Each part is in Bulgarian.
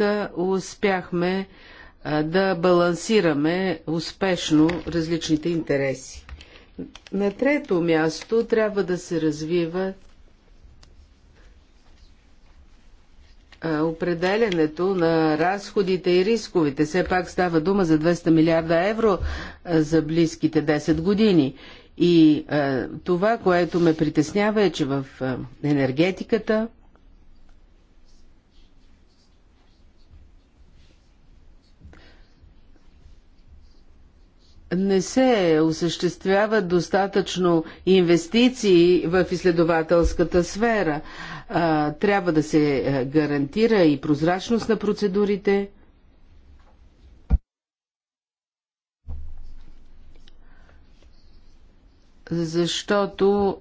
сметка успяхме да балансираме успешно различните интереси. На трето място трябва да се развива определенето на разходите и рисковите. Все пак става дума за 200 милиарда евро за близките 10 години. И това, което ме притеснява е, че в енергетиката не се осъществяват достатъчно инвестиции в изследователската сфера. Трябва да се гарантира и прозрачност на процедурите. Защото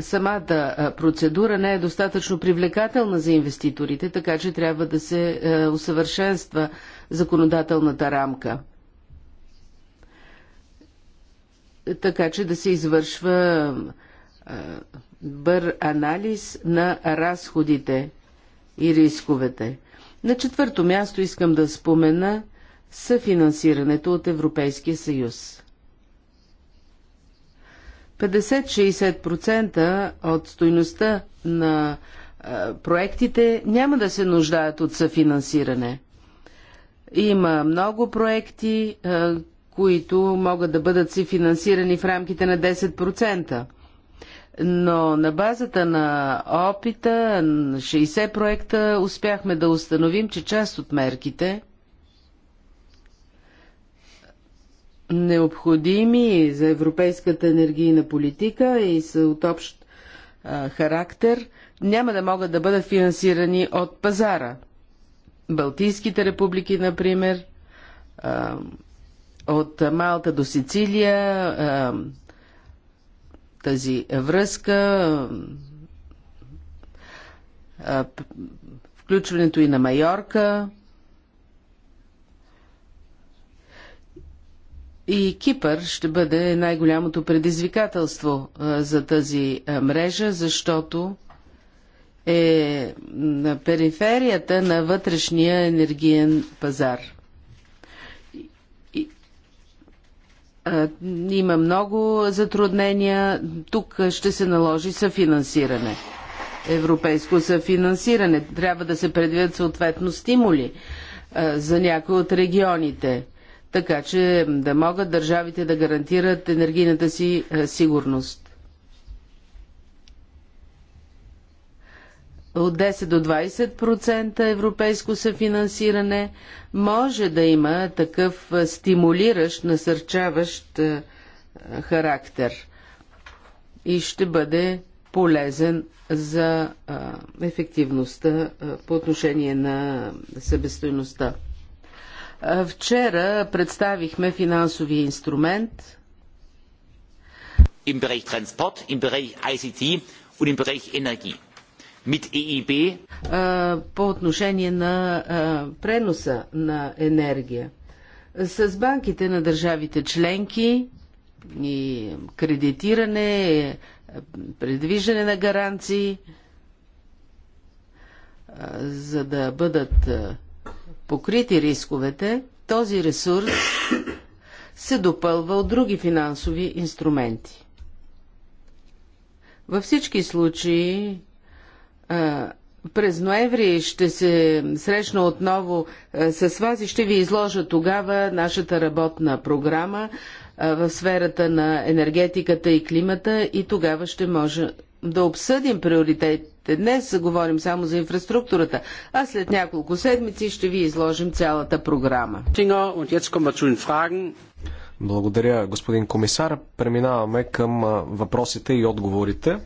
самата процедура не е достатъчно привлекателна за инвеститорите, така че трябва да се усъвършенства законодателната рамка. така че да се извършва бър анализ на разходите и рисковете. На четвърто място искам да спомена съфинансирането от Европейския съюз. 50-60% от стойността на проектите няма да се нуждаят от съфинансиране. Има много проекти, които могат да бъдат си финансирани в рамките на 10%. Но на базата на опита, на 60 проекта, успяхме да установим, че част от мерките, необходими за европейската енергийна политика и са от общ а, характер, няма да могат да бъдат финансирани от пазара. Балтийските републики, например, а, от Малта до Сицилия, тази връзка, включването и на Майорка и Кипър ще бъде най-голямото предизвикателство за тази мрежа, защото е на периферията на вътрешния енергиен пазар. Има много затруднения. Тук ще се наложи съфинансиране. Европейско съфинансиране. Трябва да се предвидят съответно стимули за някои от регионите, така че да могат държавите да гарантират енергийната си сигурност. от 10 до 20% европейско съфинансиране, може да има такъв стимулиращ, насърчаващ характер и ще бъде полезен за ефективността по отношение на себестойността. Вчера представихме финансовия инструмент. Im Bereich Transport, im Bereich ICT und im Bereich Energie. E e по отношение на преноса на енергия. С банките на държавите членки и кредитиране, предвиждане на гаранции, за да бъдат покрити рисковете, този ресурс се допълва от други финансови инструменти. Във всички случаи през ноември ще се срещна отново с вас и ще ви изложа тогава нашата работна програма в сферата на енергетиката и климата и тогава ще може да обсъдим приоритетите. Днес говорим само за инфраструктурата, а след няколко седмици ще ви изложим цялата програма. Благодаря, господин комисар. Преминаваме към въпросите и отговорите.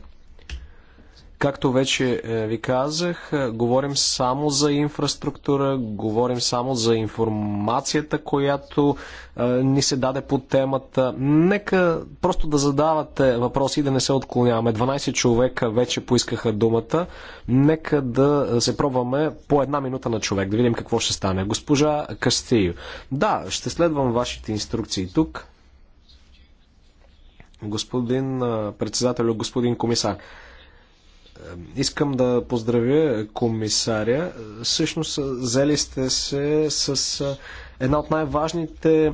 Както вече е, ви казах, е, говорим само за инфраструктура, говорим само за информацията, която е, ни се даде по темата. Нека просто да задавате въпроси и да не се отклоняваме. 12 човека вече поискаха думата. Нека да се пробваме по една минута на човек, да видим какво ще стане. Госпожа Кастио. Да, ще следвам вашите инструкции тук. Господин председател, господин комисар. Е, искам да поздравя комисаря. Всъщност, е, взели сте се с е, една от най-важните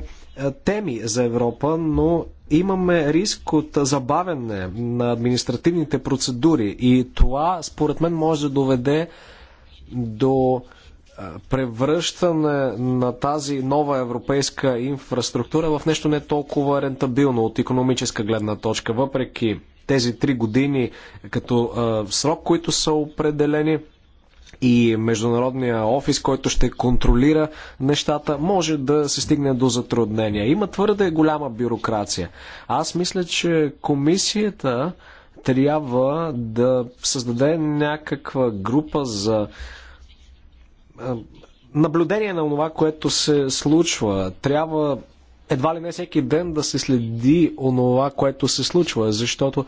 теми за Европа, но имаме риск от забавяне на административните процедури и това, според мен, може да доведе до превръщане на тази нова европейска инфраструктура в нещо не толкова рентабилно от економическа гледна точка, въпреки тези три години като а, срок, които са определени и Международния офис, който ще контролира нещата, може да се стигне до затруднения. Има твърде голяма бюрокрация. Аз мисля, че комисията трябва да създаде някаква група за наблюдение на това, което се случва. Трябва едва ли не всеки ден да се следи онова, което се случва, защото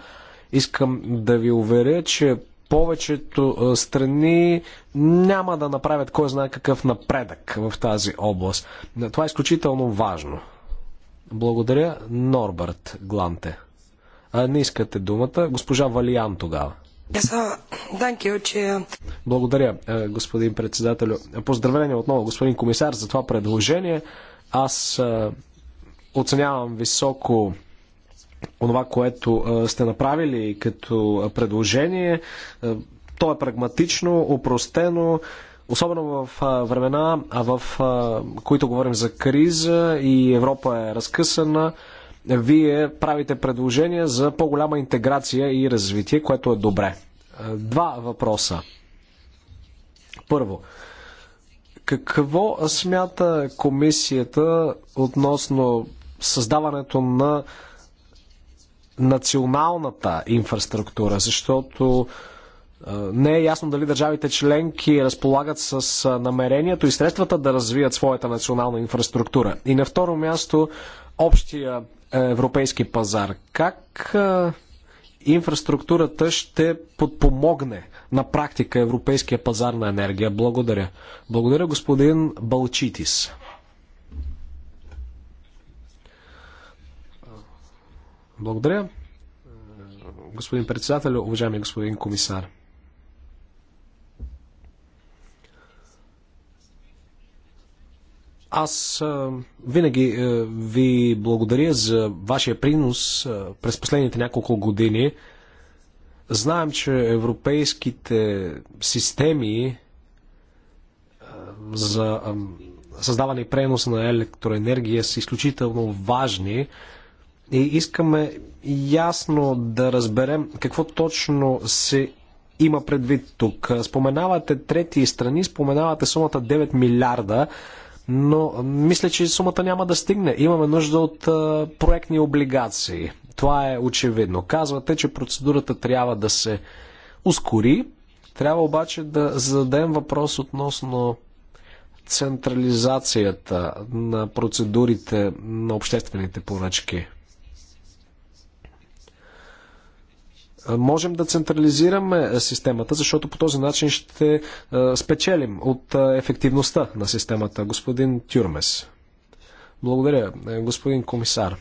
искам да ви уверя, че повечето страни няма да направят кой знае какъв напредък в тази област. Това е изключително важно. Благодаря, Норбърт Гланте. А не искате думата. Госпожа Валиан тогава. Uh, Благодаря, господин председател. Поздравление отново, господин комисар, за това предложение. Аз Оценявам високо онова, което сте направили като предложение. То е прагматично, упростено, особено в времена, в които говорим за криза и Европа е разкъсана. Вие правите предложения за по-голяма интеграция и развитие, което е добре. Два въпроса. Първо, какво смята комисията относно създаването на националната инфраструктура, защото не е ясно дали държавите членки разполагат с намерението и средствата да развият своята национална инфраструктура. И на второ място, общия европейски пазар. Как инфраструктурата ще подпомогне на практика европейския пазар на енергия? Благодаря. Благодаря, господин Балчитис. Благодаря. Е, господин председател, уважаеми господин комисар. Аз е, винаги е, ви благодаря за вашия принос през последните няколко години. Знаем, че европейските системи за създаване и пренос на електроенергия са изключително важни. И искаме ясно да разберем какво точно се има предвид тук. Споменавате трети страни, споменавате сумата 9 милиарда, но мисля, че сумата няма да стигне. Имаме нужда от проектни облигации. Това е очевидно. Казвате, че процедурата трябва да се ускори. Трябва обаче да зададем въпрос относно централизацията на процедурите на обществените поръчки. можем да централизираме системата, защото по този начин ще спечелим от ефективността на системата. Господин Тюрмес. Благодаря, господин комисар.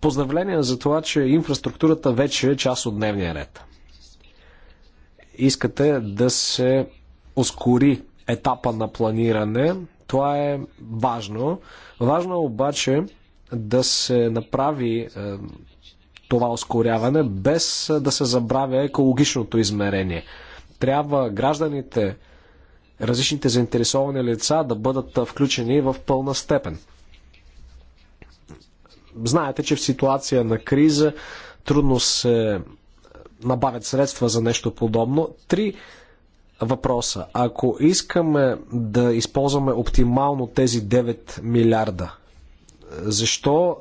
Поздравления за това, че инфраструктурата вече е част от дневния ред. Искате да се ускори етапа на планиране. Това е важно. Важно е обаче да се направи това ускоряване, без да се забравя екологичното измерение. Трябва гражданите, различните заинтересовани лица да бъдат включени в пълна степен. Знаете, че в ситуация на криза трудно се набавят средства за нещо подобно. Три въпроса. Ако искаме да използваме оптимално тези 9 милиарда, защо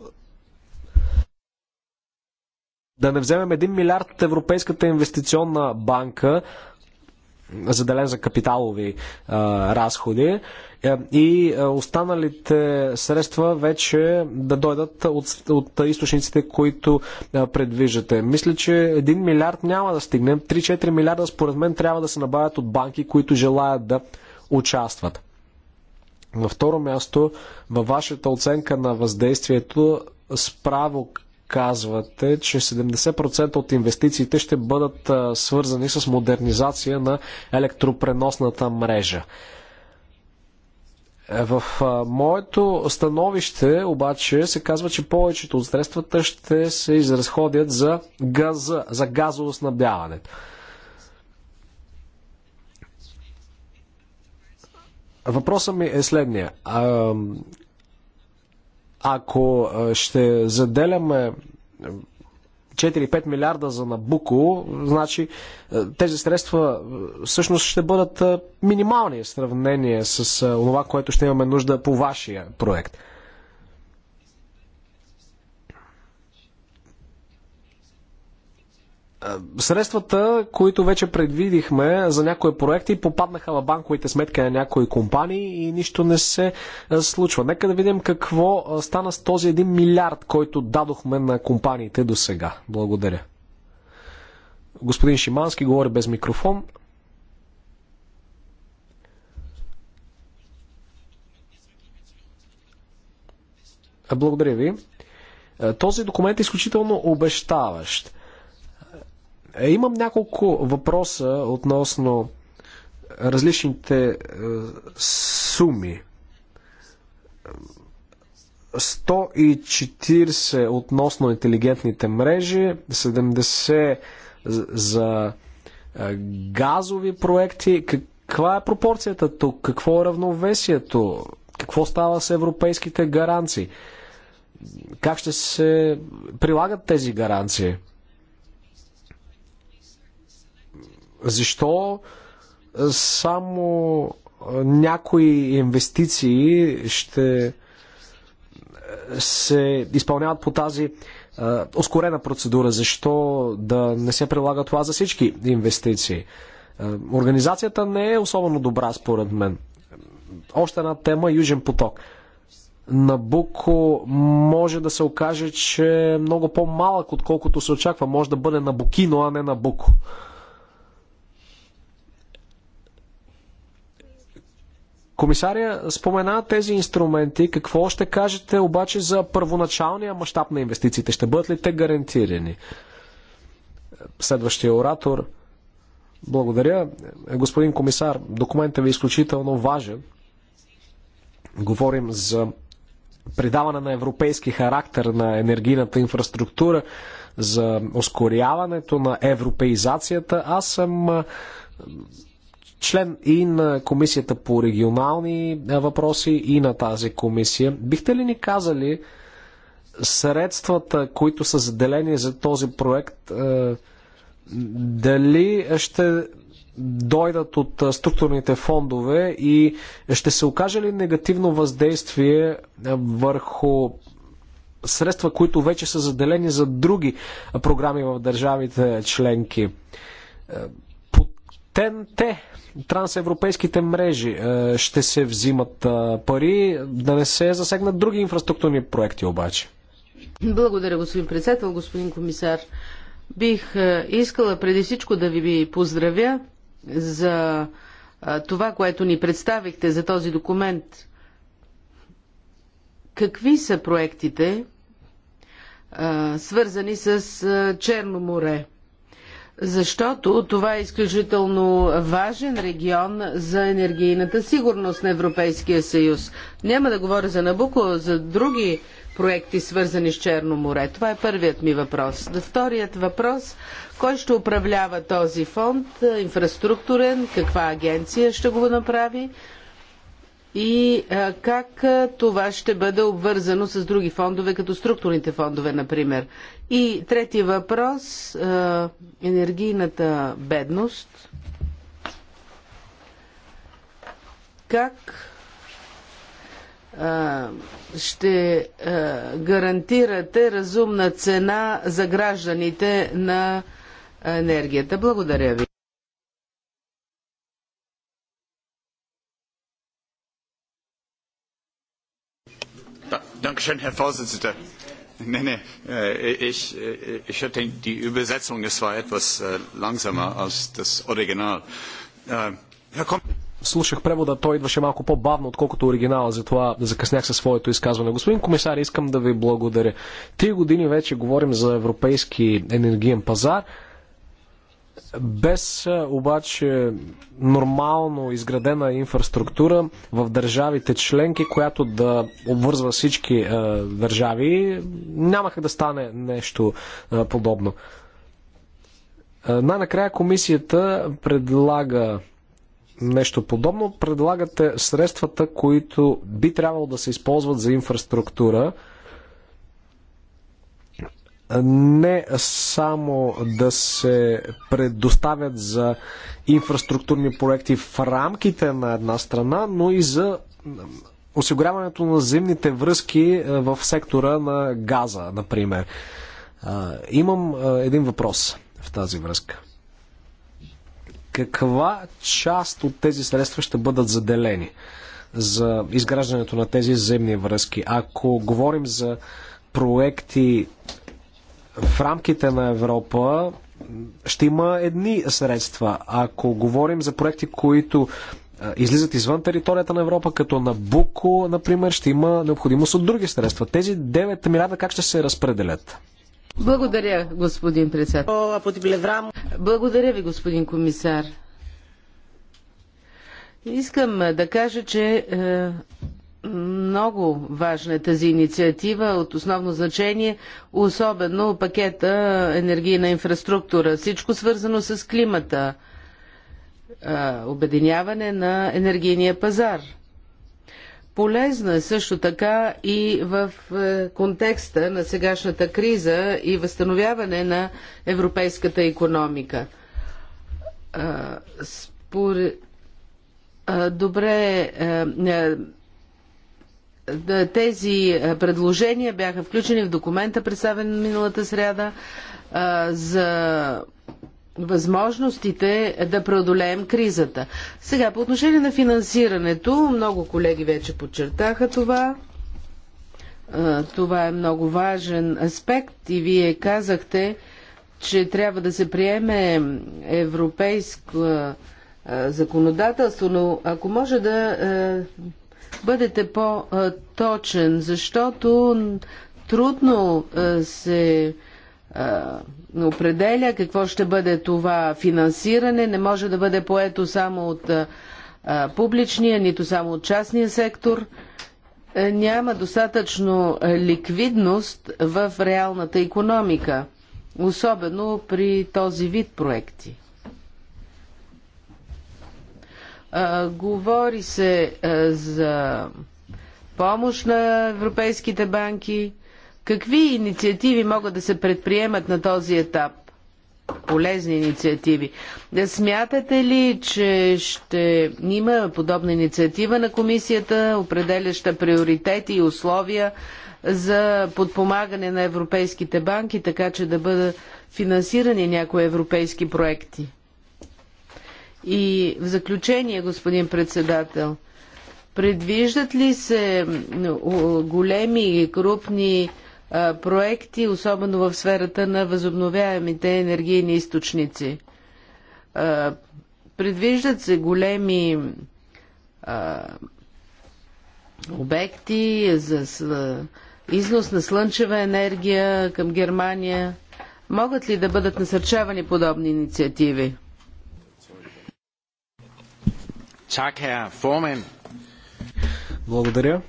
да не вземем 1 милиард от Европейската инвестиционна банка, заделен за капиталови а, разходи е, и останалите средства вече да дойдат от, от източниците, които предвиждате. Мисля, че 1 милиард няма да стигнем. 3-4 милиарда според мен трябва да се набавят от банки, които желаят да участват. На второ място, във вашата оценка на въздействието, справо казвате, че 70% от инвестициите ще бъдат свързани с модернизация на електропреносната мрежа. В моето становище обаче се казва, че повечето от средствата ще се изразходят за, газ, за газово снабдяване. Въпросът ми е следния. Ако ще заделяме 4-5 милиарда за Набуко, значи тези средства всъщност ще бъдат минимални в сравнение с това, което ще имаме нужда по вашия проект. Е, средствата, които вече предвидихме за някои проекти, попаднаха в банковите сметки на някои компании и нищо не се е, случва. Нека да видим какво е, стана с този 1 милиард, който дадохме на компаниите до сега. Благодаря. Господин Шимански говори без микрофон. Благодаря ви. Този документ е изключително обещаващ. Е, имам няколко въпроса относно различните е, суми. 140 относно интелигентните мрежи, 70 за е, газови проекти. Каква е пропорцията тук? Какво е равновесието? Какво става с европейските гаранции? Как ще се прилагат тези гаранции? Защо само някои инвестиции ще се изпълняват по тази а, ускорена процедура? Защо да не се прилага това за всички инвестиции? А, организацията не е особено добра, според мен. Още една тема Южен поток. Набуко може да се окаже, че е много по-малък, отколкото се очаква. Може да бъде Набукино, а не Набуко. Буко. Комисария спомена тези инструменти. Какво ще кажете обаче за първоначалния мащаб на инвестициите? Ще бъдат ли те гарантирани? Следващия оратор. Благодаря. Господин комисар, документът ви е изключително важен. Говорим за придаване на европейски характер на енергийната инфраструктура, за ускоряването на европеизацията. Аз съм член и на Комисията по регионални въпроси и на тази комисия. Бихте ли ни казали средствата, които са заделени за този проект, дали ще дойдат от структурните фондове и ще се окаже ли негативно въздействие върху средства, които вече са заделени за други програми в държавите членки? ТНТ, трансевропейските мрежи е, ще се взимат е, пари, да не се засегнат други инфраструктурни проекти обаче. Благодаря, господин председател, господин комисар. Бих е, искала преди всичко да ви поздравя за това, което ни представихте за този документ. Какви са проектите, свързани с Черно море? защото това е изключително важен регион за енергийната сигурност на Европейския съюз. Няма да говоря за Набуко, за други проекти, свързани с Черно море. Това е първият ми въпрос. Да, вторият въпрос, кой ще управлява този фонд, е, инфраструктурен, каква агенция ще го направи? и как това ще бъде обвързано с други фондове, като структурните фондове, например. И трети въпрос енергийната бедност. Как ще гарантирате разумна цена за гражданите на енергията? Благодаря ви. Dankeschön, Herr Vorsitzender. Nein, nein, äh, ich, äh, ich hatte die Übersetzung, es war etwas äh, langsamer als das Original. Herr Kom... Слушах превода, той идваше малко по-бавно, отколкото оригинала, затова закъснях със своето изказване. Господин комисар, искам да ви благодаря. Три години вече говорим за европейски енергиен пазар. Без обаче нормално изградена инфраструктура в държавите членки, която да обвързва всички е, държави, нямаха да стане нещо е, подобно. Е, най-накрая комисията предлага нещо подобно. Предлагате средствата, които би трябвало да се използват за инфраструктура, е, не само да се предоставят за инфраструктурни проекти в рамките на една страна, но и за осигуряването на земните връзки е, в сектора на газа, например. Имам е, един въпрос в тази връзка. Каква част от тези средства ще бъдат заделени за изграждането на тези земни връзки? Ако говорим за проекти в рамките на Европа ще има едни средства. Ако говорим за проекти, които излизат извън територията на Европа, като на Буко, например, ще има необходимост от други средства. Тези 9 милиарда как ще се разпределят? Благодаря, господин председател. Благодаря ви, господин комисар. Искам да кажа, че е, много важна е тази инициатива, от основно значение, особено пакета енергийна инфраструктура, всичко свързано с климата, обединяване на енергийния пазар. Полезно е също така и в е, контекста на сегашната криза и възстановяване на европейската економика. добре е, е, е, тези е, предложения бяха включени в документа, представен миналата среда е, за възможностите да преодолеем кризата. Сега, по отношение на финансирането, много колеги вече подчертаха това. Това е много важен аспект и вие казахте, че трябва да се приеме европейско законодателство, но ако може да бъдете по-точен, защото трудно е, се е, определя какво ще бъде това финансиране. Не може да бъде поето само от е, публичния, нито само от частния сектор. Няма достатъчно ликвидност в реалната економика, особено при този вид проекти. А, говори се а, за помощ на европейските банки. Какви инициативи могат да се предприемат на този етап? Полезни инициативи. Да смятате ли, че ще има подобна инициатива на комисията, определяща приоритети и условия за подпомагане на европейските банки, така че да бъдат финансирани някои европейски проекти? И в заключение, господин председател, предвиждат ли се големи и крупни проекти, особено в сферата на възобновяемите енергийни източници? предвиждат се големи обекти за износ на слънчева енергия към Германия. Могат ли да бъдат насърчавани подобни инициативи? Формен. Благодаря.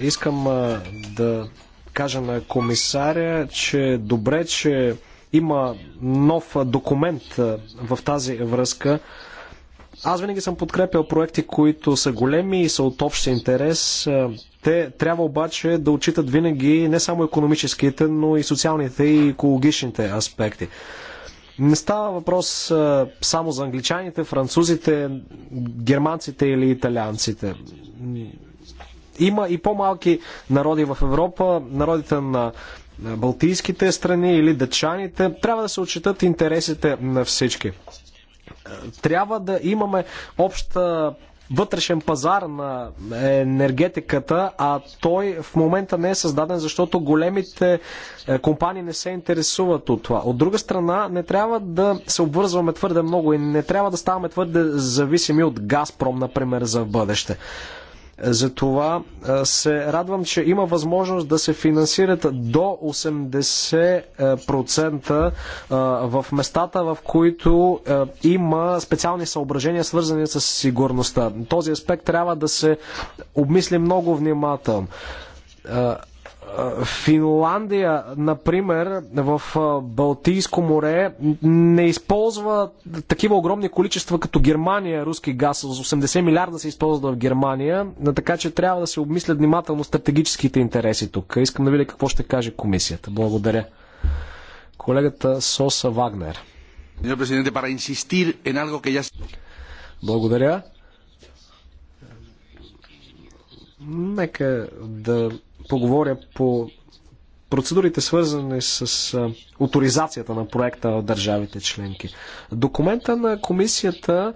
Искам да кажа на комисаря, че е добре, че има нов документ в тази връзка. Аз винаги съм подкрепял проекти, които са големи и са от общ интерес. Те трябва обаче да отчитат винаги не само економическите, но и социалните и екологичните аспекти. Не става въпрос само за англичаните, французите, германците или италианците. Има и по-малки народи в Европа, народите на балтийските страни или дъчаните. Трябва да се отчитат интересите на всички. Трябва да имаме обща вътрешен пазар на енергетиката, а той в момента не е създаден, защото големите е, компании не се интересуват от това. От друга страна, не трябва да се обвързваме твърде много и не трябва да ставаме твърде зависими от Газпром, например, за бъдеще. Затова се радвам, че има възможност да се финансират до 80% в местата, в които има специални съображения, свързани с сигурността. Този аспект трябва да се обмисли много внимателно Финландия, например, в Балтийско море не използва такива огромни количества като Германия руски газ. 80 милиарда се използва в Германия, така че трябва да се обмислят внимателно стратегическите интереси тук. Искам да видя какво ще каже комисията. Благодаря. Колегата Соса Вагнер. Благодаря. Нека да поговоря по процедурите свързани с авторизацията на проекта в държавите членки. Документа на комисията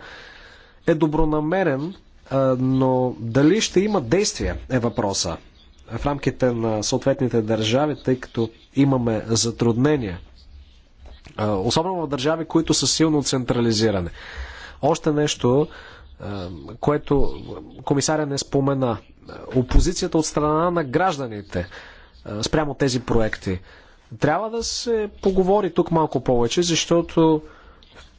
е добронамерен, но дали ще има действия е въпроса в рамките на съответните държави, тъй като имаме затруднения. Особено в държави, които са силно централизирани. Още нещо, което комисаря не спомена. Опозицията от страна на гражданите спрямо тези проекти. Трябва да се поговори тук малко повече, защото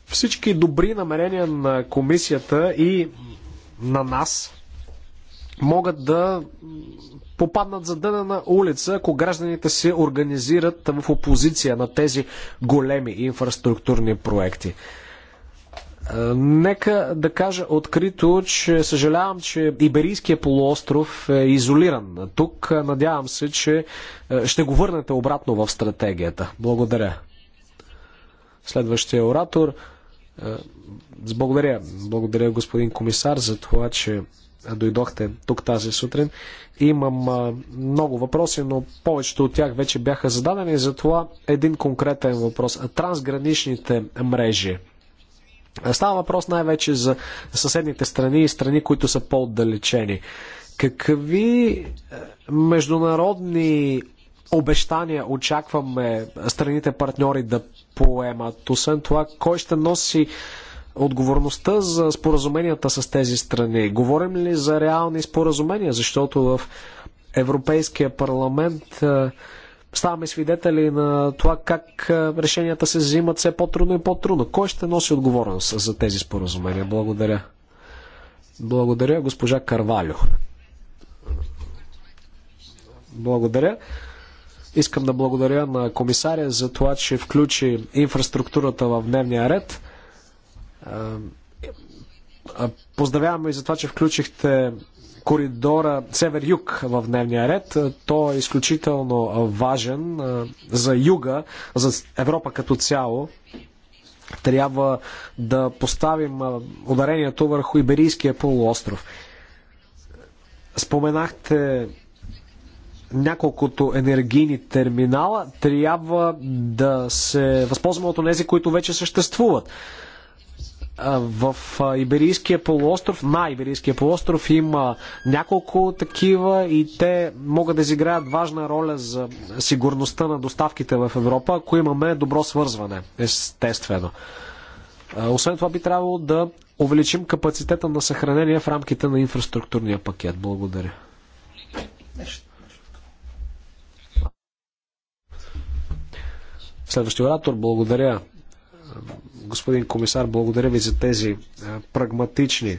всички добри намерения на комисията и на нас могат да попаднат за дъна на улица, ако гражданите се организират в опозиция на тези големи инфраструктурни проекти. Е, нека да кажа открито, че съжалявам, че Иберийския полуостров е изолиран. Тук е, надявам се, че е, ще го върнете обратно в стратегията. Благодаря. Следващия оратор. Благодаря. Благодаря, господин комисар, за това, че дойдохте тук тази сутрин. Имам много въпроси, но повечето от тях вече бяха зададени, затова един конкретен въпрос. Трансграничните мрежи. Става въпрос най-вече за съседните страни и страни, които са по-отдалечени. Какви е, международни обещания очакваме страните партньори да поемат? Освен това, кой ще носи отговорността за споразуменията с тези страни? Говорим ли за реални споразумения? Защото в Европейския парламент е, Ставаме свидетели на това как решенията се взимат все по-трудно и по-трудно. Кой ще носи отговорност за тези споразумения? Благодаря. Благодаря, госпожа Карвалю. Благодаря. Искам да благодаря на комисаря за това, че включи инфраструктурата в дневния ред. Поздравяваме и за това, че включихте коридора север-юг в дневния ред. Той е изключително важен за юга, за Европа като цяло. Трябва да поставим ударението върху Иберийския полуостров. Споменахте няколкото енергийни терминала. Трябва да се възползваме от тези, които вече съществуват в Иберийския полуостров, на Иберийския полуостров има няколко такива и те могат да изиграят важна роля за сигурността на доставките в Европа, ако имаме добро свързване, естествено. Освен това би трябвало да увеличим капацитета на съхранение в рамките на инфраструктурния пакет. Благодаря. Следващия оратор, благодаря Господин комисар, благодаря ви за тези е, прагматични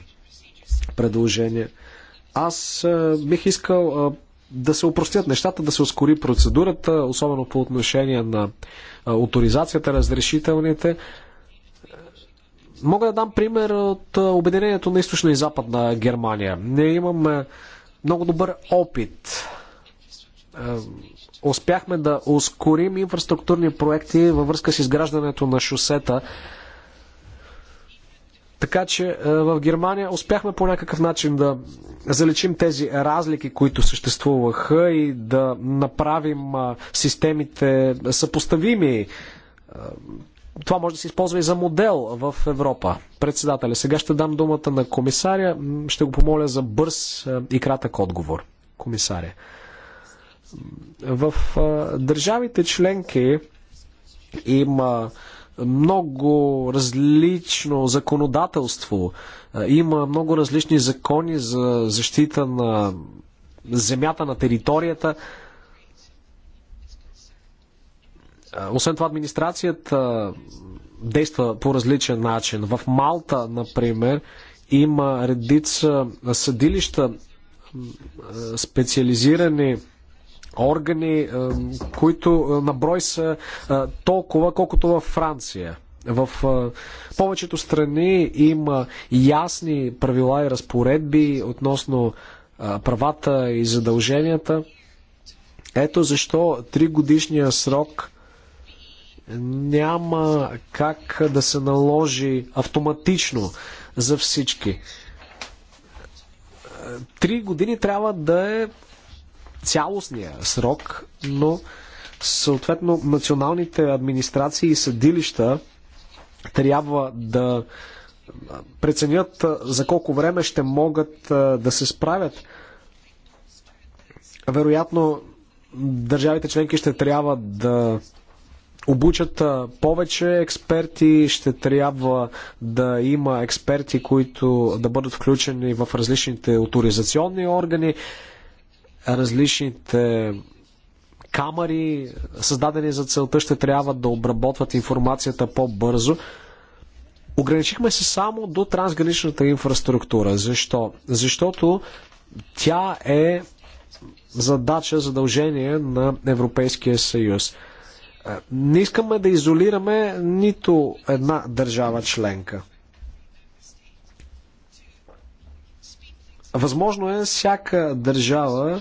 предложения. Аз е, бих искал е, да се упростят нещата, да се ускори процедурата, особено по отношение на авторизацията, разрешителните. Мога да дам пример от Обединението на източна и западна Германия. Ние имаме много добър опит успяхме да ускорим инфраструктурни проекти във връзка с изграждането на шосета. Така че е, в Германия успяхме по някакъв начин да заличим тези разлики, които съществуваха и да направим е, системите съпоставими. Е, това може да се използва и за модел в Европа. Председателя, сега ще дам думата на комисаря. Ще го помоля за бърз и кратък отговор. Комисаря. В държавите членки има много различно законодателство. Има много различни закони за защита на земята, на територията. Освен това, администрацията действа по различен начин. В Малта, например, има редица съдилища, специализирани органи, които на брой са толкова, колкото във Франция. В повечето страни има ясни правила и разпоредби относно правата и задълженията. Ето защо три годишния срок няма как да се наложи автоматично за всички. Три години трябва да е цялостния срок, но съответно националните администрации и съдилища трябва да преценят за колко време ще могат да се справят. Вероятно, държавите членки ще трябва да обучат повече експерти, ще трябва да има експерти, които да бъдат включени в различните авторизационни органи различните камери, създадени за целта, ще трябва да обработват информацията по-бързо. Ограничихме се само до трансграничната инфраструктура. Защо? Защото тя е задача, задължение на Европейския съюз. Е, не искаме да изолираме нито една държава членка. Възможно е всяка държава е,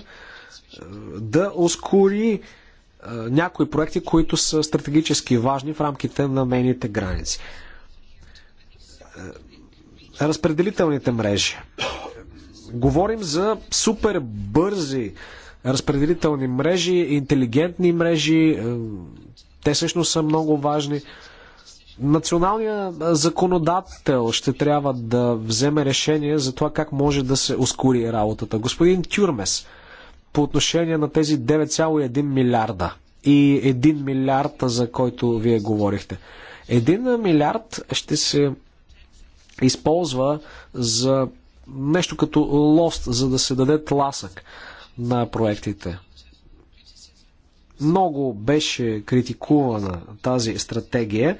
да ускори е, някои проекти, които са стратегически важни в рамките на нейните граници. Е, разпределителните мрежи. Говорим за супер бързи разпределителни мрежи, интелигентни мрежи. Те всъщност са много важни. Националният законодател ще трябва да вземе решение за това как може да се ускори работата. Господин Тюрмес, по отношение на тези 9,1 милиарда и 1 милиард, за който вие говорихте. 1 милиард ще се използва за нещо като лост, за да се даде тласък на проектите. Много беше критикувана тази стратегия.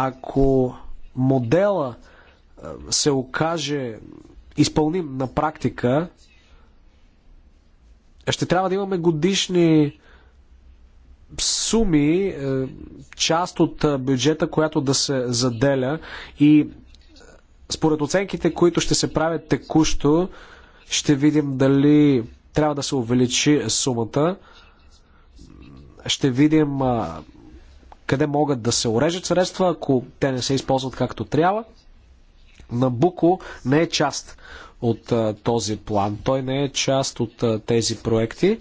Ако модела е, се окаже изпълним на практика, ще трябва да имаме годишни суми, е, част от е, бюджета, която да се заделя и според оценките, които ще се правят текущо, ще видим дали трябва да се увеличи сумата. Ще видим къде могат да се урежат средства, ако те не се използват както трябва. Набуко не е част от а, този план. Той не е част от а, тези проекти.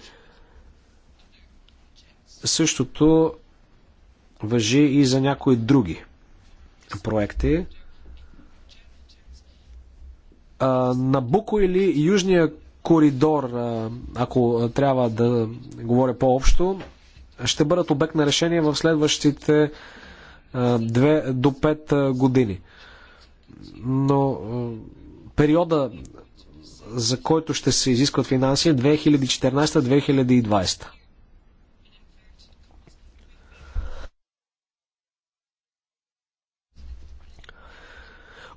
Същото въжи и за някои други проекти. А, Набуко или Южния коридор, ако трябва да говоря по-общо, ще бъдат обект на решение в следващите 2 до 5 години. Но периода, за който ще се изискват финанси е 2014-2020.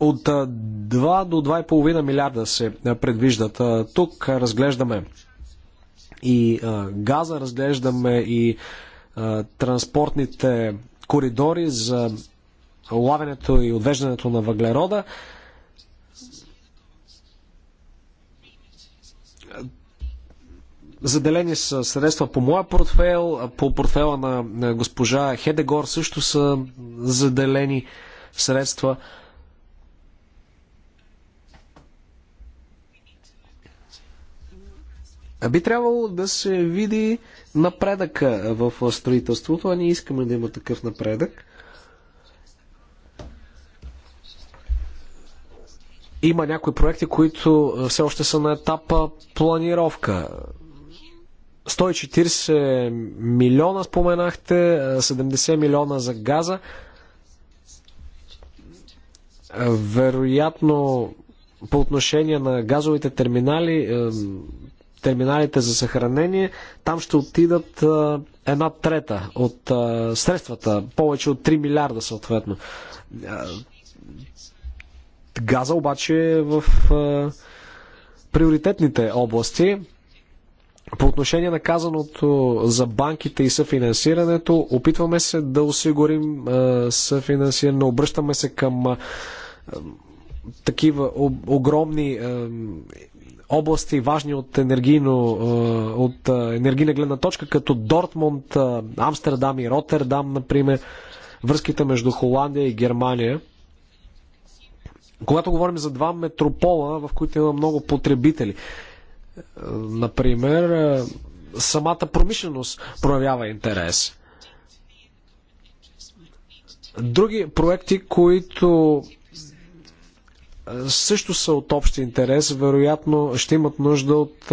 От 2 до 2,5 милиарда се предвиждат. Тук разглеждаме и а, газа, разглеждаме и а, транспортните коридори за лавенето и отвеждането на въглерода. Заделени са средства по моя портфел, по портфела на госпожа Хедегор също са заделени средства. Е, би трябвало да се види напредъка в е, строителството, а ние искаме да има такъв напредък. Има някои проекти, които е, все още са на етапа планировка. 140 милиона споменахте, 70 милиона за газа. Вероятно, по отношение на газовите терминали, терминалите за съхранение, там ще отидат една трета от средствата, повече от 3 милиарда съответно. Газа обаче е в приоритетните области. По отношение на казаното за банките и съфинансирането, опитваме се да осигурим съфинансиране, обръщаме се към такива огромни области, важни от, енергийно, е, от е, енергийна гледна точка, като Дортмунд, е, Амстердам и Роттердам, например, връзките между Холандия и Германия. Когато говорим за два метропола, в които има много потребители, например, самата промишленост проявява интерес. Други проекти, които също са от общ интерес. Вероятно ще имат нужда от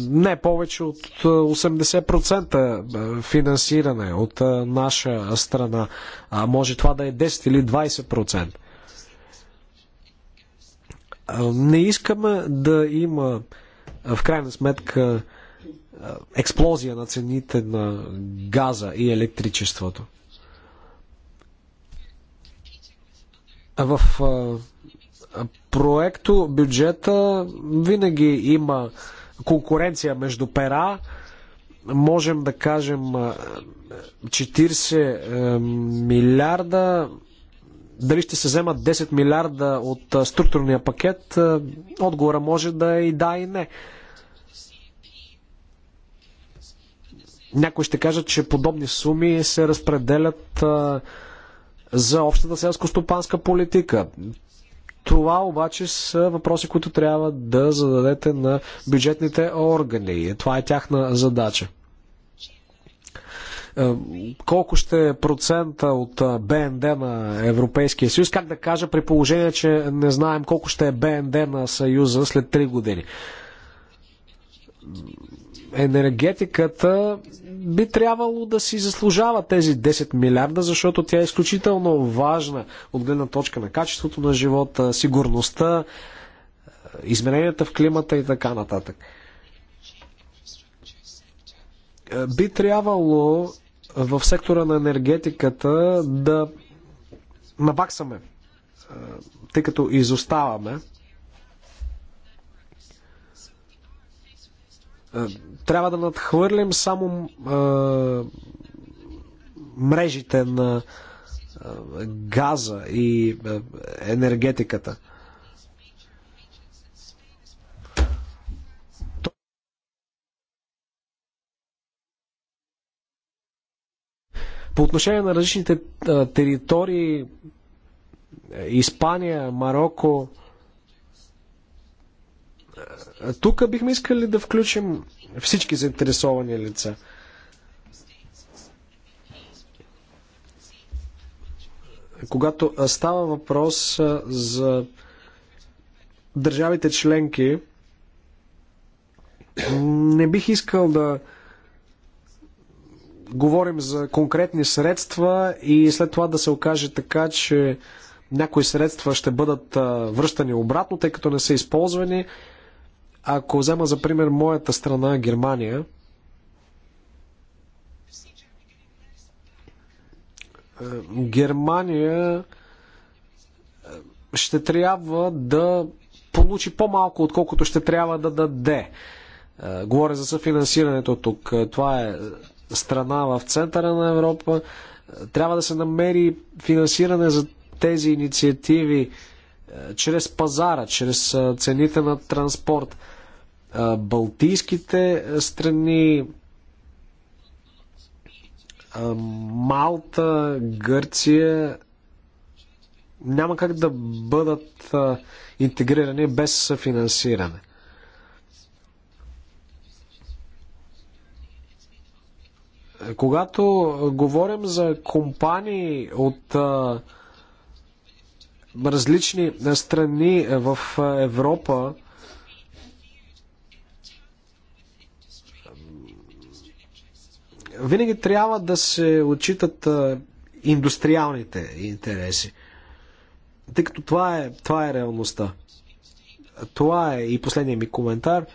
не повече от 80% финансиране от наша страна. А може това да е 10 или 20%. Не искаме да има в крайна сметка експлозия на цените на газа и електричеството. В проекто бюджета винаги има конкуренция между пера. Можем да кажем 40 е, милиарда. Дали ще се вземат 10 милиарда от структурния пакет? Отговора може да е и да и не. Някой ще каже, че подобни суми се разпределят за общата селско-стопанска политика. Това обаче са въпроси, които трябва да зададете на бюджетните органи. Това е тяхна задача. Е, колко ще е процента от е, БНД на Европейския съюз? Как да кажа при положение, че не знаем колко ще е БНД на съюза след 3 години? енергетиката би трябвало да си заслужава тези 10 милиарда, защото тя е изключително важна от гледна точка на качеството на живота, сигурността, е, измененията в климата и така нататък. Е, би трябвало в сектора на енергетиката да набаксаме, е, тъй като изоставаме трябва да надхвърлим само а, мрежите на а, газа и а, енергетиката. По отношение на различните територии, Испания, Марокко, тук бихме искали да включим всички заинтересовани лица. Когато става въпрос за държавите членки, не бих искал да говорим за конкретни средства и след това да се окаже така, че някои средства ще бъдат връщани обратно, тъй като не са използвани. Ако взема за пример моята страна, Германия, Германия е, ще трябва да получи по-малко, отколкото ще трябва да даде. Е, говоря за съфинансирането тук. Е, това е страна в центъра на Европа. Трябва да се намери финансиране за тези инициативи чрез пазара, чрез цените на транспорт. Балтийските страни, Малта, Гърция няма как да бъдат интегрирани без финансиране. Когато говорим за компании от различни страни в Европа, винаги трябва да се отчитат индустриалните интереси. Тъй като това е, това е реалността. Това е и последният ми коментар.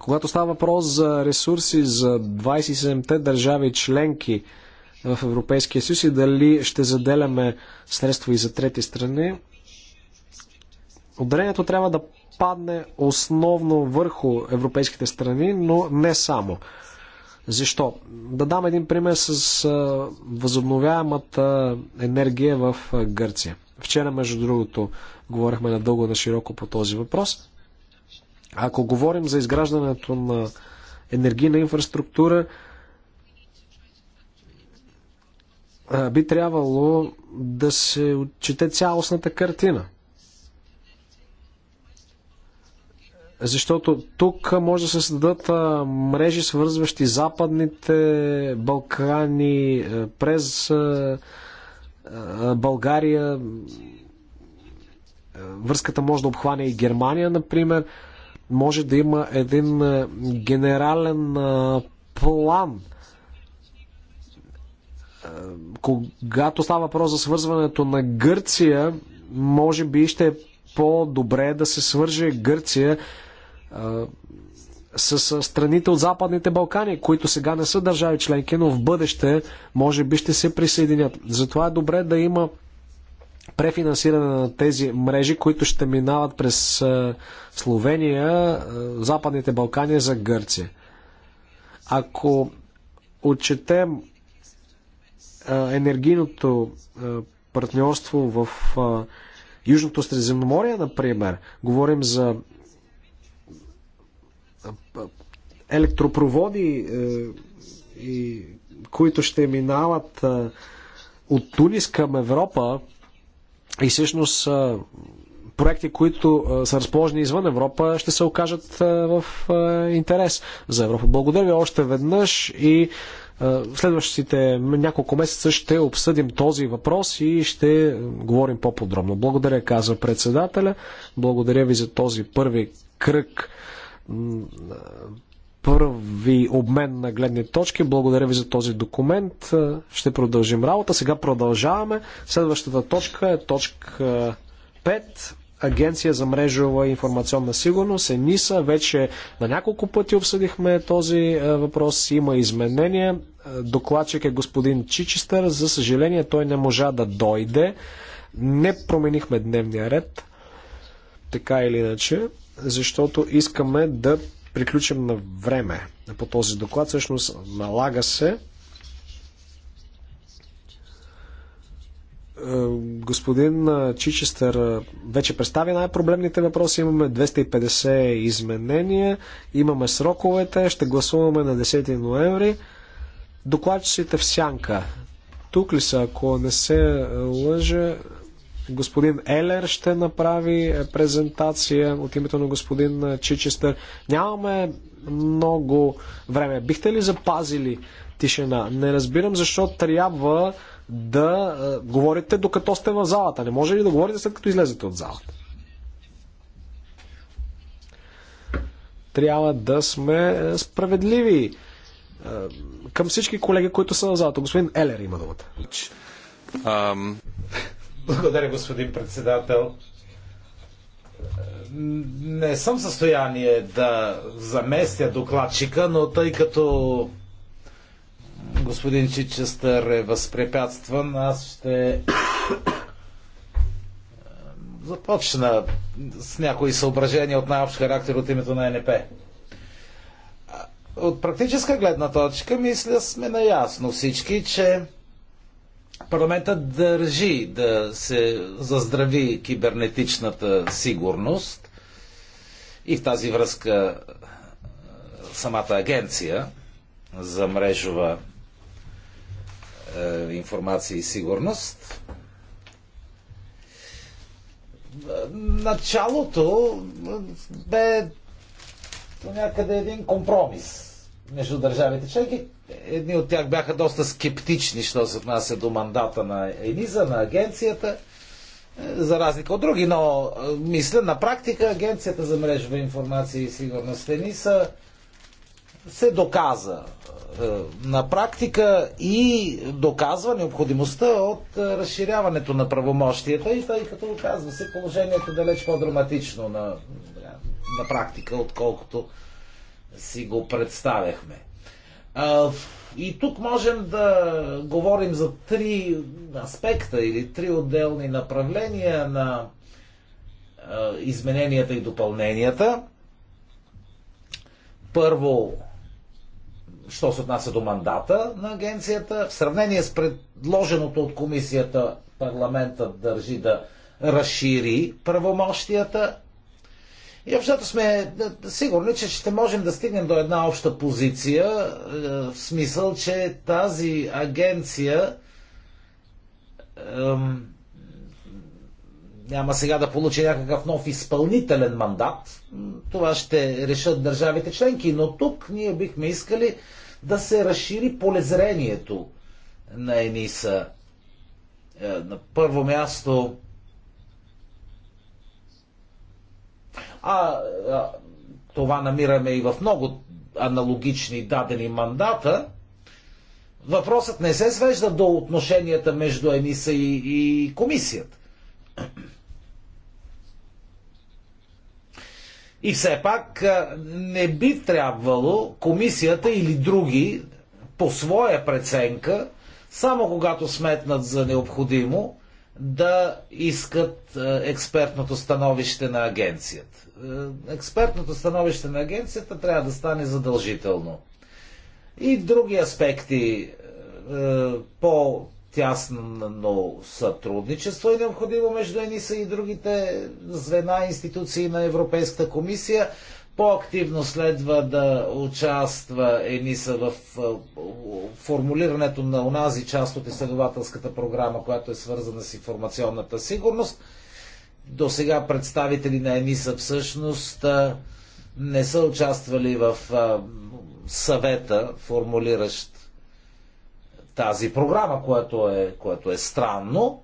Когато става въпрос за ресурси за 27-те държави членки в Европейския съюз и дали ще заделяме средства и за трети страни, ударението трябва да падне основно върху европейските страни, но не само. Защо? Да дам един пример с възобновяемата енергия в Гърция. Вчера, между другото, говорихме надълго и на широко по този въпрос. Ако говорим за изграждането на енергийна инфраструктура, би трябвало да се отчете цялостната картина. Защото тук може да се създадат мрежи, свързващи Западните Балкани, през България. Връзката може да обхване и Германия, например. Може да има един генерален план когато става въпрос за свързването на Гърция, може би ще е по-добре да се свърже Гърция с страните от Западните Балкани, които сега не са държави членки, но в бъдеще може би ще се присъединят. Затова е добре да има префинансиране на тези мрежи, които ще минават през Словения, Западните Балкани за Гърция. Ако отчетем енергийното партньорство в Южното Средиземноморие, например, говорим за електропроводи, е, и, които ще минават е, от Тунис към Европа и всъщност е, проекти, които са разположени извън Европа, ще се окажат в интерес за Европа. Благодаря ви още веднъж и в следващите няколко месеца ще обсъдим този въпрос и ще говорим по-подробно. Благодаря, казва председателя. Благодаря ви за този първи кръг първи обмен на гледни точки. Благодаря ви за този документ. Ще продължим работа. Сега продължаваме. Следващата точка е точка 5. Агенция за мрежова и информационна сигурност, ЕНИСА. Вече на няколко пъти обсъдихме този е, въпрос. Има изменения. Докладчик е господин Чичестър. За съжаление, той не можа да дойде. Не променихме дневния ред. Така или иначе защото искаме да приключим на време по този доклад. Всъщност налага се е, господин Чичестър вече представи най-проблемните въпроси. Имаме 250 изменения, имаме сроковете, ще гласуваме на 10 ноември. Докладчиците в сянка. Тук ли са, ако не се лъжа, Господин Елер ще направи е, презентация от името на господин е, Чичестър. Нямаме много време. Бихте ли запазили тишина? Не разбирам защо трябва да е, говорите докато сте в залата. Не може ли да говорите след като излезете от залата? Трябва да сме справедливи към всички колеги, които са в залата. Господин Елер има думата. Um... Благодаря, господин председател. Не съм в състояние да заместя докладчика, но тъй като господин Чичестър е възпрепятстван, аз ще започна с някои съображения от най-общ характер от името на НП. От практическа гледна точка, мисля, сме наясно всички, че Парламентът държи да се заздрави кибернетичната сигурност и в тази връзка самата агенция за мрежова информация и сигурност. Началото бе някъде един компромис между държавите членки, Едни от тях бяха доста скептични, що се отнася до мандата на ЕНИЗА, на агенцията, е, за разлика от други, но е, мисля, на практика Агенцията за мрежова информация и сигурност ЕНИСА се доказа е, на практика и доказва необходимостта от разширяването на правомощията и тъй като оказва се положението далеч по-драматично на, на практика, отколкото си го представяхме. И тук можем да говорим за три аспекта или три отделни направления на измененията и допълненията. Първо, що се отнася до мандата на агенцията, в сравнение с предложеното от комисията парламентът държи да разшири правомощията и общото сме сигурни, че ще можем да стигнем до една обща позиция, е, в смисъл, че тази агенция ем, няма сега да получи някакъв нов изпълнителен мандат. Това ще решат държавите членки, но тук ние бихме искали да се разшири полезрението на ЕНИСА. Е, на първо място а, а това намираме и в много аналогични дадени мандата, въпросът не се свежда до отношенията между ЕНИСА и, и комисията. И все пак не би трябвало комисията или други по своя преценка, само когато сметнат за необходимо, да искат е, експертното становище на агенцията. Е, експертното становище на агенцията трябва да стане задължително. И други аспекти е, по-тясно сътрудничество е необходимо между ЕНИСА и другите звена институции на Европейската комисия – по-активно следва да участва ЕНИСА в формулирането на онази част от изследователската програма, която е свързана с информационната сигурност. До сега представители на ЕНИСА всъщност не са участвали в съвета, формулиращ тази програма, което е, което е странно.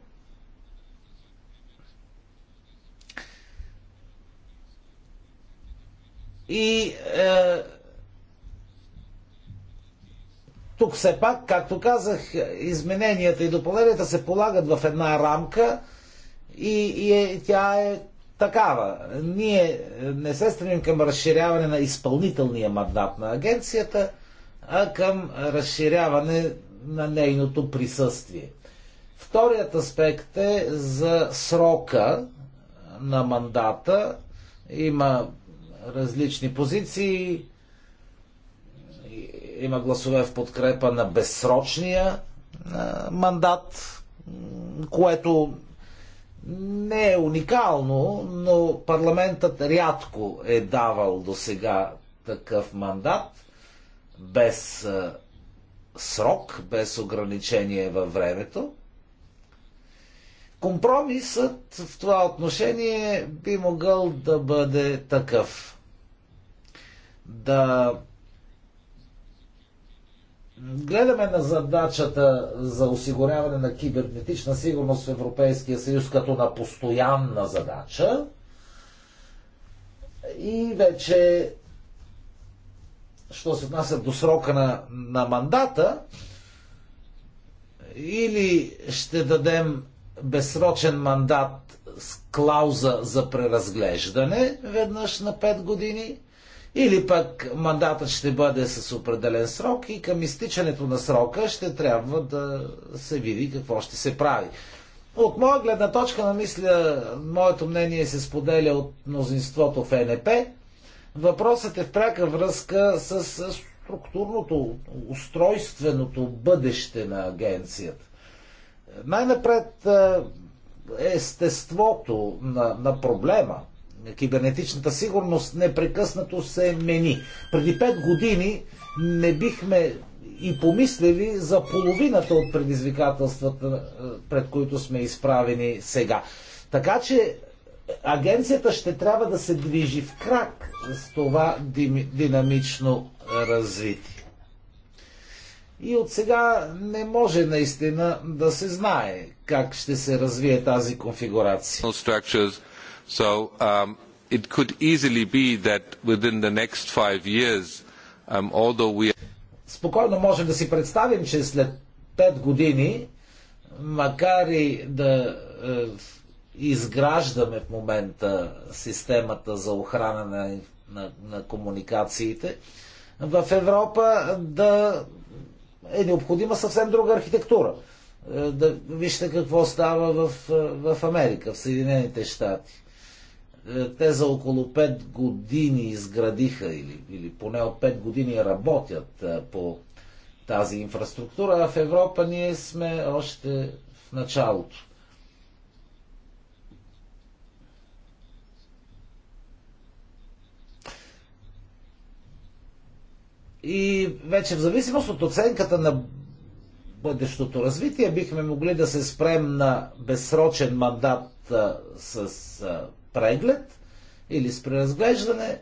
И е, тук все пак, както казах, измененията и допълненията се полагат в една рамка и, и е, тя е такава. Ние не се стремим към разширяване на изпълнителния мандат на агенцията, а към разширяване на нейното присъствие. Вторият аспект е за срока на мандата. Има различни позиции. Има гласове в подкрепа на безсрочния мандат, което не е уникално, но парламентът рядко е давал до сега такъв мандат без срок, без ограничение във времето компромисът в това отношение би могъл да бъде такъв. Да гледаме на задачата за осигуряване на кибернетична сигурност в Европейския съюз като на постоянна задача и вече що се отнася до срока на, на мандата или ще дадем безсрочен мандат с клауза за преразглеждане веднъж на 5 години, или пък мандатът ще бъде с определен срок и към изтичането на срока ще трябва да се види какво ще се прави. От моя гледна точка, на мисля, моето мнение се споделя от мнозинството в НП. Въпросът е в пряка връзка с структурното, устройственото бъдеще на агенцията. Най-напред естеството на, на проблема, кибернетичната сигурност непрекъснато се мени. Преди 5 години не бихме и помислили за половината от предизвикателствата, пред които сме изправени сега. Така че агенцията ще трябва да се движи в крак с това динамично развитие. И от сега не може наистина да се знае как ще се развие тази конфигурация. Um, um, Спокойно можем да си представим, че след 5 години, макар и да е, изграждаме в момента системата за охрана на, на, на комуникациите, в Европа да е необходима съвсем друга архитектура. Е, да вижте какво става в, е, в Америка, в Съединените щати. Е, те за около 5 години изградиха или, или поне от 5 години работят по тази инфраструктура, а в Европа ние сме още в началото. И вече в зависимост от оценката на бъдещото развитие бихме могли да се спрем на безсрочен мандат с преглед или с преразглеждане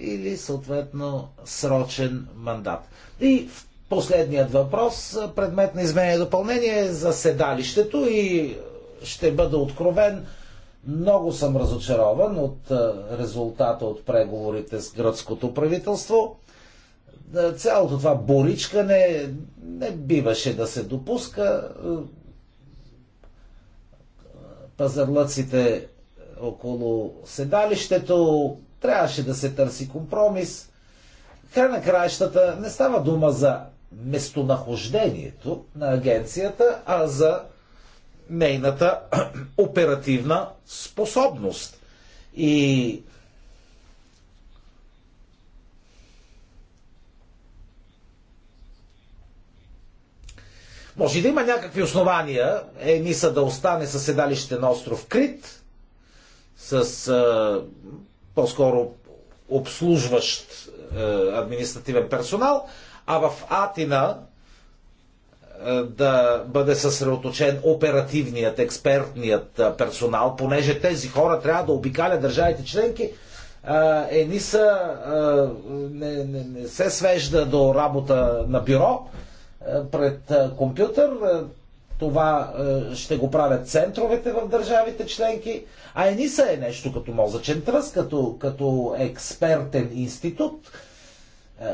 или съответно срочен мандат. И последният въпрос, предмет на изменение и допълнение е за седалището и ще бъда откровен. Много съм разочарован от резултата от преговорите с гръцкото правителство. Е, цялото това боричкане не биваше да се допуска. Е, пазарлъците около седалището трябваше да се търси компромис. Край на краищата не става дума за местонахождението на агенцията, а за нейната оперативна способност. И Може да има някакви основания Ениса да остане със седалище на остров Крит, с а, по-скоро обслужващ а, административен персонал, а в Атина да бъде съсредоточен оперативният, експертният персонал, понеже тези хора трябва да обикалят държавите членки. Ениса не, не, не се свежда до работа на бюро, е, пред е, компютър. Е, това ще го правят центровете в държавите членки. А ЕНИСА е нещо като мозъчен тръст, като, като експертен институт,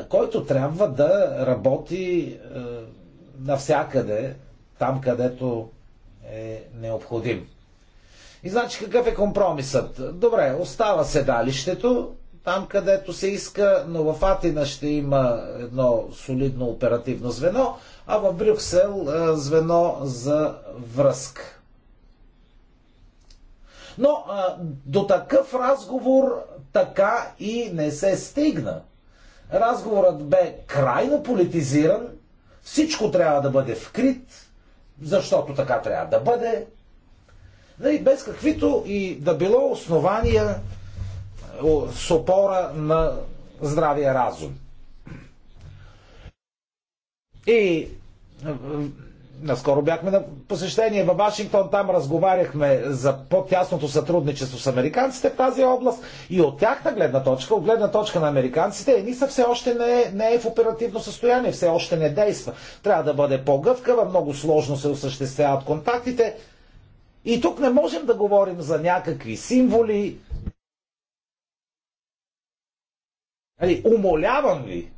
който трябва да работи навсякъде, там където е необходим. И значи какъв е компромисът? Добре, остава седалището, там, където се иска, но в Атина ще има едно солидно оперативно звено, а в Брюксел е, звено за връзка. Но а, е, до такъв разговор така и не се стигна. Разговорът бе крайно политизиран, всичко трябва да бъде вкрит, защото така трябва да бъде, и без каквито и да било основания с опора на здравия разум. И е, е, наскоро бяхме на посещение във Вашингтон, там разговаряхме за по-тясното сътрудничество с американците в тази област и от тяхна гледна точка, от гледна точка на американците, ЕНИСА все още не е, не е в оперативно състояние, все още не действа. Трябва да бъде по-гъвкава, много сложно се осъществяват контактите. И тук не можем да говорим за някакви символи, Умолявам ви е,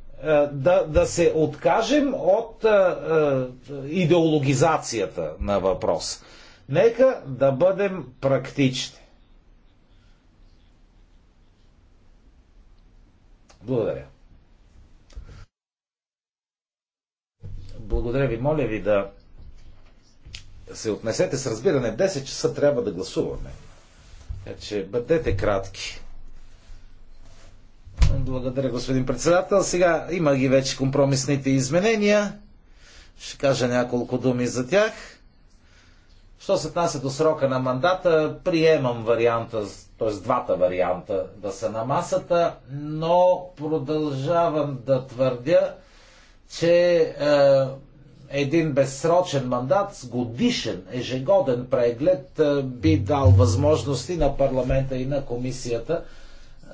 да, да се откажем от а, е, е, идеологизацията на въпрос. Нека да бъдем практични. Благодаря. Благодаря ви. Моля ви да се отнесете с разбиране. В 10 часа трябва да гласуваме. Така че бъдете кратки. Благодаря, господин председател. Сега има ги вече компромисните изменения. Ще кажа няколко думи за тях. Що се отнася до срока на мандата, приемам варианта, т.е. двата варианта да са на масата, но продължавам да твърдя, че е, един безсрочен мандат с годишен, ежегоден преглед е, би дал възможности на парламента и на комисията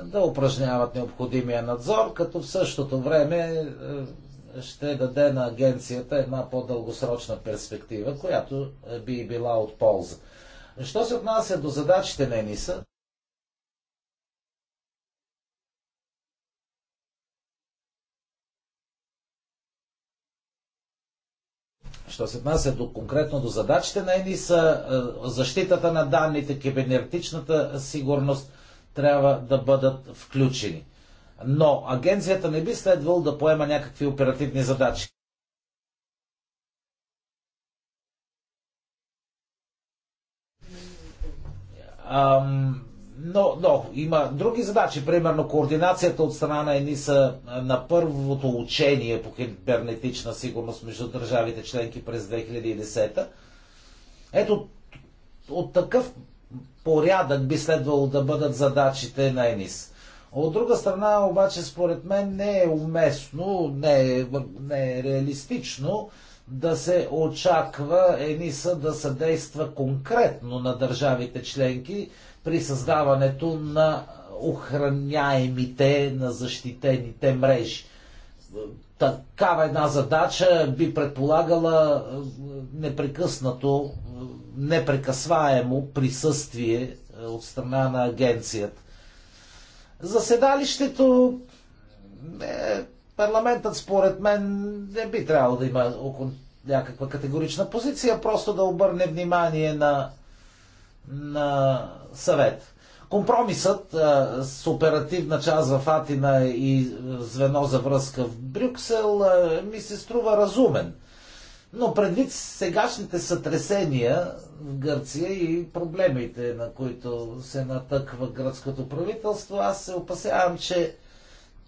да упражняват необходимия надзор, като в същото време е, ще даде на агенцията една по-дългосрочна перспектива, която е, би била от полза. Що се отнася до задачите на ЕНИСА, Що се отнася до, конкретно до задачите на ЕНИСА, е, защитата на данните, кибернетичната сигурност – трябва да бъдат включени. Но агенцията не би следвало да поема някакви оперативни задачи. Ам, но, но има други задачи, примерно координацията от страна на ЕНИСА на първото учение по кибернетична сигурност между държавите членки през 2010. Ето, от такъв порядък би следвало да бъдат задачите на ЕНИС. От друга страна, обаче, според мен не е уместно, не е, не е реалистично да се очаква ЕНИСА да съдейства конкретно на държавите членки при създаването на охраняемите, на защитените мрежи. Такава една задача би предполагала непрекъснато непрекъсваемо присъствие е, от страна на агенцията. За седалището е, парламентът според мен не би трябвало да има някаква категорична позиция, просто да обърне внимание на, на съвет. Компромисът а, е, с оперативна част в Атина и звено за връзка в Брюксел а, е, ми се струва разумен. Но предвид сегашните сътресения в Гърция и проблемите, на които се натъква гръцкото правителство, аз се опасявам, че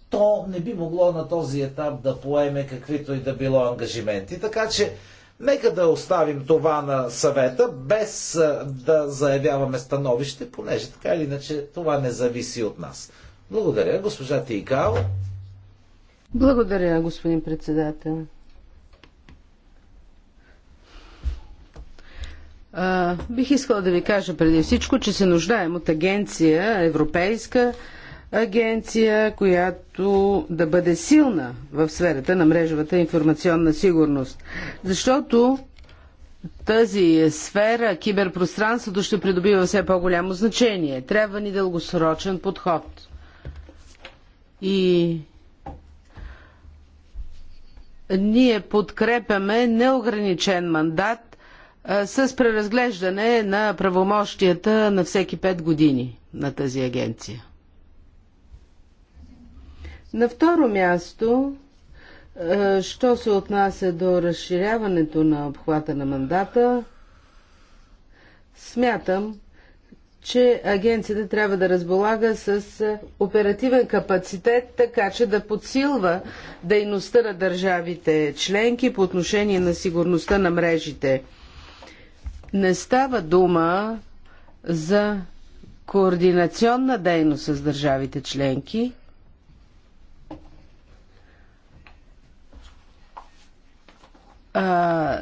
то не би могло на този етап да поеме каквито и да било ангажименти. Така че, нека да оставим това на съвета, без да заявяваме становище, понеже така или иначе това не зависи от нас. Благодаря, госпожа Тикао. Благодаря, господин председател. А, бих искала да ви кажа преди всичко, че се нуждаем от агенция, европейска агенция, която да бъде силна в сферата на мрежовата информационна сигурност. Защото тази сфера, киберпространството ще придобива все по-голямо значение. Трябва ни дългосрочен подход. И ние подкрепяме неограничен мандат с преразглеждане на правомощията на всеки 5 години на тази агенция. На второ място, що се отнася до разширяването на обхвата на мандата, смятам, че агенцията трябва да разполага с оперативен капацитет, така че да подсилва дейността на държавите членки по отношение на сигурността на мрежите – не става дума за координационна дейност с държавите членки, а,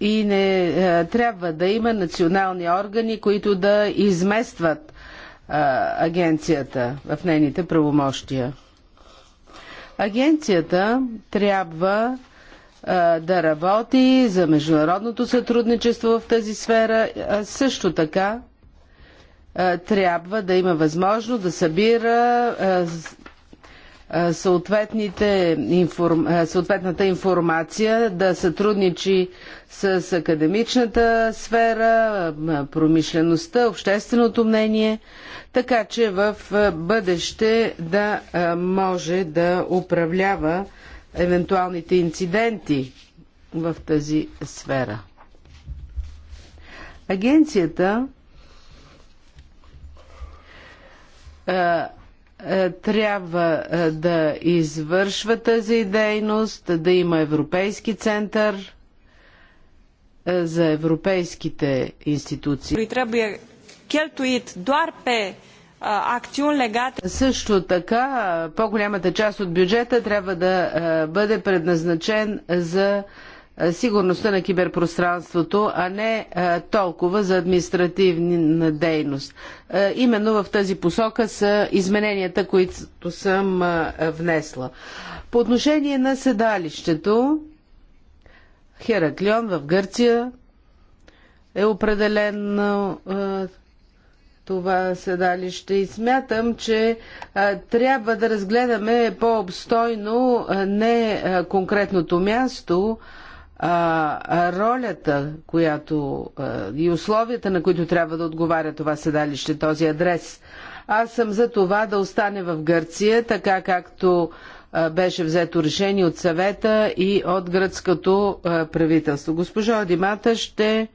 и не а, трябва да има национални органи, които да изместват а, агенцията в нейните правомощия. Агенцията трябва да работи за международното сътрудничество в тази сфера. Също така трябва да има възможност да събира съответната информация, да сътрудничи с академичната сфера, промишлеността, общественото мнение, така че в бъдеще да може да управлява евентуалните инциденти в тази сфера. Агенцията е, е, трябва е, да извършва тази дейност, да има Европейски център за европейските институции. Trebuie cheltuit doar пе акциони легат. Също така, по-голямата част от бюджета трябва да бъде предназначен за сигурността на киберпространството, а не толкова за административна дейност. Именно в тази посока са измененията, които съм внесла. По отношение на седалището, Хераклион в Гърция е определено това седалище и смятам, че а, трябва да разгледаме по-обстойно не а, конкретното място, а, а ролята, която а, и условията, на които трябва да отговаря това седалище, този адрес. Аз съм за това да остане в Гърция, така както а, беше взето решение от съвета и от гръцкото а, правителство. Госпожа Адимата ще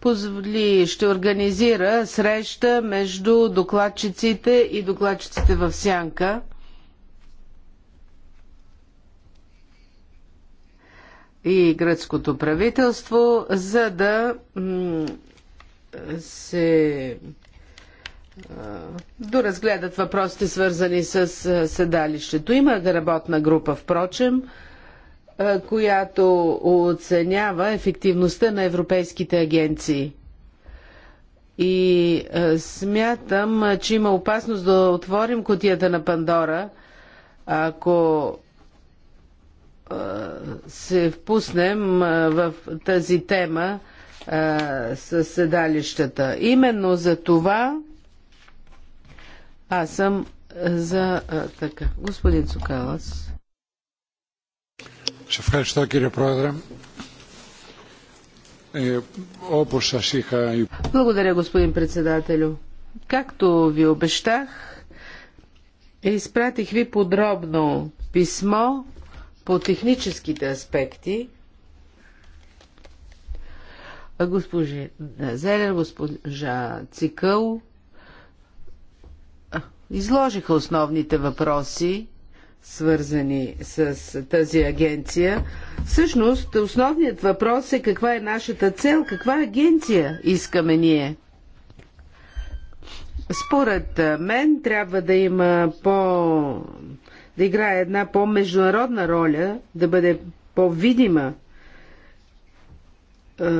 позволи, ще организира среща между докладчиците и докладчиците в Сянка. и гръцкото правителство, за да се доразгледат въпросите свързани с седалището. Има работна група, впрочем, е, която оценява ефективността на европейските агенции. И е, смятам, че има опасност да отворим котията на Пандора, ако е, се впуснем в тази тема с седалищата. Именно за това аз съм за така. Господин Цукалас. Σε ευχαριστώ κύριε Πρόεδρε. Όπως σας είχα... Благодаря, господин председателю. Както ви обещах, изпратих ви подробно писмо по техническите аспекти. Госпожа Зелен, госпожа Цикъл изложиха основните въпроси свързани с тази агенция. Всъщност, основният въпрос е каква е нашата цел, каква агенция искаме ние. Според мен трябва да има по... да играе една по-международна роля, да бъде по-видима е,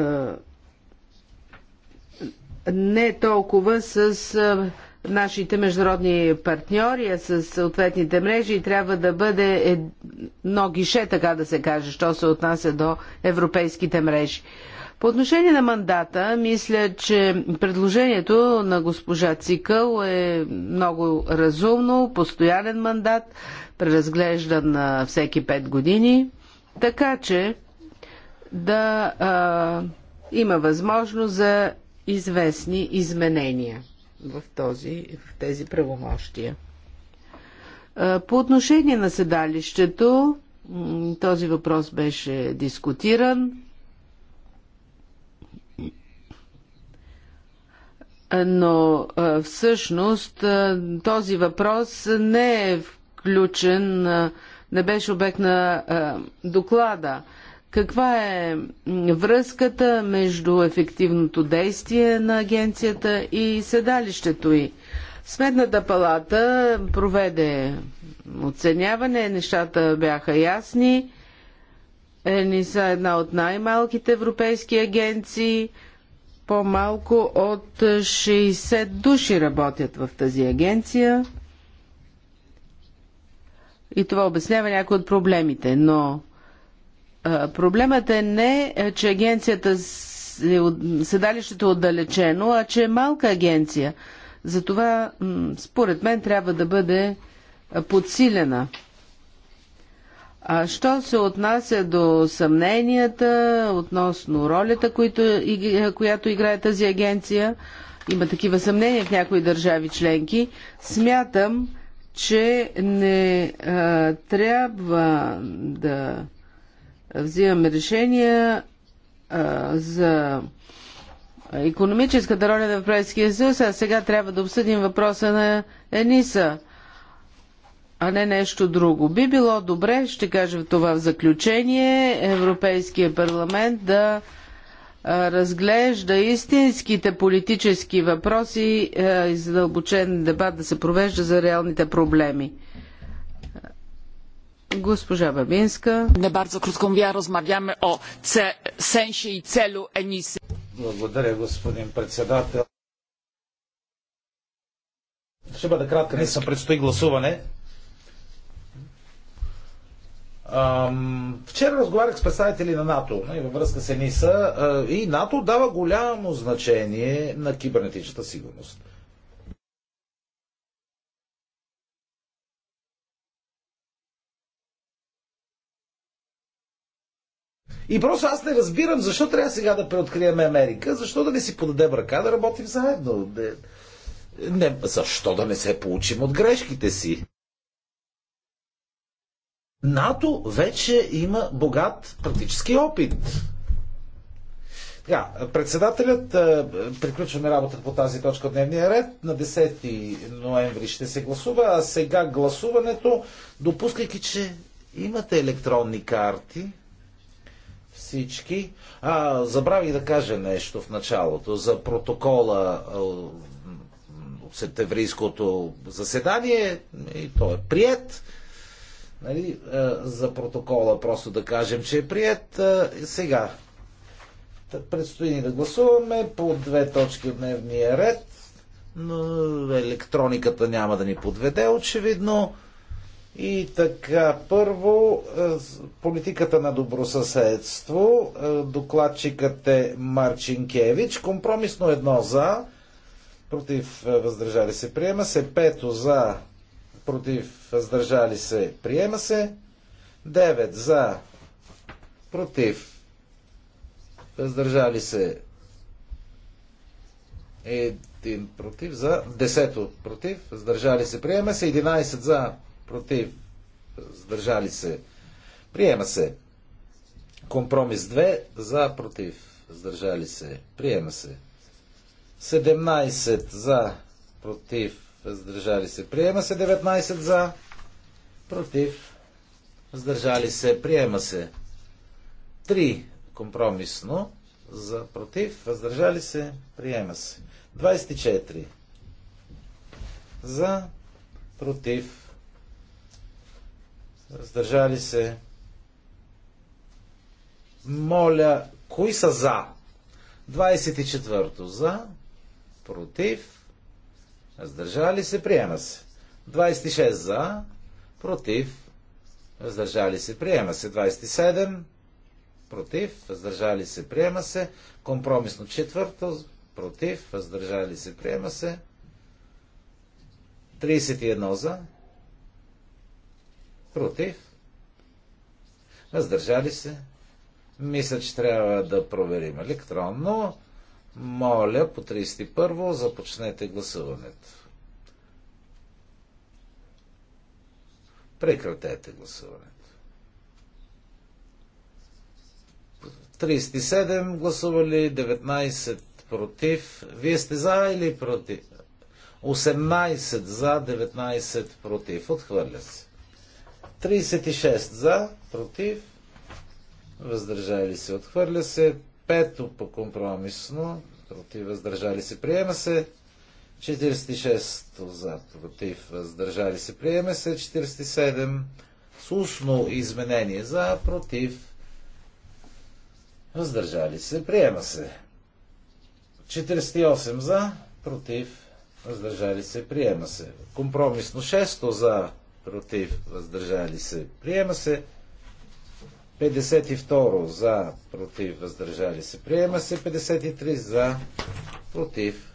не толкова с е, нашите международни партньори, а с съответните мрежи трябва да бъде едно гише, така да се каже, що се отнася до европейските мрежи. По отношение на мандата, мисля, че предложението на госпожа Цикъл е много разумно, постоянен мандат, преразглеждан на всеки 5 години, така че да а, има възможност за известни изменения в, този, в тези правомощия. По отношение на седалището, този въпрос беше дискутиран. Но всъщност този въпрос не е включен, не беше обект на доклада. Каква е връзката между ефективното действие на агенцията и седалището й? Сметната палата проведе оценяване, нещата бяха ясни. Ени са една от най-малките европейски агенции. По-малко от 60 души работят в тази агенция. И това обяснява някои от проблемите, но Проблемът е не, е, че агенцията е седалището е отдалечено, а че е малка агенция. Затова, според мен, трябва да бъде подсилена. А що се отнася до съмненията относно ролята, които, която играе тази агенция, има такива съмнения в някои държави членки, смятам, че не а, трябва да взимаме решения а, за економическата роля на Европейския съюз, а сега трябва да обсъдим въпроса на Ениса, а не нещо друго. Би било добре, ще кажа това в заключение, Европейския парламент да разглежда истинските политически въпроси и задълбочен дебат да се провежда за реалните проблеми. Госпожа Бабинска. Не bardzo krótką ja rozmawiamy о sensie и целу emisji. Благодаря, господин председател. Ще бъда кратка, не съм предстои гласуване. Ам, вчера разговарях с представители на НАТО и във връзка с ЕНИСА и НАТО дава голямо значение на кибернетичната сигурност. И просто аз не разбирам защо трябва сега да преоткрием Америка, защо да не си подадем ръка да работим заедно. Не, не, защо да не се получим от грешките си? НАТО вече има богат практически опит. Така, председателят, е, приключваме работа по тази точка от дневния ред. На 10 ноември ще се гласува, а сега гласуването, допускайки, че имате електронни карти, всички. А, забравих да кажа нещо в началото за протокола от септеврийското заседание и то е прият. Нали, за протокола просто да кажем, че е прият. Сега предстои ни да гласуваме по две точки от дневния ред. Но електрониката няма да ни подведе, очевидно. И така, първо, е, политиката на добросъседство, е, докладчикът е Марчинкевич, компромисно едно за, против е, въздържали се, приема се, пето за, против въздържали се, приема се, девет за, против въздържали се, един против за, десето против, въздържали се, приема се, 11 за, против, сдържали се, приема се. Компромис 2, за, против, сдържали се, приема се. 17 за, против, сдържали се, приема се. 19 за, против, сдържали се, приема се. 3 компромисно, за, против, въздържали се, приема се. 24 за, против, Въздържали се. Моля, кои са за? 24-то за. Против. Въздържали се. Приема се. 26 за. Против. Въздържали се. Приема се. 27. Против. Въздържали се. Приема се. Компромисно четвърто. Против. Въздържали се. Приема се. 31 за Против? Въздържали се? Мисля, че трябва да проверим електронно. Моля, по 31-во започнете гласуването. Прекратете гласуването. 37 гласували, 19 против. Вие сте за или против? 18 за, 19 против. Отхвърля се. 36 за, против, въздържали се, отхвърля се. Пето по компромисно, против, въздържали се, приема се. 46 за, против, въздържали се, приема се. 47 с устно изменение за, против, въздържали се, приема се. 48 за, против, въздържали се, приема се. Компромисно 6 за, против, въздържали се, приема се. 52 за, против, въздържали се, приема се. 53 за, против,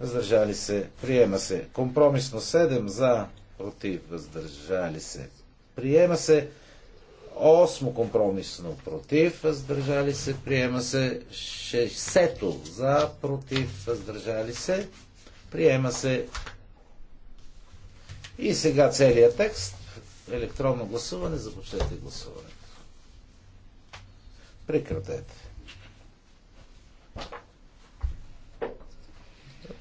въздържали се, приема се. Компромисно 7 за, против, въздържали се, приема се. 8 компромисно против, въздържали се, приема се. 6 за, против, въздържали се, приема се. И сега целият текст. Електронно гласуване. Започнете гласуването. Прекратете.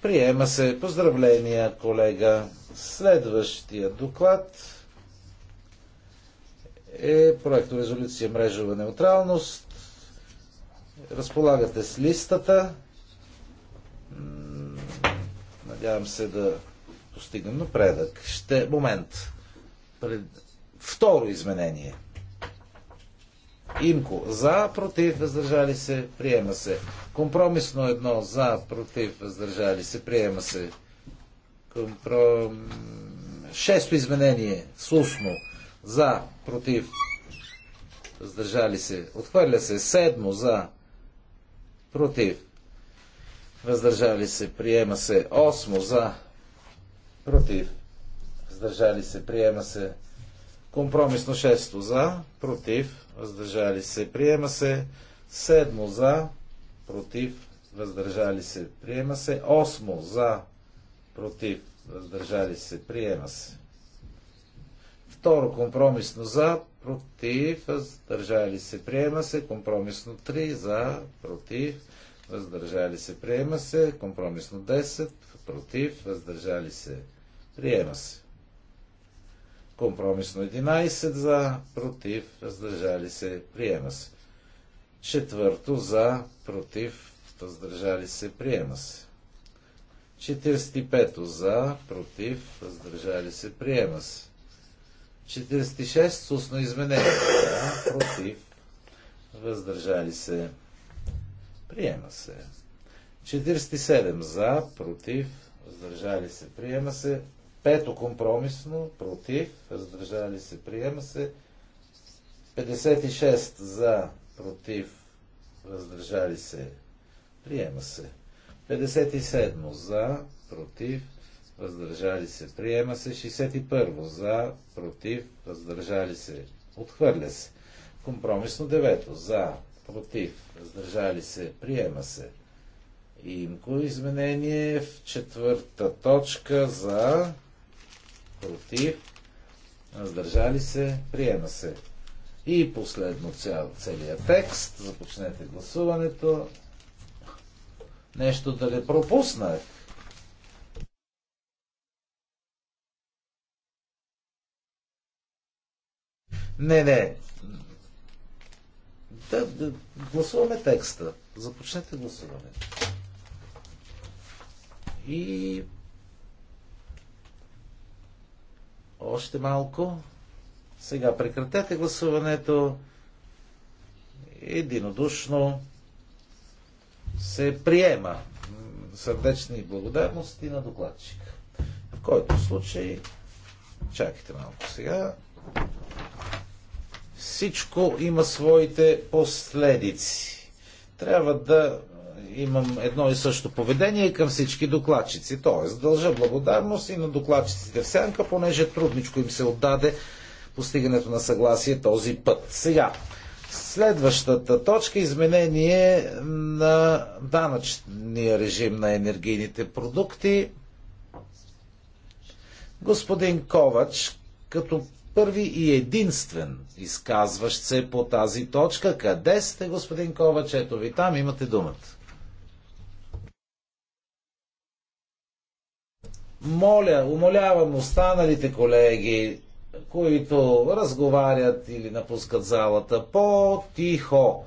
Приема се. Поздравления, колега. Следващия доклад е проект резолюция мрежова неутралност. Разполагате с листата. Надявам се да постигнем напредък. Ще... Момент. Пред... Второ изменение. Имко. За, против, въздържали се, приема се. Компромисно едно. За, против, въздържали се, приема се. Компром... Шесто изменение. Сусно. За, против, въздържали се. Отхвърля се. Седмо. За, против, въздържали се, приема се. Осмо. За, против, въздържали се, приема се. Компромисно 6 за, против, въздържали се, приема се. 7 за, против, въздържали се, приема се. 8 за, против, въздържали се, приема се. Второ компромисно за, против, въздържали се, приема се. Компромисно 3 за, против, въздържали се, приема се. Компромисно 10 против, въздържали се, приема се. Компромисно 11 за, против, въздържали се, приема се. Четвърто за, против, въздържали се, приема се. 45 за, против, въздържали се, приема се. 46 с устно изменение за, против, въздържали се, приема се. 47 за, против, въздържали се, приема се. Пето компромисно, против, въздържали се, приема се. 56 за, против, въздържали се, приема се. 57 за, против, въздържали се, приема се. 61 за, против, въздържали се, отхвърля се. Компромисно 9 за, против, въздържали се, приема се. Имко изменение в четвърта точка за против, Раздържали се, приема се. И последно цял, целият текст. Започнете гласуването. Нещо да ли пропуснах? Не, не. Да, да, гласуваме текста. Започнете гласуването. И още малко. Сега прекратете гласуването. Единодушно се приема сърдечни благодарности на докладчик. В който случай, чакайте малко сега, всичко има своите последици. Трябва да имам едно и също поведение към всички докладчици. Тоест, дължа благодарност и на докладчиците в сянка, понеже трудничко им се отдаде постигането на съгласие този път. Сега, следващата точка изменение на данъчния режим на енергийните продукти. Господин Ковач, като първи и единствен изказващ се по тази точка. Къде сте, господин Ковач? Ето ви там, имате думата. Моля, умолявам останалите колеги, които разговарят или напускат залата, по-тихо.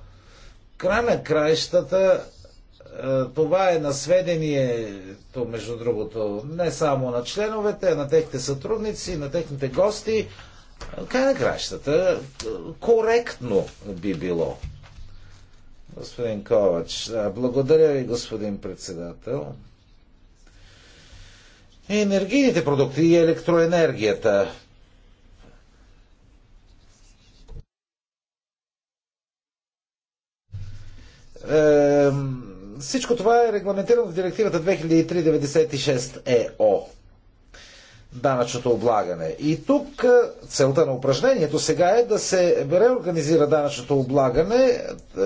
Край на краищата е, това е на сведението, между другото, не само на членовете, а на техните сътрудници, на техните гости. Край на краищата, коректно би било. Господин Ковач, благодаря ви, господин председател енергийните продукти и електроенергията. Е, всичко това е регламентирано в директивата 2396 ЕО данъчното облагане. И тук е, целта на упражнението сега е да се реорганизира данъчното облагане, е, е,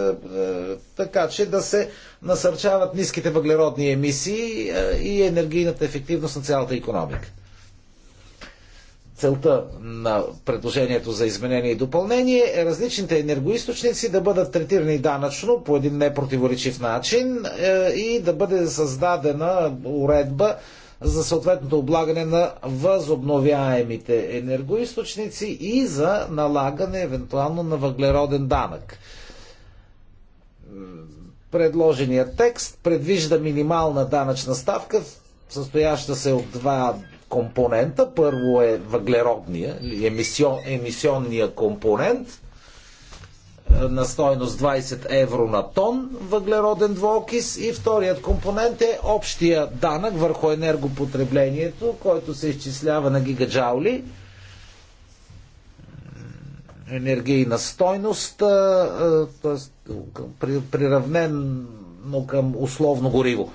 така че да се насърчават ниските въглеродни емисии и енергийната ефективност на цялата економика. Целта на предложението за изменение и допълнение е различните енергоисточници да бъдат третирани данъчно по един непротиворечив начин и да бъде създадена уредба, за съответното облагане на възобновяемите енергоисточници и за налагане евентуално на въглероден данък. Предложения текст предвижда минимална данъчна ставка, състояща се от два компонента. Първо е въглеродния, емисионния компонент – на стойност 20 евро на тон въглероден двуокис и вторият компонент е общия данък върху енергопотреблението, който се изчислява на гигаджаули енергийна стойност, т.е. приравнено към условно гориво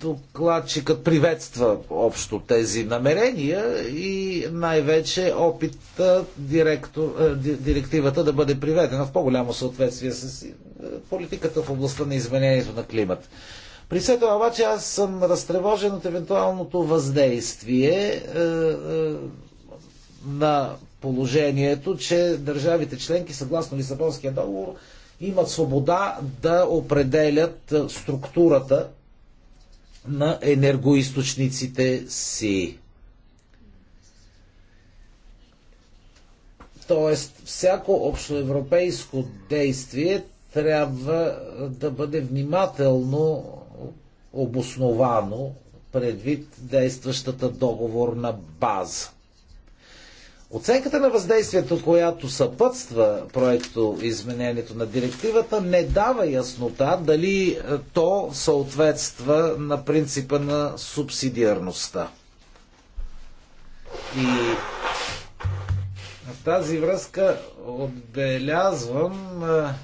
докладчикът приветства общо тези намерения и най-вече опит директор, е, директивата да бъде приведена в по-голямо съответствие с е, политиката в областта на изменението на климата. При все това обаче аз съм разтревожен от евентуалното въздействие е, на положението, че държавите членки съгласно Лисабонския договор имат свобода да определят структурата на енергоисточниците си. Тоест, всяко общоевропейско действие трябва да бъде внимателно обосновано предвид действащата договорна база. Оценката на въздействието, която съпътства проекто изменението на директивата, не дава яснота дали е, то съответства на принципа на субсидиарността. И в тази връзка отбелязвам, е,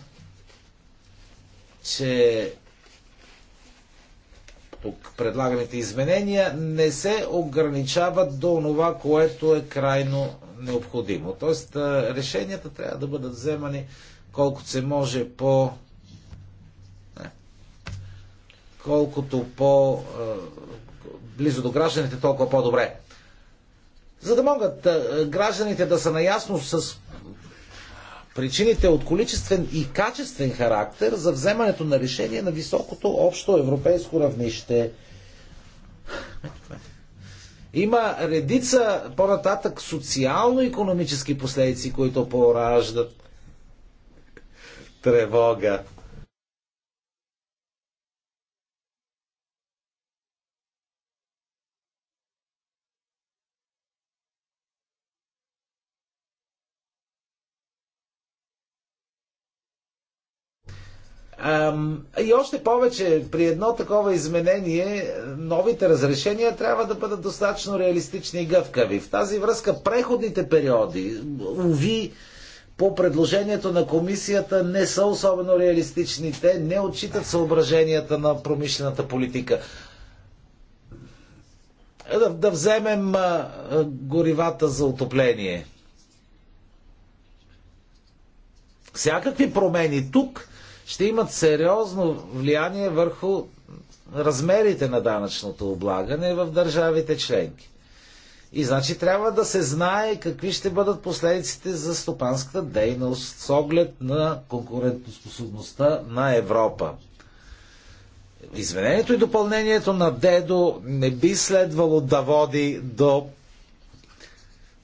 че тук предлаганите изменения не се ограничават до това, което е крайно необходимо. Тоест, решенията трябва да бъдат вземани колкото се може по колкото по близо до гражданите, толкова по-добре. За да могат гражданите да са наясно с причините от количествен и качествен характер за вземането на решение на високото общо европейско равнище. Има редица по-нататък социално-економически последици, които пораждат тревога. И още повече, при едно такова изменение, новите разрешения трябва да бъдат достатъчно реалистични и гъвкави. В тази връзка преходните периоди, уви, по предложението на комисията не са особено реалистични. Те не отчитат съображенията на промишлената политика. Да, да вземем а, горивата за отопление. Всякакви промени тук ще имат сериозно влияние върху размерите на данъчното облагане в държавите членки. И значи трябва да се знае какви ще бъдат последиците за стопанската дейност с оглед на конкурентоспособността на Европа. Изменението и допълнението на ДЕДО не би следвало да води до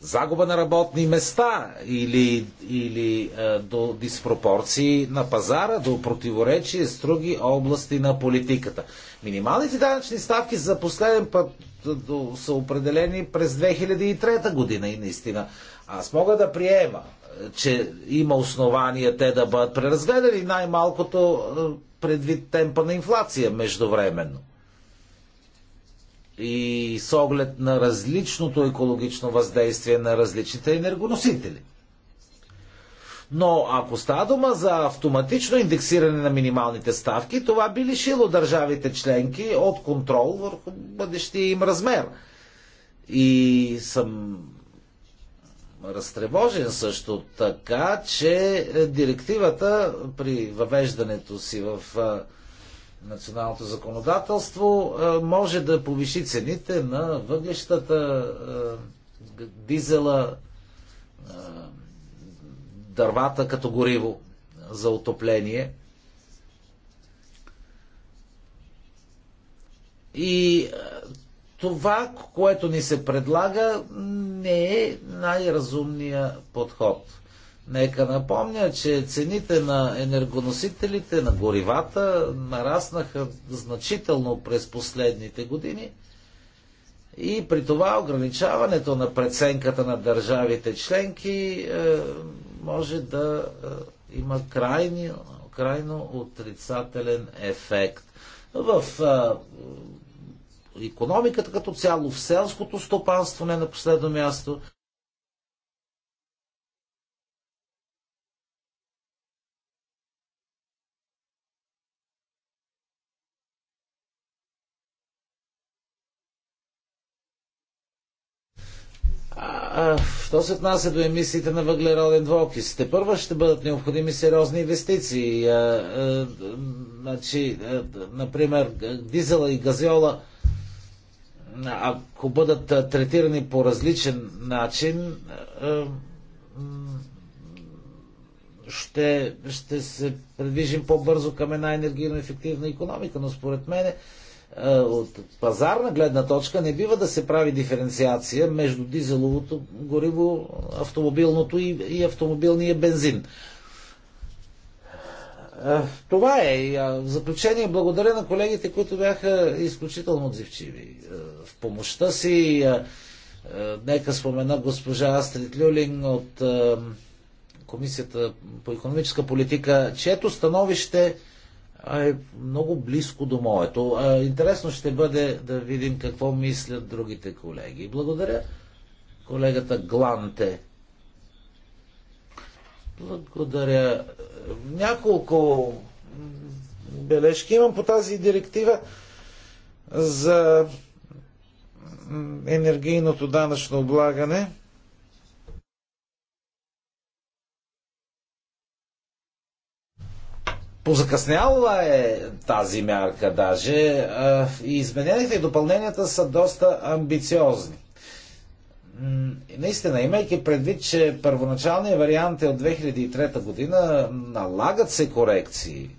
загуба на работни места или, или е, до диспропорции на пазара, до противоречие с други области на политиката. Минималните данъчни ставки за последен път е, са определени през 2003 година и наистина аз мога да приема, е, че има основания те да бъдат преразгледани най-малкото е, предвид темпа на инфлация междувременно и с оглед на различното екологично въздействие на различните енергоносители. Но ако става дума за автоматично индексиране на минималните ставки, това би лишило държавите членки от контрол върху бъдещия им размер. И съм разтревожен също така, че директивата при въвеждането си в националното законодателство, е, може да повиши цените на въглищата, е, дизела, е, дървата като гориво за отопление. И това, което ни се предлага, не е най-разумният подход. Нека напомня, че цените на енергоносителите, на горивата нараснаха значително през последните години и при това ограничаването на преценката на държавите членки е, може да е, има крайни, крайно отрицателен ефект. В економиката като цяло, в селското стопанство не на последно място – Що се отнася до емисиите на въглероден двуокис? Те първа ще бъдат необходими сериозни инвестиции. значи, например, дизела и газиола, ако бъдат третирани по различен начин, ще, ще се предвижим по-бързо към една енергийно ефективна економика, но според мен е, от пазарна гледна точка не бива да се прави диференциация между дизеловото гориво, автомобилното и, и автомобилния бензин. Е, това е. В заключение благодаря на колегите, които бяха изключително отзивчиви е, в помощта си. Нека спомена госпожа Астрид Люлин от Комисията по економическа политика, чието становище е много близко до моето. Интересно ще бъде да видим какво мислят другите колеги. Благодаря колегата Гланте. Благодаря. Няколко бележки имам по тази директива за енергийното данъчно облагане. Позакъсняла е тази мярка даже и измененията и допълненията са доста амбициозни. Наистина, имайки предвид, че първоначалният вариант е от 2003 година, налагат се корекции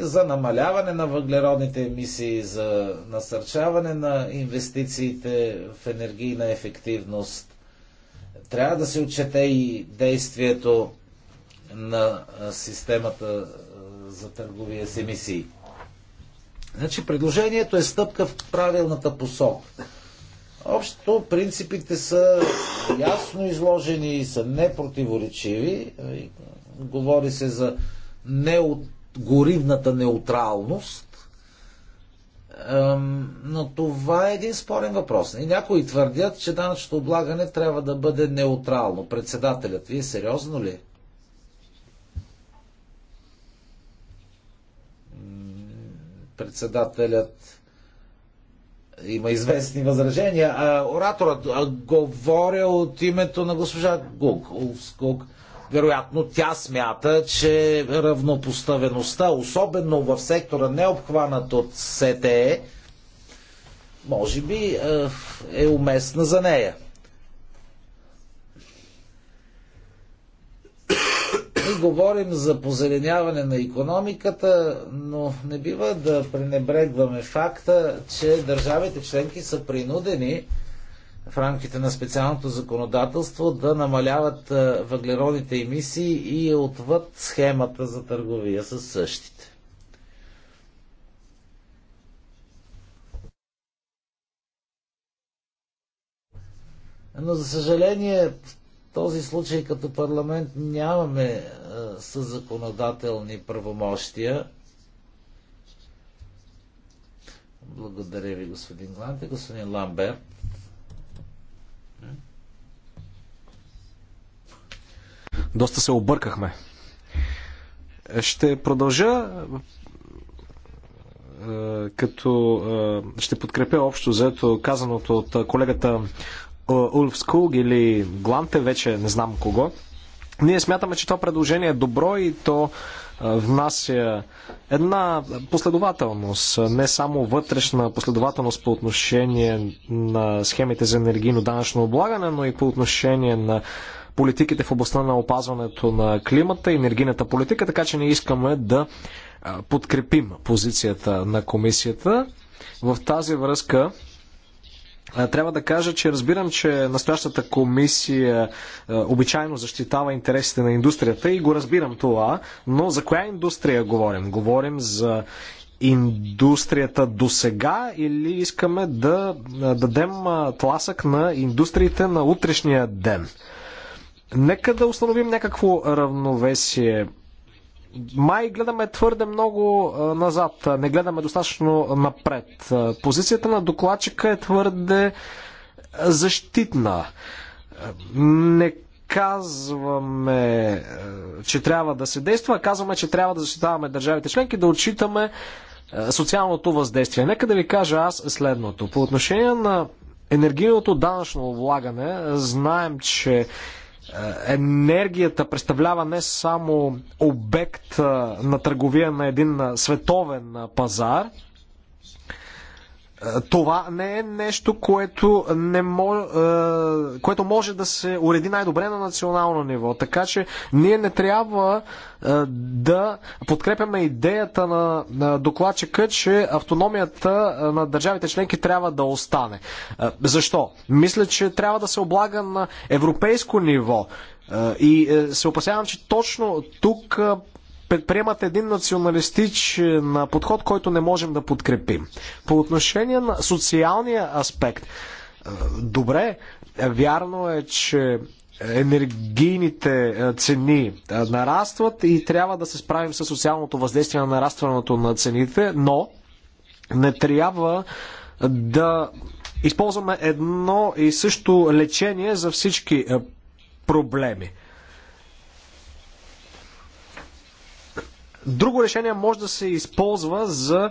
за намаляване на въглеродните емисии, за насърчаване на инвестициите в енергийна ефективност. Трябва да се отчете и действието на системата за търговия с емисии. Значи предложението е стъпка в правилната посока. Общо принципите са ясно изложени и са непротиворечиви. Говори се за от горивната неутралност. Но това е един спорен въпрос. И някои твърдят, че данъчното облагане трябва да бъде неутрално. Председателят, вие сериозно ли? Председателят има известни възражения. А, ораторът а, говоря от името на госпожа Гук. Гук. Вероятно тя смята, че равнопоставеността, особено в сектора не обхванат от СТЕ, може би е, е уместна за нея. говорим за позеленяване на економиката, но не бива да пренебрегваме факта, че държавите членки са принудени в рамките на специалното законодателство да намаляват е, въглеродните емисии и отвъд схемата за търговия с същите. Но, за съжаление, този случай като парламент нямаме е, със законодателни правомощия. Благодаря ви, господин Гланте. Господин Ламбер. Доста се объркахме. Ще продължа е, като е, ще подкрепя общо заето казаното от колегата е, Улф Скулг или Гланте, вече не знам кого. Ние смятаме, че това предложение е добро и то е, внася една последователност, не само вътрешна последователност по отношение на схемите за енергийно данъчно облагане, но и по отношение на политиките в областта на опазването на климата и енергийната политика, така че не искаме да е, подкрепим позицията на комисията. В тази връзка трябва да кажа, че разбирам, че настоящата комисия обичайно защитава интересите на индустрията и го разбирам това, но за коя индустрия говорим? Говорим за индустрията до сега или искаме да дадем тласък на индустриите на утрешния ден? Нека да установим някакво равновесие май гледаме твърде много назад, не гледаме достатъчно напред. Позицията на докладчика е твърде защитна. Не казваме, че трябва да се действа, а казваме, че трябва да защитаваме държавите членки, да отчитаме социалното въздействие. Нека да ви кажа аз следното. По отношение на енергийното данъчно облагане, знаем, че е, енергията представлява не само обект на търговия на един световен пазар, е, това не е нещо, което, не мож, е, което може да се уреди най-добре на национално ниво. Така че ние не трябва е, да подкрепяме идеята на, на докладчика, че автономията на държавите членки трябва да остане. Защо? Мисля, че трябва да се облага на европейско ниво. И се опасявам, че точно тук предприемат един националистичен подход, който не можем да подкрепим. По отношение на социалния аспект, е, добре, вярно е, че енергийните е, цени е, нарастват и трябва да се справим с социалното въздействие на нарастването на цените, но не трябва да използваме едно и също лечение за всички проблеми. друго решение може да се използва за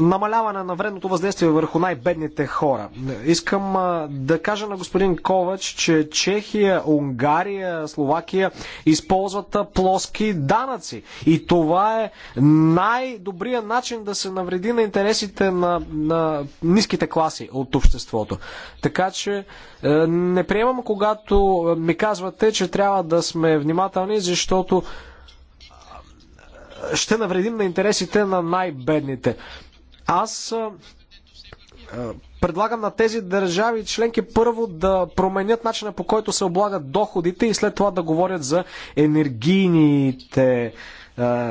намаляване на вредното въздействие върху най-бедните хора. Искам да кажа на господин Ковач, че Чехия, Унгария, Словакия използват плоски данъци. И това е най-добрият начин да се навреди на интересите на, на ниските класи от обществото. Така че е, не приемам, когато ми казвате, че трябва да сме внимателни, защото е, ще навредим на интересите на най-бедните. Аз предлагам на тези държави членки първо да променят начина по който се облагат доходите и след това да говорят за енергийните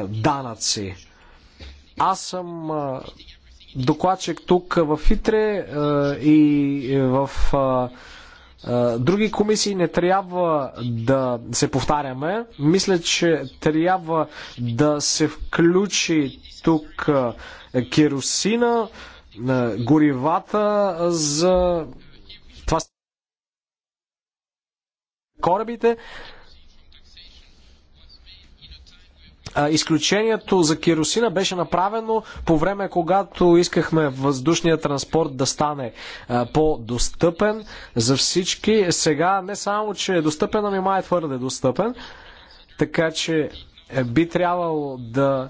данъци. Аз съм докладчик тук в ИТРЕ и в други комисии не трябва да се повтаряме. Мисля, че трябва да се включи тук керосина, горивата за това корабите. Изключението за керосина беше направено по време, когато искахме въздушния транспорт да стане по-достъпен за всички. Сега не само, че е достъпен, ами май е твърде достъпен. Така че е, би трябвало да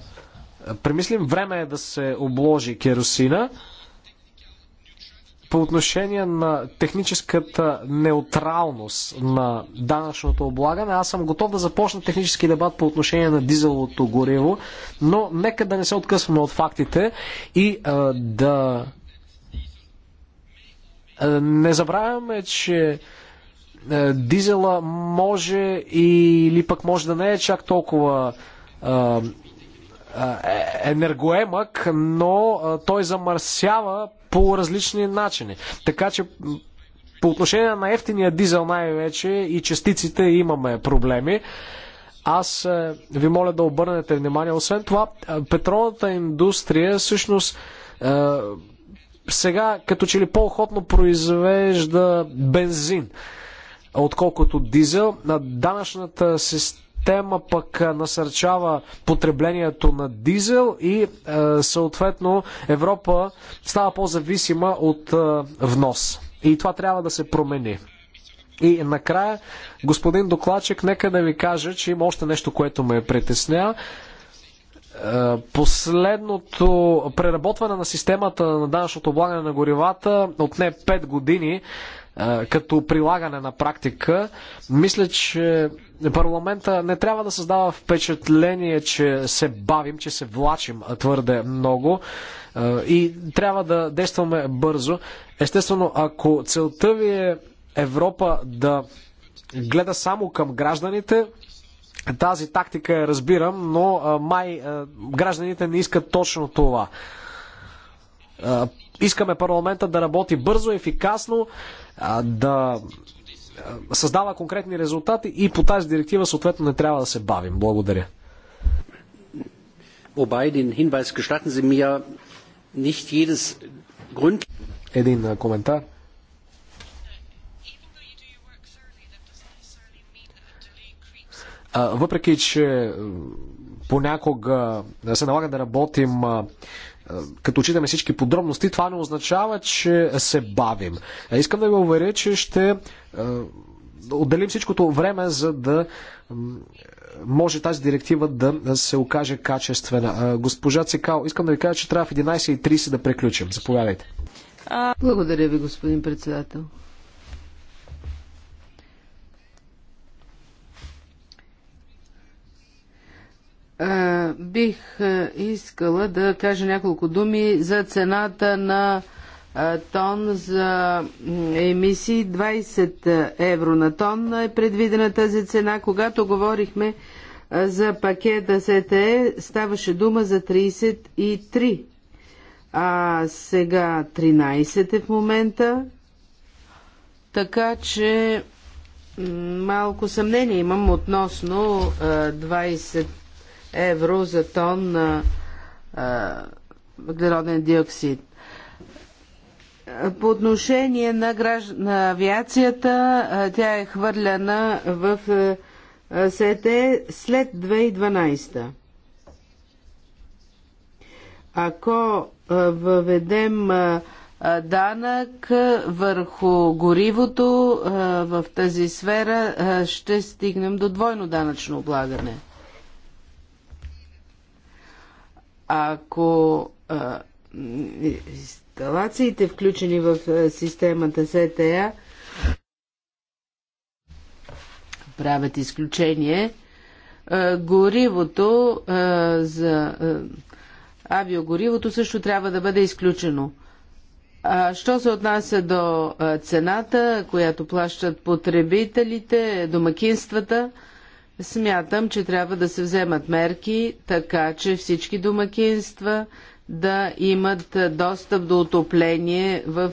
премислим. Време е да се обложи керосина. По отношение на техническата неутралност на данъчното облагане, аз съм готов да започна технически дебат по отношение на дизеловото гориво, но нека да не се откъсваме от фактите и а, е, да а, е, не забравяме, че а, е, дизела може или пък може да не е чак толкова а, е, енергоемък, но той замърсява по различни начини. Така че по отношение на ефтиния дизел най-вече и частиците имаме проблеми. Аз е, ви моля да обърнете внимание. Освен това, е, петролната индустрия всъщност сега като че ли по-охотно произвежда бензин, отколкото дизел. На данъчната система система пък насърчава потреблението на дизел и съответно Европа става по-зависима от внос. И това трябва да се промени. И накрая, господин докладчик, нека да ви кажа, че има още нещо, което ме притесня. Последното преработване на системата на данъчното облагане на горивата отне 5 години като прилагане на практика. Мисля, че парламента не трябва да създава впечатление, че се бавим, че се влачим твърде много и трябва да действаме бързо. Естествено, ако целта ви е Европа да гледа само към гражданите, тази тактика я разбирам, но май гражданите не искат точно това Искаме парламента да работи бързо, ефикасно, да създава конкретни резултати и по тази директива съответно не трябва да се бавим. Благодаря. Един коментар. Въпреки, че понякога се налага да работим като отчитаме всички подробности, това не означава, че се бавим. Искам да ви уверя, че ще е, отделим всичкото време, за да може тази директива да се окаже качествена. Госпожа Цикал, искам да ви кажа, че трябва в 11.30 да преключим. Заповядайте. Благодаря ви, господин председател. Е, бих е, искала да кажа няколко думи за цената на е, тон за емисии. 20 евро на тон е предвидена тази цена. Когато говорихме за пакета СТЕ, ставаше дума за 33. А сега 13 е в момента. Така че малко съмнение имам относно 20 евро за тон на въглероден диоксид. По отношение на, гражд... на авиацията, тя е хвърляна в СЕТЕ след 2012. Ако въведем данък върху горивото в тази сфера, ще стигнем до двойно данъчно облагане. Ако а, инсталациите, включени в системата СТА, правят изключение, а, горивото а, за а, авиогоривото също трябва да бъде изключено. А, що се отнася до цената, която плащат потребителите, домакинствата, Смятам, че трябва да се вземат мерки, така че всички домакинства да имат достъп до отопление в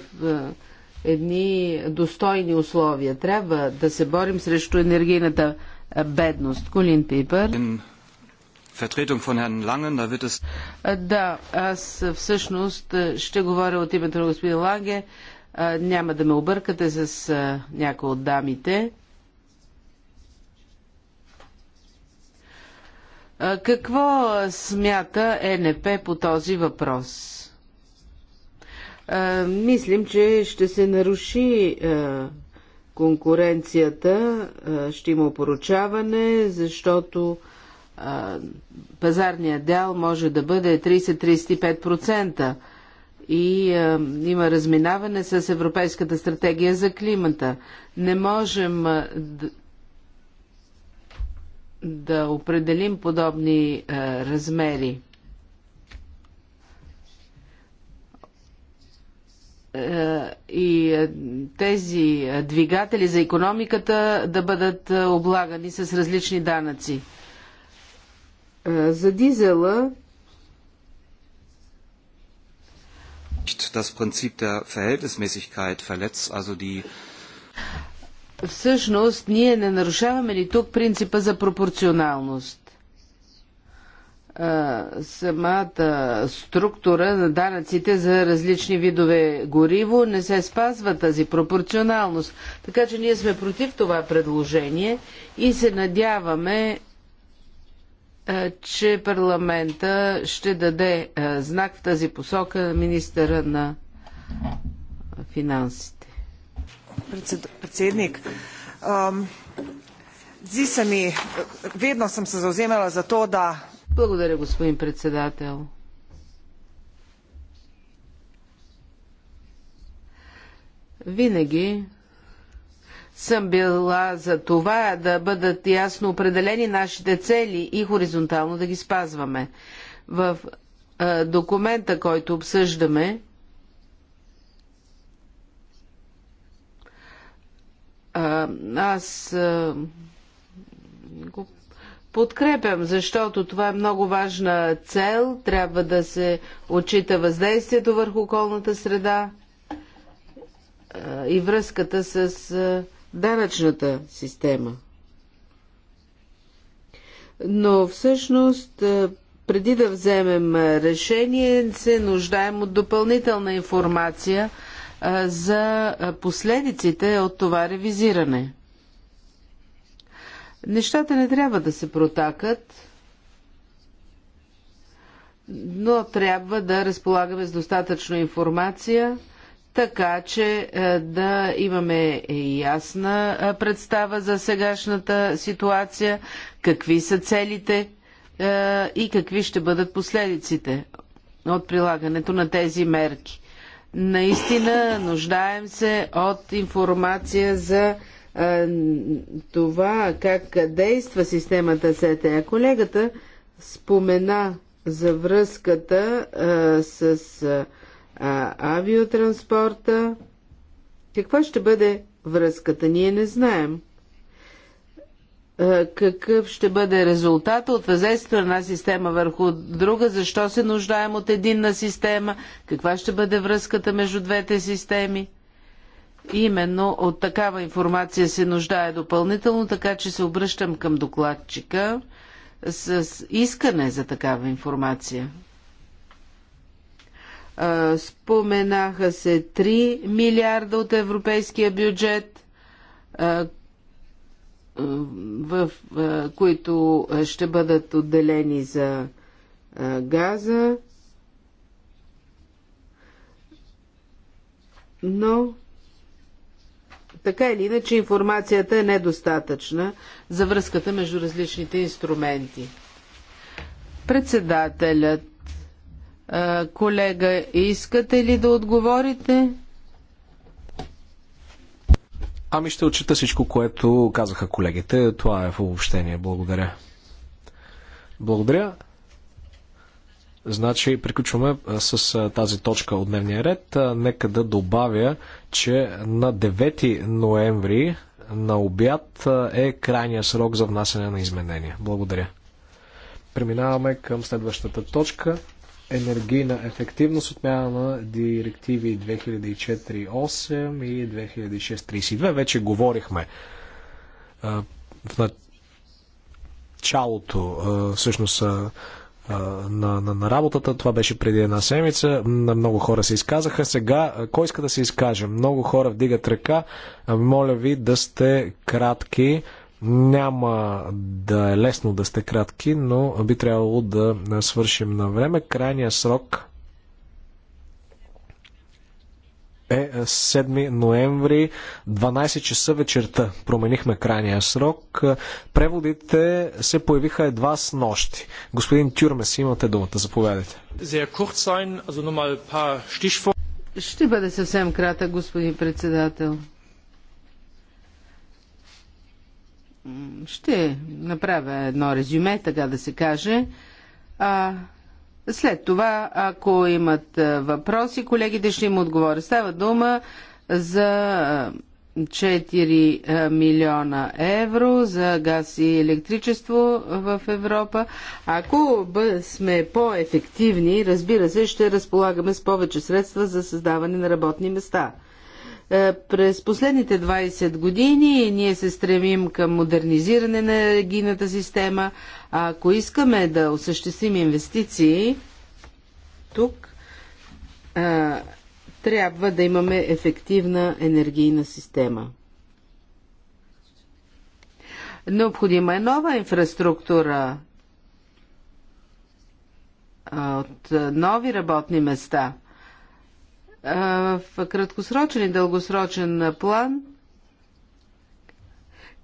едни достойни условия. Трябва да се борим срещу енергийната бедност. Колин Пипър. Да, аз всъщност ще говоря от името на господин Ланге. Няма да ме объркате с някои от дамите. Какво смята ЕНП по този въпрос? Мислим, че ще се наруши конкуренцията, ще има опоручаване, защото пазарният дял може да бъде 30-35% и има разминаване с Европейската стратегия за климата. Не можем да определим подобни а, е, размери. Е, и е, тези двигатели за економиката да бъдат облагани с различни данъци. За дизела das Prinzip der Verhältnismäßigkeit verletzt, also die всъщност ние не нарушаваме ли тук принципа за пропорционалност? самата структура на данъците за различни видове гориво не се спазва тази пропорционалност. Така че ние сме против това предложение и се надяваме, че парламента ще даде знак в тази посока на министъра на финансите predsednik. Ehm, zdi se mi, vedno sem se zauzemala za to, da. Благодаря, господин председател. Винаги съм била за това да бъдат ясно определени нашите цели и хоризонтално да ги спазваме. В е, документа, който обсъждаме, аз го подкрепям, защото това е много важна цел. Трябва да се отчита въздействието върху околната среда и връзката с данъчната система. Но всъщност, преди да вземем решение, се нуждаем от допълнителна информация – за последиците от това ревизиране. Нещата не трябва да се протакат, но трябва да разполагаме с достатъчно информация, така че да имаме ясна представа за сегашната ситуация, какви са целите и какви ще бъдат последиците от прилагането на тези мерки. Наистина нуждаем се от информация за а, това как действа системата СТА. Колегата спомена за връзката а, с а, авиотранспорта. Каква ще бъде връзката? Ние не знаем. Е, какъв ще бъде резултата от въздействието на една система върху друга, защо се нуждаем от единна система, каква ще бъде връзката между двете системи. Именно от такава информация се нуждае допълнително, така че се обръщам към докладчика с искане за такава информация. Е, споменаха се 3 милиарда от европейския бюджет е, – в които ще бъдат отделени за газа, но така или иначе информацията е недостатъчна за връзката между различните инструменти. Председателят, колега, искате ли да отговорите? Ами ще отчита всичко, което казаха колегите. Това е в обобщение. Благодаря. Благодаря. Значи приключваме с тази точка от дневния ред. Нека да добавя, че на 9 ноември на обяд е крайния срок за внасяне на изменения. Благодаря. Преминаваме към следващата точка енергийна ефективност, отмяна на директиви 2004-8 и 2006-32. Вече говорихме в началото, всъщност на, на, на работата. Това беше преди една седмица. на Много хора се изказаха. Сега, кой иска да се изкаже? Много хора вдигат ръка. Моля ви да сте кратки. Няма да е лесно да сте кратки, но би трябвало да свършим на време. Крайния срок е 7 ноември, 12 часа вечерта. Променихме крайния срок. Преводите се появиха едва с нощи. Господин Тюрмес, имате думата, заповядайте. Ще бъде съвсем кратък, господин председател. ще направя едно резюме, така да се каже. А, след това, ако имат въпроси, колегите ще им отговоря. Става дума за 4 милиона евро за газ и електричество в Европа. Ако сме по-ефективни, разбира се, ще разполагаме с повече средства за създаване на работни места. Е, през последните 20 години ние се стремим към модернизиране на енергийната система. А ако искаме да осъществим инвестиции тук, а, е, трябва да имаме ефективна енергийна система. Необходима е нова инфраструктура е, от нови работни места – в краткосрочен и дългосрочен план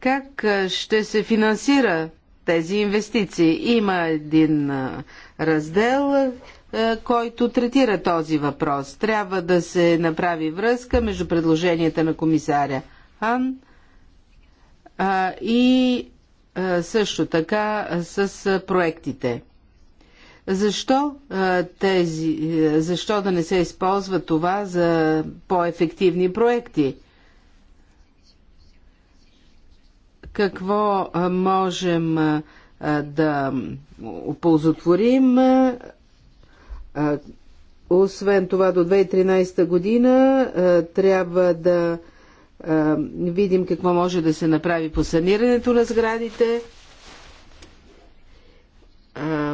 как ще се финансира тези инвестиции. Има един раздел, който третира този въпрос. Трябва да се направи връзка между предложенията на комисаря Хан и също така с проектите. Защо, тези, защо да не се използва това за по-ефективни проекти? Какво можем да оползотворим? Освен това, до 2013 година трябва да видим какво може да се направи по санирането на сградите.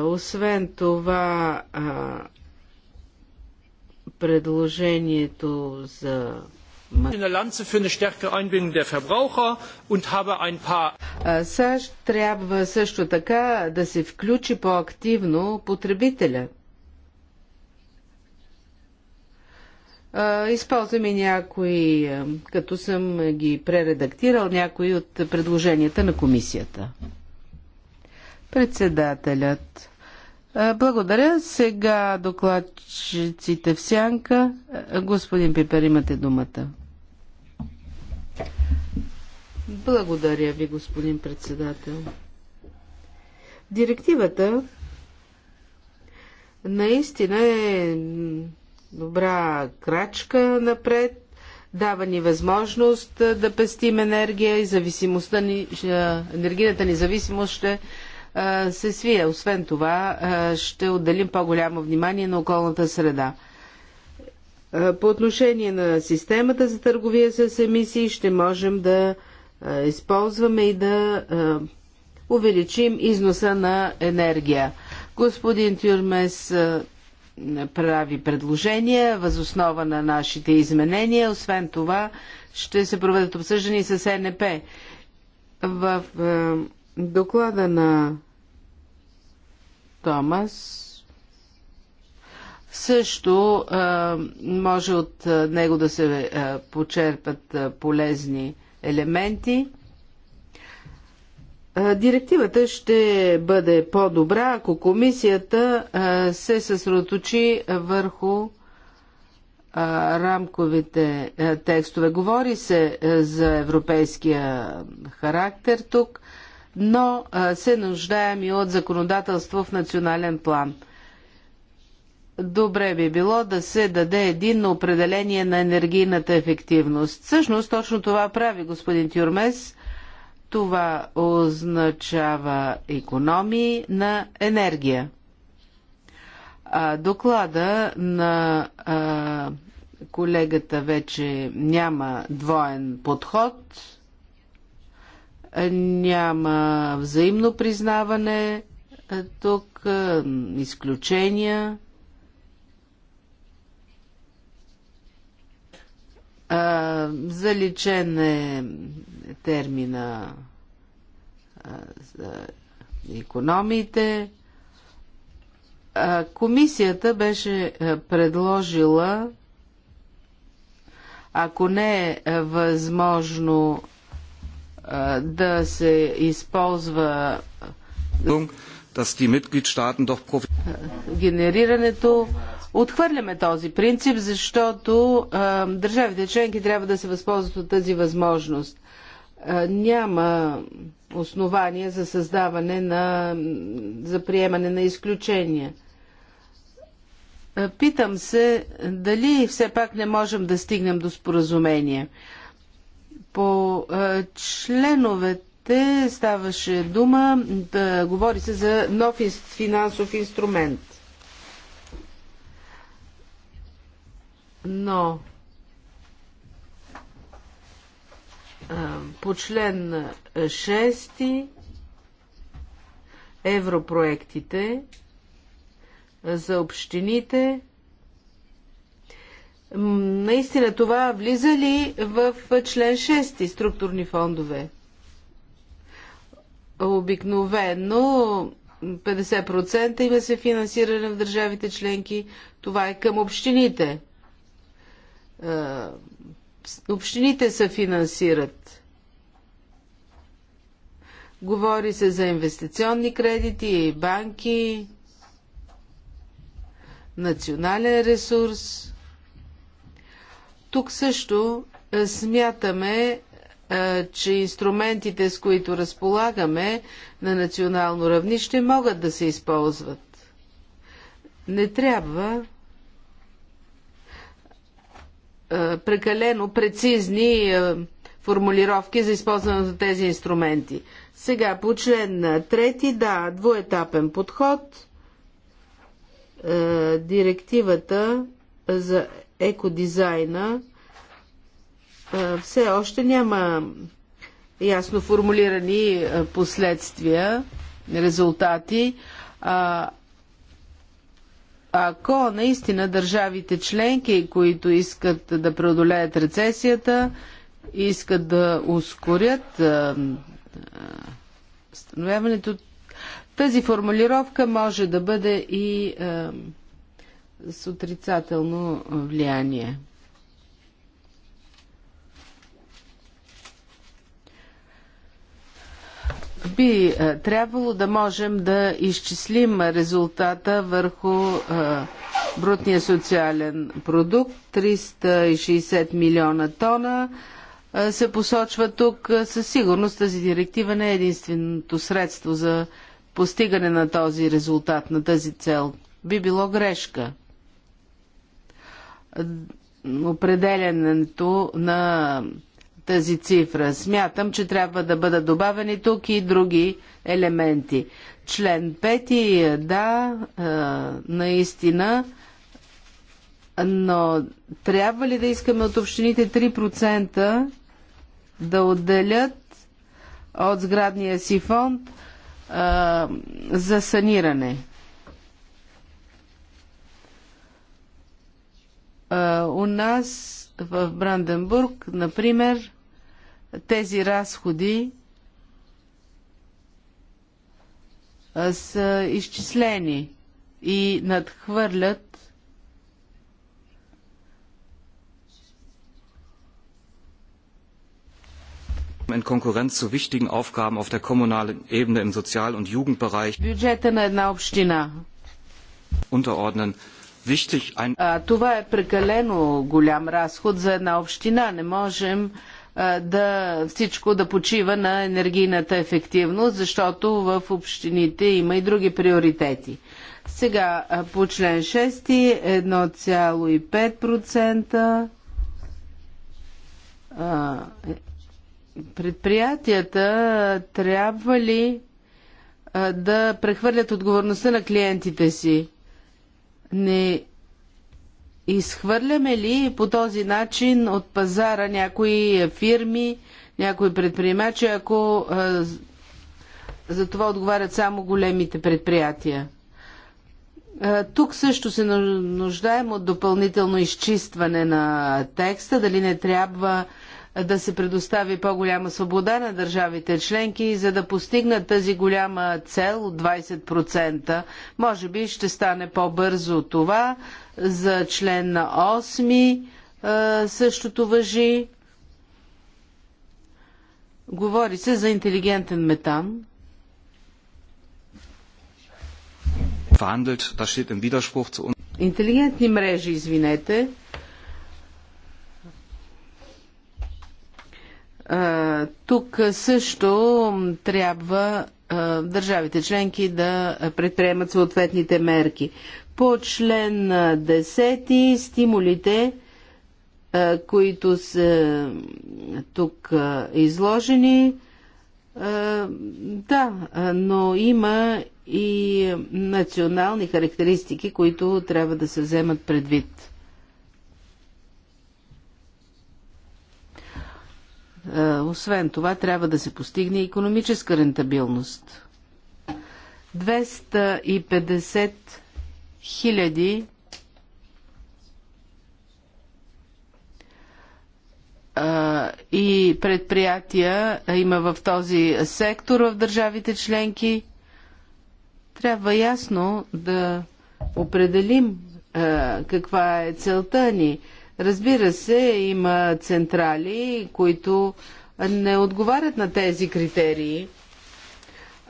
Освен това, предложението за САЩ трябва също така да се включи по-активно потребителя. и някои, като съм ги прередактирал, някои от предложенията на комисията. Председателят. Благодаря. Сега докладчиците в сянка. Господин Пипер, имате думата. Благодаря ви, господин председател. Директивата наистина е добра крачка напред. Дава ни възможност да пестим енергия и зависимостта ни, енергийната независимост ще се свие. Освен това, ще отделим по-голямо внимание на околната среда. По отношение на системата за търговия с емисии ще можем да използваме и да увеличим износа на енергия. Господин Тюрмес прави предложения възоснова на нашите изменения. Освен това, ще се проведат обсъждани с НП. В доклада на Томас също а, може от него да се а, почерпат а, полезни елементи. Директивата ще бъде по-добра, ако комисията се съсредоточи върху рамковите текстове. Говори се за европейския характер тук но се нуждаем и от законодателство в национален план. Добре би било да се даде единно определение на енергийната ефективност. Всъщност точно това прави господин Тюрмес. Това означава економии на енергия. А, доклада на а, колегата вече няма двоен подход няма взаимно признаване е, тук, е, изключения. А, е, заличен е термина а, за економиите. А, комисията беше предложила, ако не е възможно да се използва генерирането. Отхвърляме този принцип, защото държавите членки трябва да се възползват от тази възможност. няма основания за създаване на, за приемане на изключения. Питам се дали все пак не можем да стигнем до споразумение. По е, членовете ставаше дума, да говори се за нов финансов инструмент. Но е, по член 6 европроектите за общините Наистина това влиза ли в член 6 структурни фондове? Обикновено 50% има се финансиране в държавите членки. Това е към общините. Общините се финансират. Говори се за инвестиционни кредити, банки, национален ресурс. Тук също е, смятаме, е, че инструментите, с които разполагаме на национално равнище, могат да се използват. Не трябва е, прекалено прецизни формулировки за използването на тези инструменти. Сега по член трети, да, двуетапен подход. Директивата за екодизайна все още няма ясно формулирани последствия, резултати. Ако наистина държавите членки, които искат да преодолеят рецесията, искат да ускорят становяването, тази формулировка може да бъде и с отрицателно влияние. би е, трябвало да можем да изчислим резултата върху е, брутния социален продукт. 360 милиона тона е, се посочва тук. Със сигурност тази директива не е единственото средство за постигане на този резултат, на тази цел. Би било грешка определенето на тази цифра. Смятам, че трябва да бъдат добавени тук и други елементи. Член 5, е да, наистина, но трябва ли да искаме от общините 3% да отделят от сградния си фонд за саниране? у нас в Бранденбург, например, тези разходи са изчислени и надхвърлят in Konkurrenz zu wichtigen Aufgaben auf der kommunalen Ebene im Sozial- und Jugendbereich unterordnen това е прекалено голям разход за една община. Не можем да всичко да почива на енергийната ефективност, защото в общините има и други приоритети. Сега по член 6 1,5% предприятията трябва ли да прехвърлят отговорността на клиентите си? Не изхвърляме ли по този начин от пазара някои фирми, някои предприемачи, ако за това отговарят само големите предприятия? тук също се нуждаем от допълнително изчистване на текста, дали не трябва да се предостави по-голяма свобода на държавите членки, за да постигнат тази голяма цел от 20%. Може би ще стане по-бързо това. За член на 8 е, същото въжи. Говори се за интелигентен метан. Интелигентни мрежи, извинете. Тук също трябва държавите членки да предприемат съответните мерки. По член 10 стимулите, които са тук изложени, да, но има и национални характеристики, които трябва да се вземат предвид. Е, освен това, трябва да се постигне економическа рентабилност. 250 хиляди е, и предприятия има в този сектор в държавите членки. Трябва ясно да определим е, каква е целта ни Разбира се, има централи, които не отговарят на тези критерии,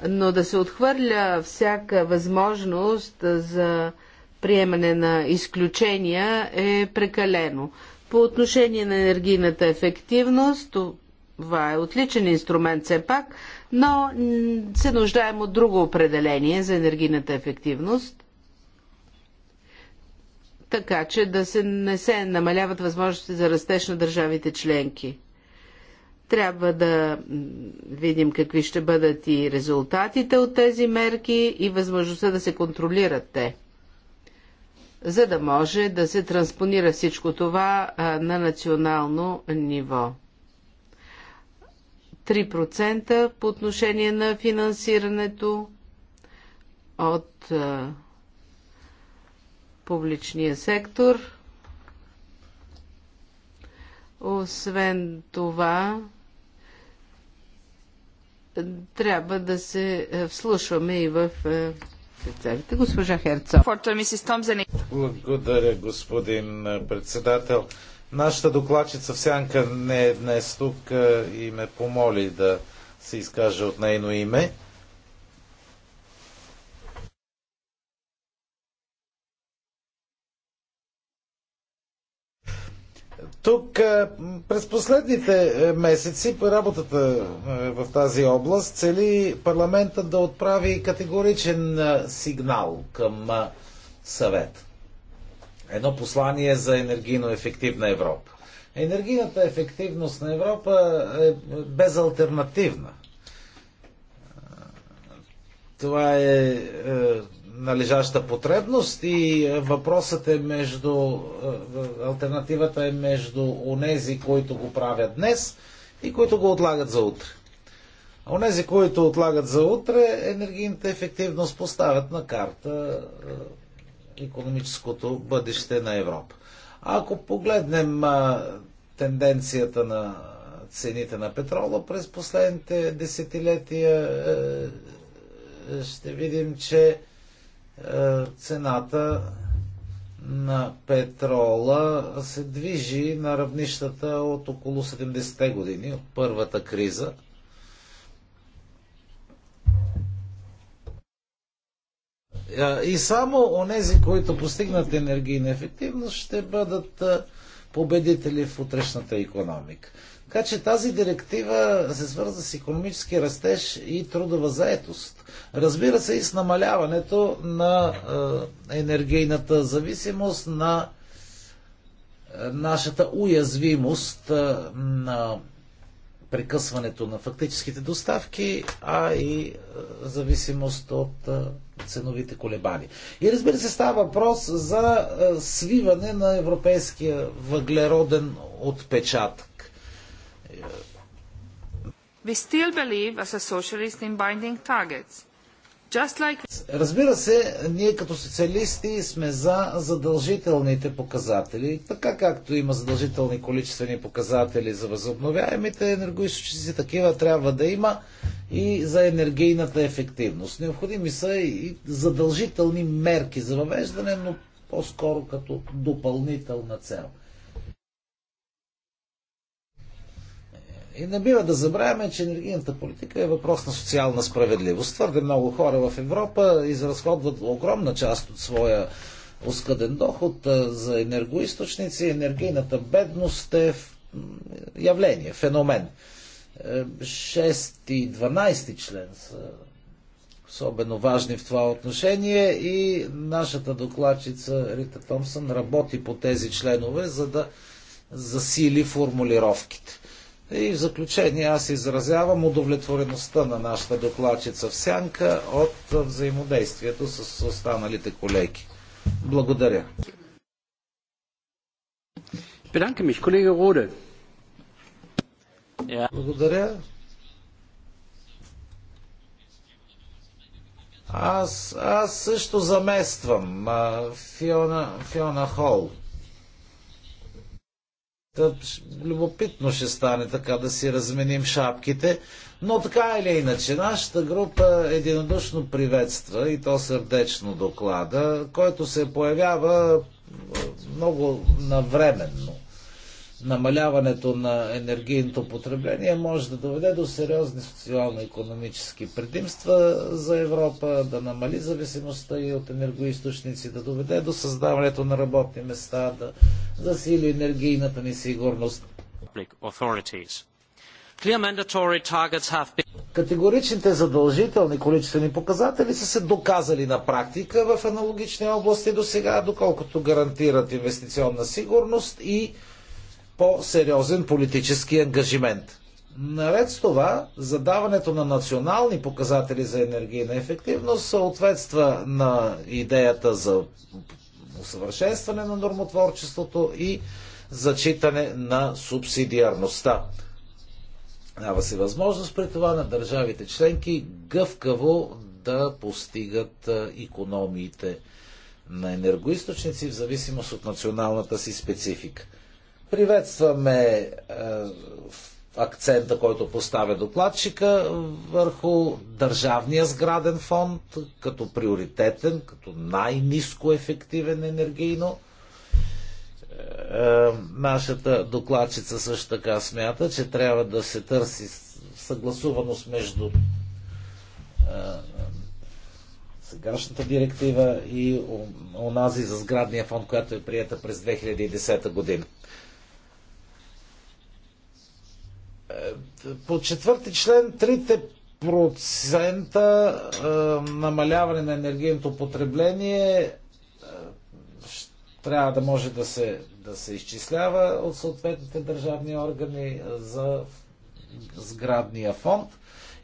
но да се отхвърля всяка възможност за приемане на изключения е прекалено. По отношение на енергийната ефективност, това е отличен инструмент все пак, но се нуждаем от друго определение за енергийната ефективност така че да се, не се намаляват възможности за растеж на държавите членки. Трябва да видим какви ще бъдат и резултатите от тези мерки и възможността да се контролират те, за да може да се транспонира всичко това на национално ниво. 3% по отношение на финансирането от публичния сектор. Освен това, трябва да се е, вслушваме и в е, представите. Госпожа Херцов. Благодаря, господин председател. Нашата докладчица Всянка Сянка не е днес тук е, и ме помоли да се изкаже от нейно име. Тук е, през последните е, месеци работата е, в тази област цели парламента да отправи категоричен сигнал към съвет. Едно послание за енергийно ефективна Европа. Енергийната ефективност на Европа е безалтернативна. Това е належаща потребност и е, въпросът е между, е, альтернативата е между онези, които го правят днес и които го отлагат за утре. А онези, които отлагат за утре, енергийната ефективност поставят на карта економическото бъдеще на Европа. А ако погледнем е, тенденцията на цените на петрола през последните десетилетия, ще видим, че е, цената на петрола се движи на равнищата от около 70-те години, от първата криза. Е, и само онези, които постигнат енергийна ефективност, ще бъдат е, победители в утрешната економика. Така че тази директива се свърза с економически растеж и трудова заетост. Разбира се и с намаляването на е, енергийната зависимост, на е, нашата уязвимост е, на прекъсването на фактическите доставки, а и зависимост от ценовите колебани. И разбира се, става въпрос за свиване на европейския въглероден отпечатък. We still believe as a socialist in binding targets. Just like... Разбира се, ние като социалисти сме за задължителните показатели. Така както има задължителни количествени показатели за възобновяемите енергоисточници, такива трябва да има и за енергийната ефективност. Необходими са и задължителни мерки за въвеждане, но по-скоро като допълнителна цел. И не бива да забравяме, че енергийната политика е въпрос на социална справедливост. Твърде много хора в Европа изразходват огромна част от своя оскъден доход за енергоисточници. Енергийната бедност е явление, феномен. 6 е, и 12 член са особено важни в това отношение и нашата докладчица Рита Томсън работи по тези членове, за да засили формулировките. И в заключение аз изразявам удовлетвореността на нашата докладчица в сянка от взаимодействието с останалите колеги. Благодаря. Bedanke mich, Kollege Rode. Ja. Благодаря. Аз, аз също замествам Фиона, Фиона Холт любопитно ще стане така да си разменим шапките. Но така или иначе, нашата група единодушно приветства и то сърдечно доклада, който се появява много навременно намаляването на енергийното потребление може да доведе до сериозни социално-економически предимства за Европа, да намали зависимостта и от енергоисточници, да доведе до създаването на работни места, да засили енергийната ни сигурност. Категоричните задължителни количествени показатели са се доказали на практика в аналогични области до сега, доколкото гарантират инвестиционна сигурност и по-сериозен политически ангажимент. Наред с това, задаването на национални показатели за енергийна ефективност съответства на идеята за усъвършенстване на нормотворчеството и зачитане на субсидиарността. Дава се възможност при това на държавите членки гъвкаво да постигат економиите на енергоисточници в зависимост от националната си специфика. Приветстваме е, акцента, който поставя докладчика върху държавния сграден фонд като приоритетен, като най-низко ефективен енергийно. Е, нашата докладчица също така смята, че трябва да се търси съгласуваност между е, сегашната директива и онази за сградния фонд, която е прията през 2010 година. По четвърти член, трите процента намаляване на енергийното потребление трябва да може да се, да се изчислява от съответните държавни органи за сградния фонд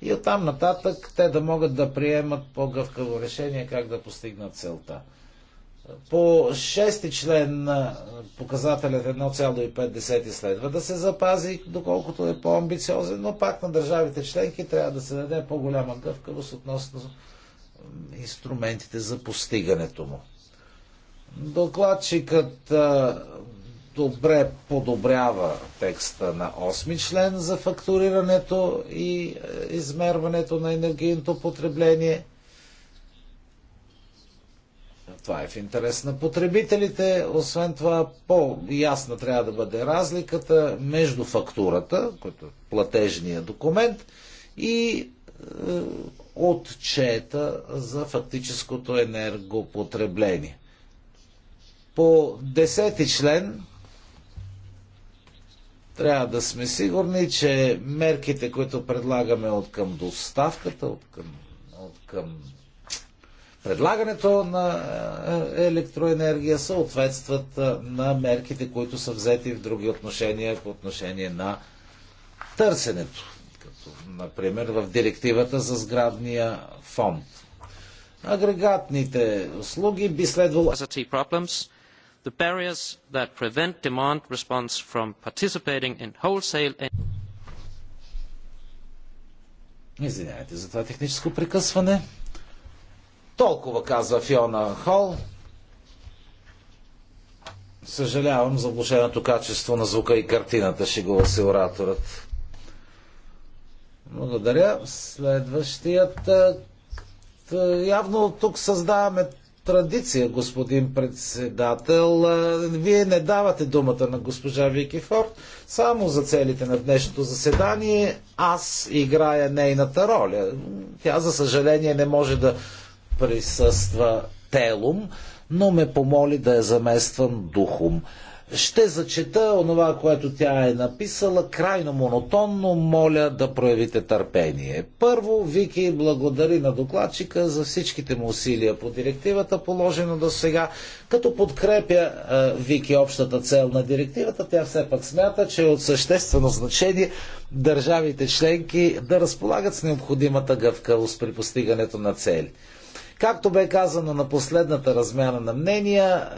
и оттам нататък те да могат да приемат по-гъвкаво решение как да постигнат целта. По 6 член показателят 1,5 следва да се запази, доколкото е по-амбициозен, но пак на държавите членки трябва да се даде по-голяма гъвкавост относно инструментите за постигането му. Докладчикът добре подобрява текста на 8 член за фактурирането и измерването на енергийното потребление – това е в интерес на потребителите. Освен това, по-ясна трябва да бъде разликата между фактурата, който е платежния документ, и е, отчета за фактическото енергопотребление. По десети член трябва да сме сигурни, че мерките, които предлагаме от към доставката, от към, от към предлагането на е, електроенергия съответстват е, на мерките, които са взети в други отношения по отношение на търсенето, като например в директивата за сградния фонд. Агрегатните услуги би следвало the barriers that prevent demand response from participating in wholesale and Извинявайте за това техническо прекъсване. Толкова казва Фиона Хол. Съжалявам за влушеното качество на звука и картината, шегува се ораторът. Благодаря. Следващият. Явно тук създаваме традиция, господин председател. Вие не давате думата на госпожа Вики Форд. Само за целите на днешното заседание аз играя нейната роля. Тя, за съжаление, не може да присъства Телум, но ме помоли да я замествам Духом. Ще зачета онова, което тя е написала, крайно монотонно, моля да проявите търпение. Първо, Вики благодари на докладчика за всичките му усилия по директивата, положено до сега. Като подкрепя е, Вики общата цел на директивата, тя все пак смята, че е от съществено значение държавите членки да разполагат с необходимата гъвкавост при постигането на цели. Както бе казано на последната размяна на мнения,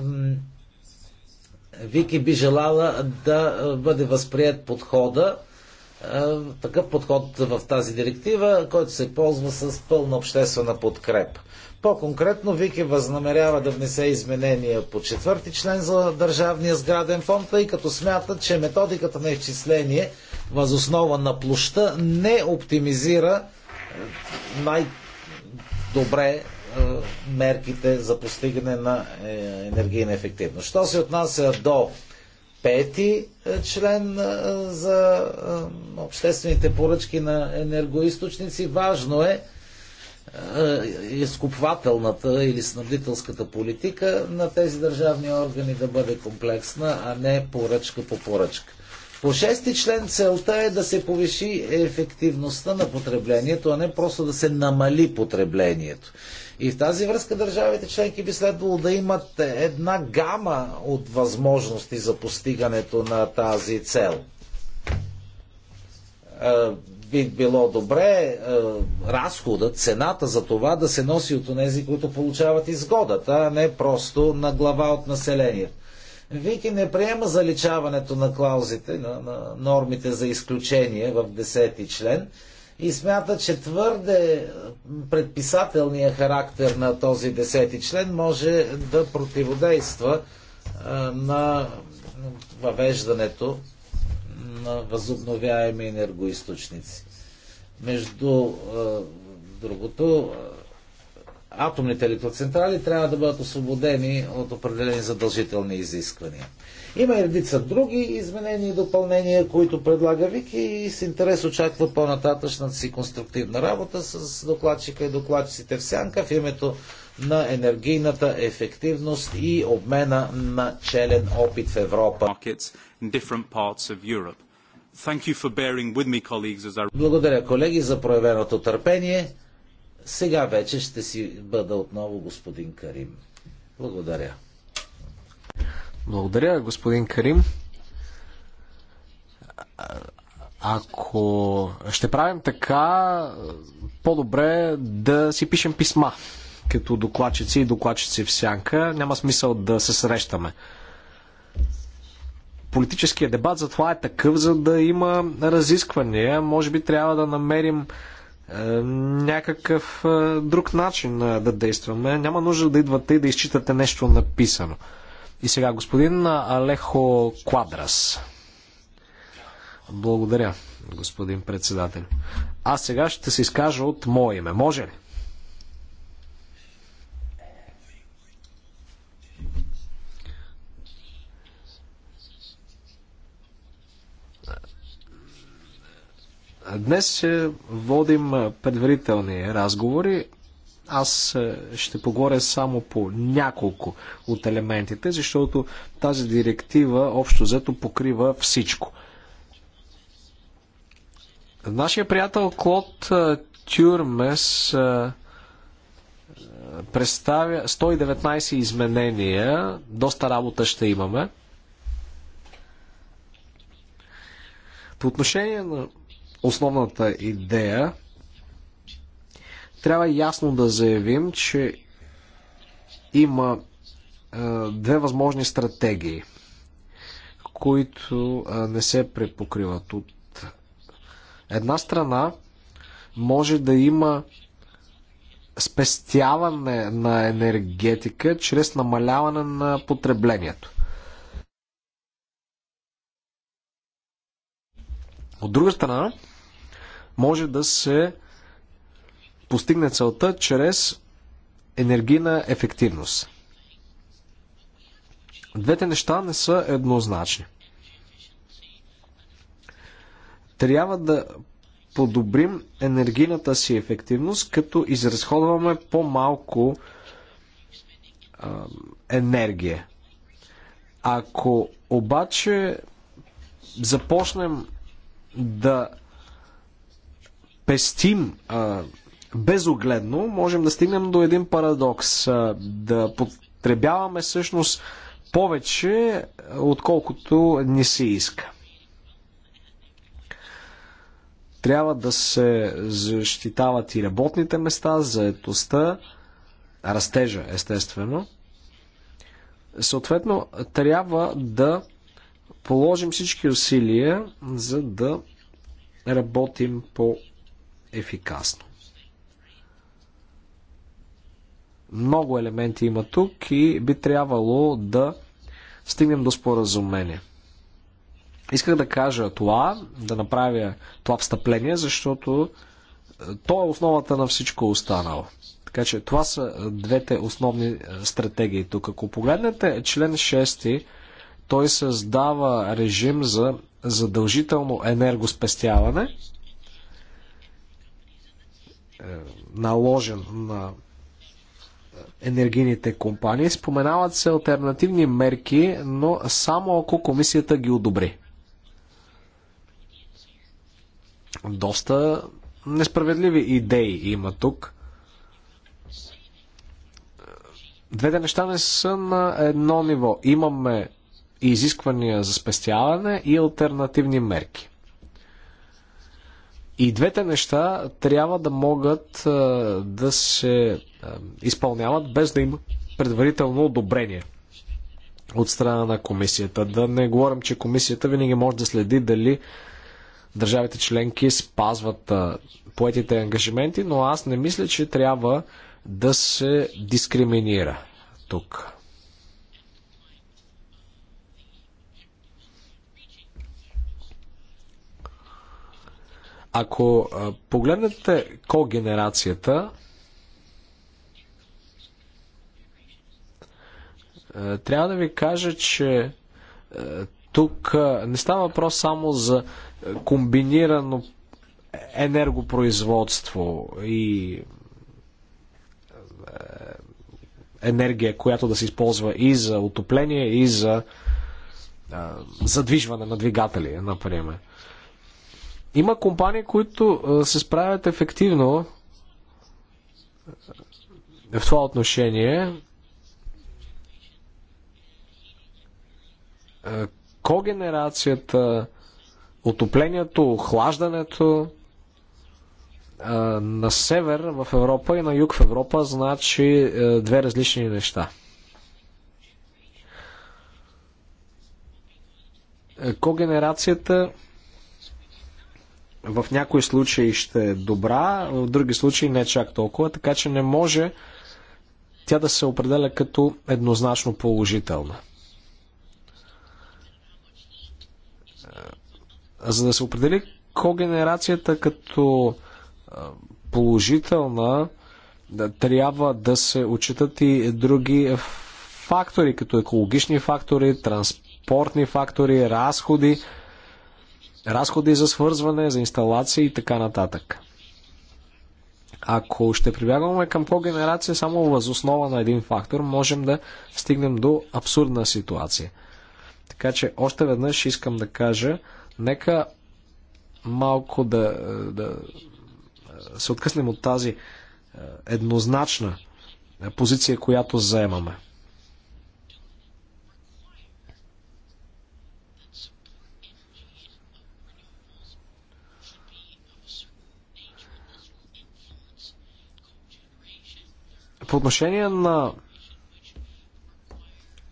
е, Вики би желала да бъде възприят подхода, е, такъв подход в тази директива, който се ползва с пълна обществена подкрепа. По-конкретно Вики възнамерява да внесе изменения по четвърти член за Държавния сграден фонд, тъй като смята, че методиката на изчисление възоснова на площа не оптимизира е, най- добре е, мерките за постигане на е, енергийна ефективност. Що се отнася до пети е, член за обществените поръчки на енергоисточници, важно е изкупвателната или снабдителската политика на тези държавни органи да бъде комплексна, а не поръчка по поръчка. По шести член целта е да се повиши ефективността на потреблението, а не просто да се намали потреблението. И в тази връзка държавите членки би следвало да имат една гама от възможности за постигането на тази цел. Е, би било добре е, разхода, цената за това да се носи от тези, които получават изгодата, а не просто на глава от населението. Вики не приема заличаването на клаузите, на, на нормите за изключение в 10 член и смята, че твърде предписателният характер на този 10 член може да противодейства е, на въвеждането на възобновяеми енергоисточници. Между е, другото, атомните електроцентрали трябва да бъдат освободени от определени задължителни изисквания. Има и редица други изменения и допълнения, които предлага Вики и с интерес очаква по-нататъчната си конструктивна работа с докладчика и докладчиците в сянка в името на енергийната ефективност и обмена на челен опит в Европа. Благодаря, колеги, за проявеното търпение. Сега вече ще си бъда отново господин Карим. Благодаря. Благодаря, господин Карим. Ако ще правим така, по-добре да си пишем писма като докладчици и докладчици в сянка. Няма смисъл да се срещаме. Политическият дебат за това е такъв, за да има разисквания. Може би трябва да намерим е, някакъв е, друг начин е, да действаме. Няма нужда да идвате и да изчитате нещо написано. И сега господин Алехо Квадрас. Благодаря, господин председател. Аз сега ще се изкажа от мое име. Може ли? Днес е, водим е, предварителни разговори. Аз е, ще поговоря само по няколко от елементите, защото тази директива общо взето покрива всичко. Нашия приятел Клод Тюрмес представя 119 изменения. Доста работа ще имаме. По отношение на основната идея. Трябва ясно да заявим, че има е, две възможни стратегии, които е, не се препокриват. От една страна може да има спестяване на енергетика чрез намаляване на потреблението. От друга страна, може да се постигне целта чрез енергийна ефективност. Двете неща не са еднозначни. Трябва да подобрим енергийната си ефективност, като изразходваме по-малко енергия. Ако обаче започнем да пестим безогледно, можем да стигнем до един парадокс. Да потребяваме всъщност повече, отколкото ни се иска. Трябва да се защитават и работните места, заетостта, растежа, естествено. Съответно, трябва да положим всички усилия, за да работим по-ефикасно. Много елементи има тук и би трябвало да стигнем до споразумение. Исках да кажа това, да направя това встъпление, защото е, то е основата на всичко останало. Така че това са двете основни е, стратегии тук. Ако погледнете член 6 той създава режим за задължително енергоспестяване, е, наложен на енергийните компании. Споменават се альтернативни мерки, но само ако комисията ги одобри. Доста несправедливи идеи има тук. Двете неща не са на едно ниво. Имаме изисквания за спестяване и альтернативни мерки. И двете неща трябва да могат да се изпълняват без да има предварително одобрение от страна на комисията. Да не говорим, че комисията винаги може да следи дали държавите членки спазват поетите ангажименти, но аз не мисля, че трябва да се дискриминира тук. Ако погледнете когенерацията, трябва да ви кажа, че тук не става въпрос само за комбинирано енергопроизводство и енергия, която да се използва и за отопление, и за задвижване на двигатели, например. Има компании, които се справят ефективно в това отношение. Когенерацията, отоплението, охлаждането на север в Европа и на юг в Европа значи две различни неща. Когенерацията в някои случаи ще е добра, в други случаи не чак толкова, така че не може тя да се определя като еднозначно положителна. Е, за да се определи когенерацията като положителна, трябва да се отчитат и други фактори, като екологични фактори, транспортни фактори, разходи разходи за свързване, за инсталации и така нататък. Ако ще прибягваме към когенерация само възоснова на един фактор, можем да стигнем до абсурдна ситуация. Така че още веднъж искам да кажа, нека малко да, да се откъснем от тази е, еднозначна позиция, която заемаме. По отношение на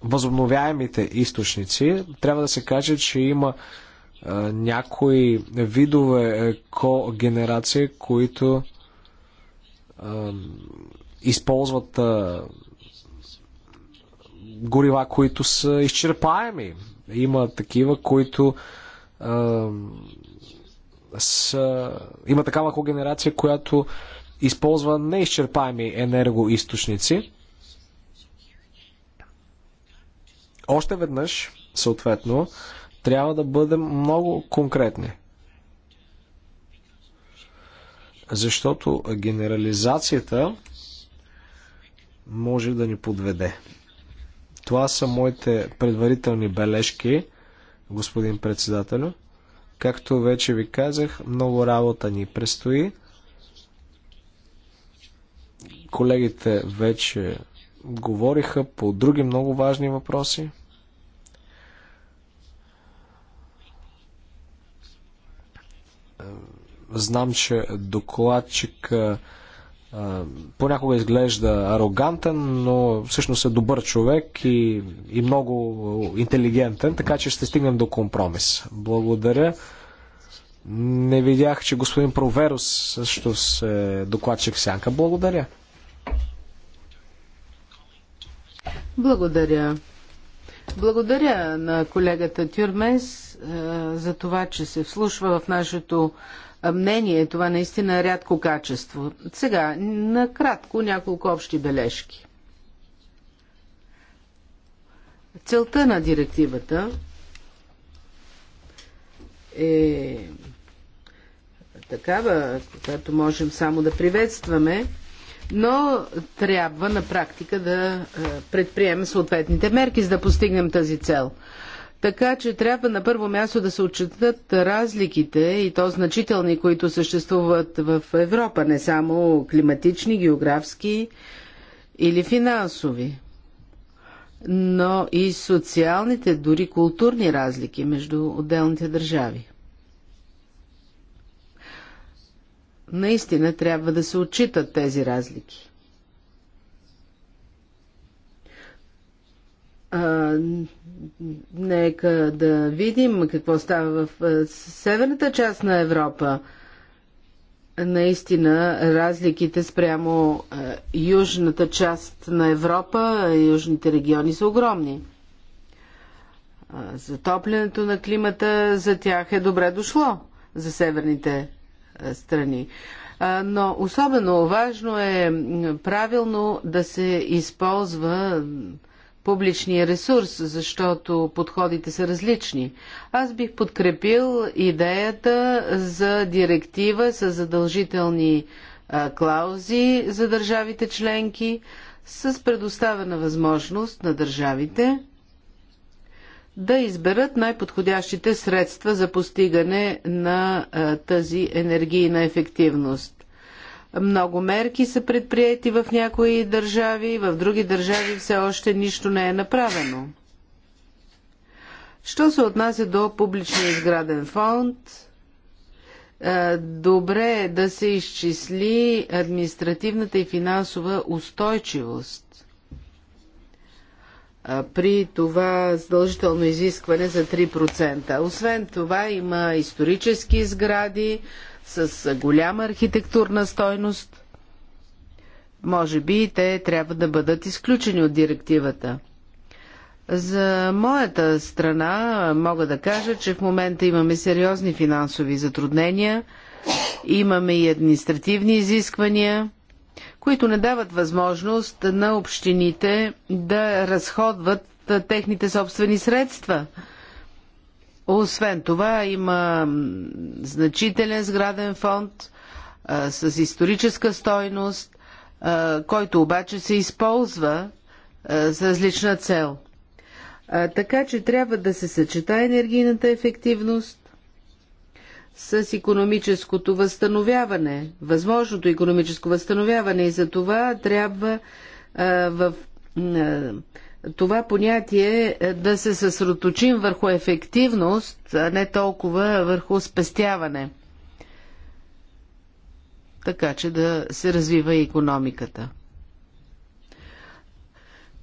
възобновяемите източници, трябва да се каже, че има някои видове когенерации, които а, използват а, горива, които са изчерпаеми. Има такива, които а, са, има такава когенерация, която използва неизчерпаеми енергоисточници. Още веднъж, съответно, трябва да бъдем много конкретни. Защото генерализацията може да ни подведе. Това са моите предварителни бележки, господин председателю. Както вече ви казах, много работа ни предстои. Колегите вече говориха по други много важни въпроси. Знам, че докладчик понякога изглежда арогантен, но всъщност е добър човек и, и много интелигентен, така че ще стигнем до компромис. Благодаря. Не видях, че господин Проверос също се е докладчик сянка. Благодаря. Благодаря. Благодаря на колегата Тюрмес е, за това, че се вслушва в нашето е, мнение. Това наистина е рядко качество. Сега, накратко, няколко общи бележки. Целта на директивата е такава, която можем само да приветстваме – но трябва на практика да е, предприемем съответните мерки, за да постигнем тази цел. Така че трябва на първо място да се отчитат разликите и то значителни, които съществуват в Европа, не само климатични, географски или финансови, но и социалните, дори културни разлики между отделните държави. Наистина трябва да се отчитат тези разлики. А, нека да видим какво става в северната част на Европа. Наистина, разликите спрямо южната част на Европа, южните региони са огромни. Затоплянето на климата за тях е добре дошло, за северните е, страни. Но особено важно е правилно да се използва публичния ресурс, защото подходите са различни. Аз бих подкрепил идеята за директива с задължителни клаузи за държавите членки, с предоставена възможност на държавите да изберат най-подходящите средства за постигане на тази енергийна ефективност. Много мерки са предприяти в някои държави, в други държави все още нищо не е направено. Що се отнася до публичния изграден фонд, добре е да се изчисли административната и финансова устойчивост при това задължително изискване за 3%. Освен това има исторически сгради с голяма архитектурна стойност. Може би те трябва да бъдат изключени от директивата. За моята страна мога да кажа, че в момента имаме сериозни финансови затруднения, имаме и административни изисквания – които не дават възможност на общините да разходват техните собствени средства. Освен това има значителен сграден фонд а, с историческа стойност, а, който обаче се използва а, с различна цел. А, така че трябва да се съчета енергийната ефективност с економическото възстановяване, възможното економическо възстановяване и за това трябва а, в а, това понятие да се съсроточим върху ефективност, а не толкова върху спестяване. Така че да се развива и економиката.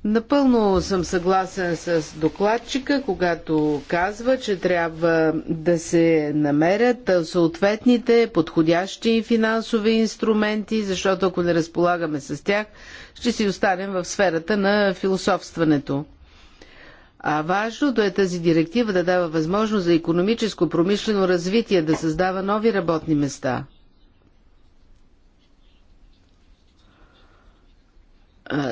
Напълно съм съгласен с докладчика, когато казва, че трябва да се намерят съответните подходящи финансови инструменти, защото ако не разполагаме с тях, ще си останем в сферата на философстването. А важното е тази директива да дава възможност за економическо промишлено развитие, да създава нови работни места –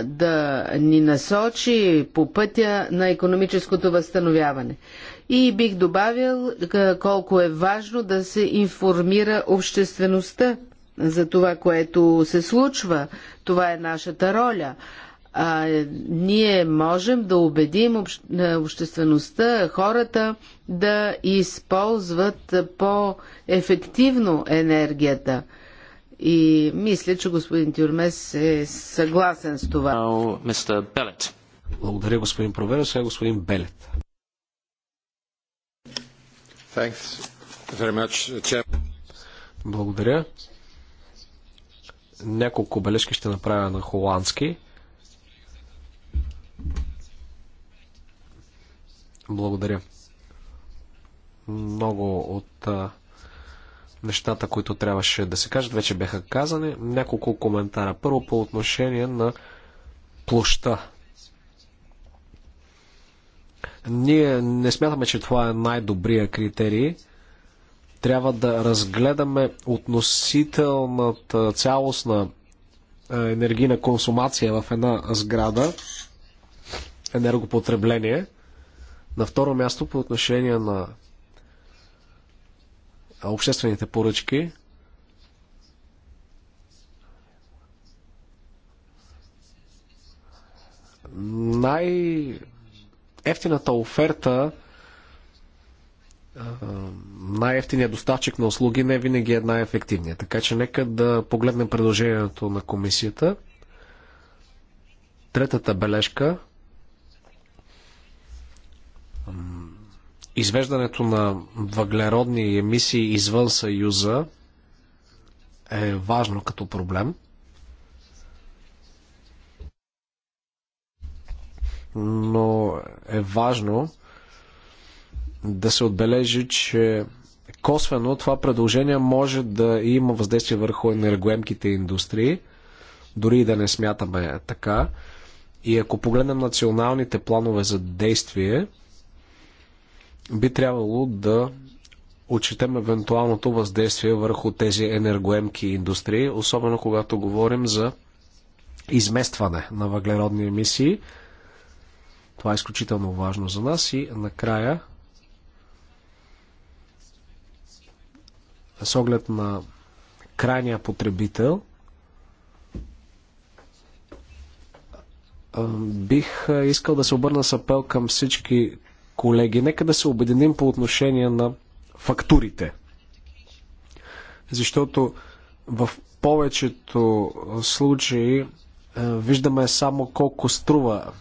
да ни насочи по пътя на економическото възстановяване. И бих добавил колко е важно да се информира обществеността за това, което се случва. Това е нашата роля. А, ние можем да убедим общ... обществеността, хората да използват по-ефективно енергията. И мисля, че господин Тюрмес е съгласен с това. Благодаря, господин Провера. Сега господин Белет. Благодаря. Няколко бележки ще направя на холандски. Благодаря. Много от Нещата, които трябваше да се кажат, вече бяха казани. Няколко коментара. Първо по отношение на площа. Ние не смятаме, че това е най-добрия критерий трябва да разгледаме относителната цялостна е, енергийна консумация в една сграда, енергопотребление. На второ място по отношение на обществените поръчки. Най-ефтината оферта, най-ефтиният доставчик на услуги не винаги е най-ефективният. Така че нека да погледнем предложението на комисията. Третата бележка – извеждането на въглеродни емисии извън Съюза е важно като проблем. Но е важно да се отбележи, че косвено това предложение може да има въздействие върху енергоемките индустрии, дори и да не смятаме така. И ако погледнем националните планове за действие, би трябвало да отчетем евентуалното въздействие върху тези енергоемки индустрии, особено когато говорим за изместване на въглеродни емисии. Това е изключително важно за нас и накрая с оглед на крайния потребител бих искал да се обърна с апел към всички колеги. Нека да се обединим по отношение на фактурите. Защото в повечето случаи е, виждаме само колко струва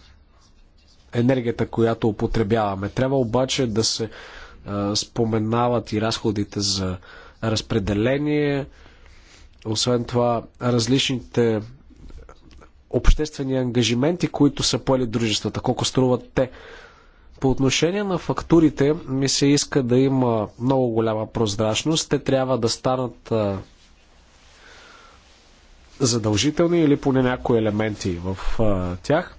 енергията, която употребяваме. Трябва обаче да се е, споменават и разходите за разпределение, освен това различните обществени ангажименти, които са поели дружествата, колко струват те по отношение на фактурите ми се иска да има много голяма прозрачност. Те трябва да станат задължителни или поне някои елементи в тях.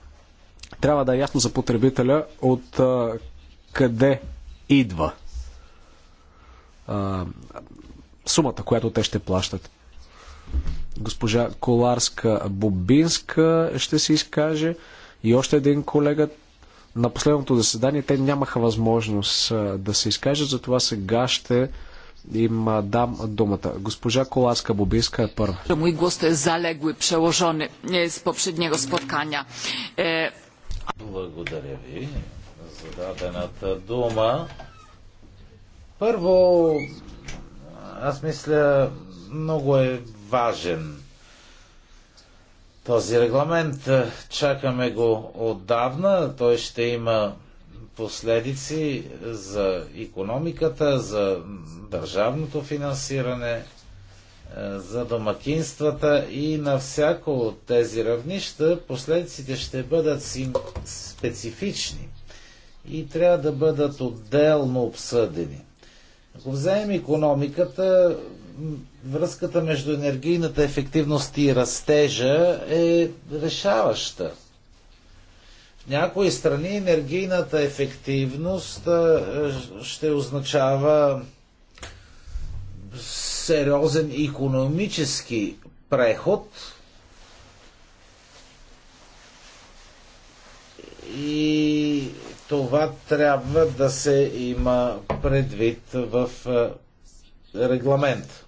Трябва да е ясно за потребителя от къде идва сумата, която те ще плащат. Госпожа Коларска Бобинска ще се изкаже и още един колега на последното заседание те нямаха възможност да се изкажат, затова сега ще им дам думата. Госпожа Коласка Бубиска е първа. Мой głos е залегло zaległy, е, przełożony с попредния spotkania. Е, Благодаря ви за дадената дума. Първо, аз мисля, много е важен този регламент. Е, чакаме го отдавна. Той ще има последици за економиката, за държавното финансиране, е, за домакинствата и на всяко от тези равнища последиците ще бъдат специфични и трябва да бъдат отделно обсъдени. Ако вземем економиката, връзката между енергийната ефективност и растежа е решаваща. В някои страни енергийната ефективност е, ще означава сериозен економически преход и това трябва да се има предвид в е, регламент.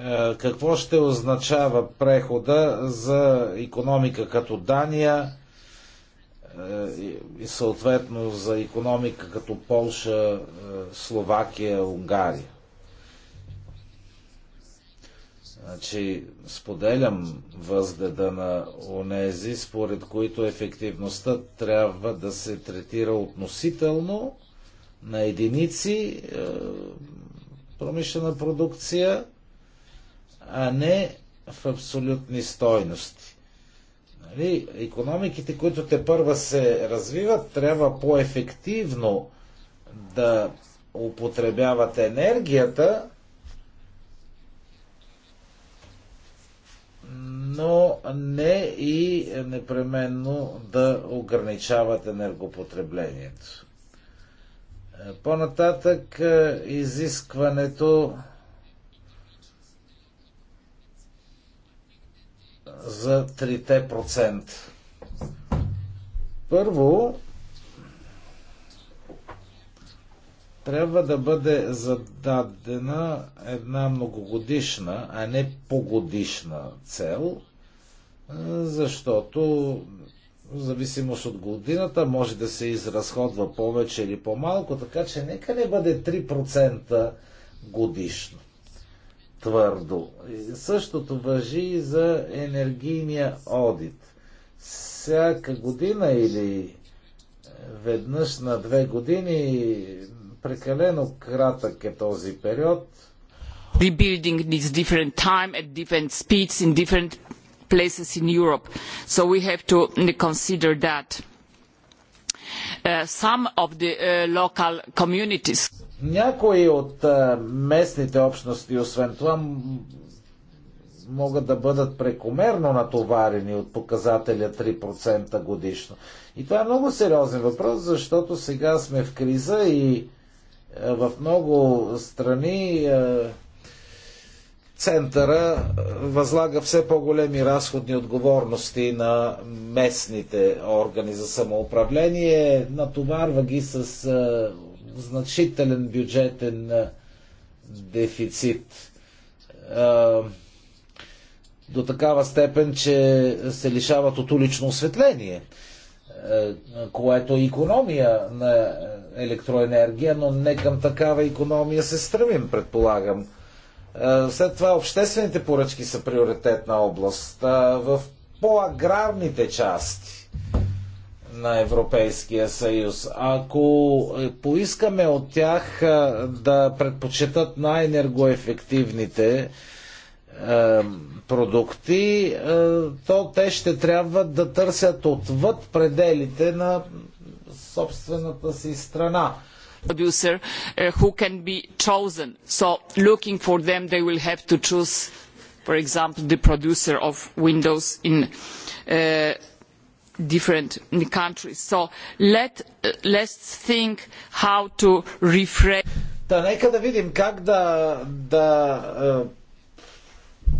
Е, какво ще означава прехода за економика като Дания е, и съответно за економика като Полша, е, Словакия, Унгария. Значи, споделям възгледа на онези, според които ефективността трябва да се третира относително на единици промишлена продукция – а не в абсолютни стойности. Нали? Економиките, които те първа се развиват, трябва по-ефективно да употребяват енергията, но не и непременно да ограничават енергопотреблението. По-нататък е, изискването за 3%. Първо, трябва да бъде зададена една многогодишна, а не погодишна цел, защото в зависимост от годината може да се изразходва повече или по-малко, така че нека не бъде 3% годишно твърдо. Същото въжи и за енергийния одит. Всяка година или веднъж на две години прекалено кратък е този период. Rebuilding needs different time at different speeds in different places in Europe. So we have to consider that. Uh, some of the uh, local communities някои от местните общности, освен това, могат да бъдат прекомерно натоварени от показателя 3% годишно. И това е много сериозен въпрос, защото сега сме в криза и в много страни центъра възлага все по-големи разходни отговорности на местните органи за самоуправление, натоварва ги с значителен бюджетен дефицит. До такава степен, че се лишават от улично осветление, което е економия на електроенергия, но не към такава економия се стремим, предполагам. След това обществените поръчки са приоритетна област. В по-аграрните части на Европейския съюз. Ако е, поискаме от тях е, да предпочитат най-енергоефективните е, продукти, то те ще трябва да търсят отвъд пределите на собствената си страна producer who can be chosen. So looking for them, they will have to choose, for example, the producer of windows in uh, different countries. So let, us uh, think how to reframe. Да, нека да видим как да, да е,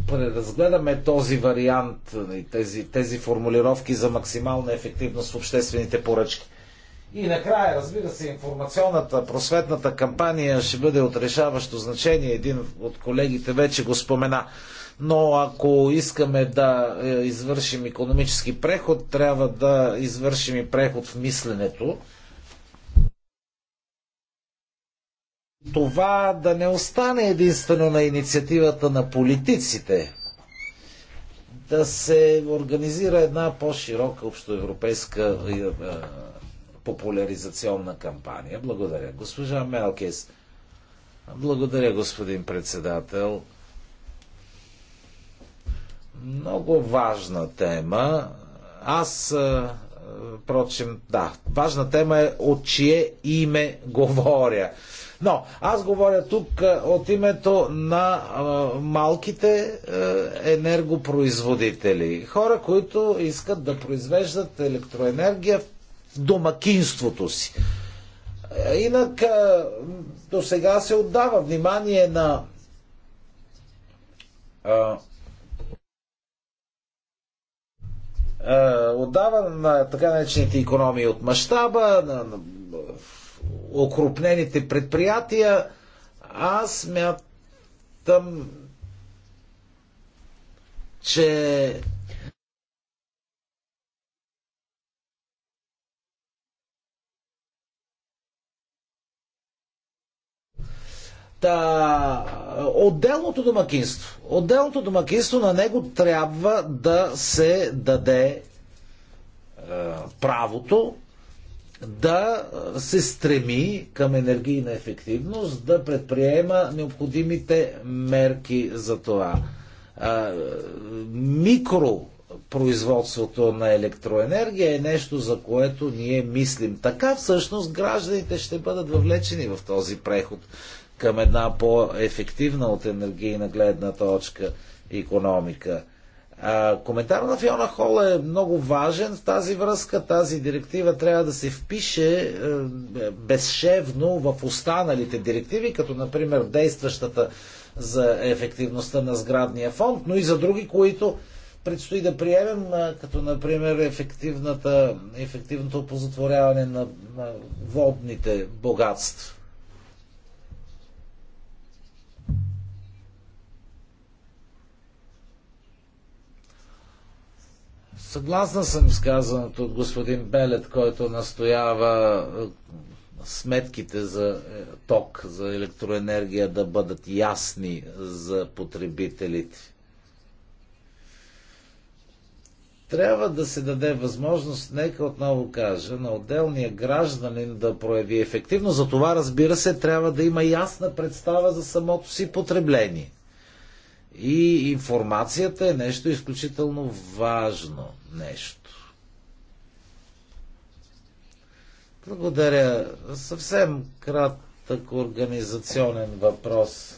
преразгледаме този вариант, нали, тези, тези формулировки за максимална ефективност в обществените поръчки. И накрая, разбира се, информационната, просветната кампания ще бъде от решаващо значение. Един от колегите вече го спомена но ако искаме да е, извършим економически преход, трябва да извършим и преход в мисленето. Това да не остане единствено на инициативата на политиците, да се организира една по-широка общоевропейска е, е, популяризационна кампания. Благодаря. Госпожа Мелкес. Благодаря, господин председател. Много важна тема. Аз, впрочем, да, важна тема е от чие име говоря. Но аз говоря тук от името на малките енергопроизводители. Хора, които искат да произвеждат електроенергия в домакинството си. Инак до сега се отдава внимание на Е, отдава на така наречените економии от мащаба, на, на окрупнените предприятия. Аз мятам, че Та, отделното домакинство, отделното домакинство на него трябва да се даде е, правото да се стреми към енергийна ефективност, да предприема необходимите мерки за това. Е, микропроизводството на електроенергия е нещо, за което ние мислим. Така всъщност гражданите ще бъдат въвлечени в този преход към една по-ефективна от енергийна гледна точка економика. А, коментар на Фиона Хол е много важен в тази връзка. Тази директива трябва да се впише е, безшевно в останалите директиви, като например действащата за ефективността на сградния фонд, но и за други, които предстои да приемем, е, като например ефективната, ефективното опозотворяване на, на водните богатства. Съгласна съм с казаното от господин Белет, който настоява е, сметките за е, ток, за електроенергия да бъдат ясни за потребителите. Трябва да се даде възможност, нека отново кажа, на отделния гражданин да прояви ефективно. За това, разбира се, трябва да има ясна представа за самото си потребление. И информацията е нещо изключително важно нещо. Благодаря. Съвсем кратък организационен въпрос.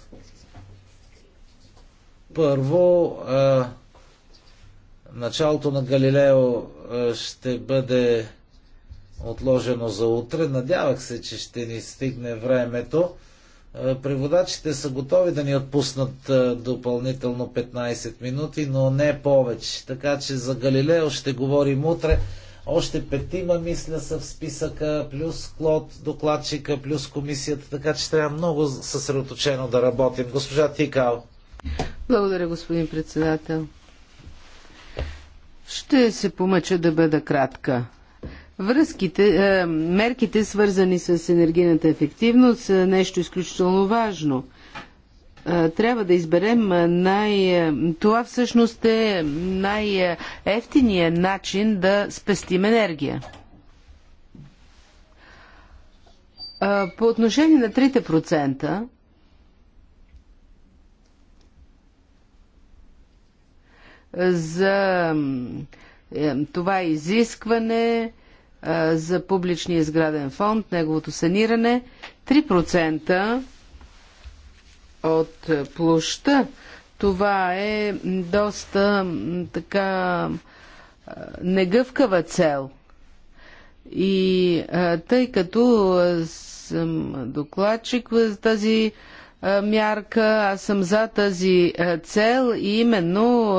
Първо, а, началото на Галилео а, ще бъде отложено за утре. Надявах се, че ще ни стигне времето. Е, преводачите са готови да ни отпуснат е, допълнително 15 минути, но не повече. Така че за Галилео ще говорим утре. Още петима, мисля, са в списъка, плюс Клод, докладчика, плюс комисията, така че трябва много съсредоточено да работим. Госпожа Тикал. Благодаря, господин председател. Ще се помъча да бъда кратка. Връзките, е, мерките, свързани с енергийната ефективност, са нещо изключително важно. Е, трябва да изберем най... Това всъщност е най-ефтиният начин да спестим енергия. Е, по отношение на 3%, за това изискване за публичния сграден фонд, неговото саниране, 3% от площа. Това е доста така негъвкава цел. И тъй като съм докладчик в тази мярка, аз съм за тази цел и именно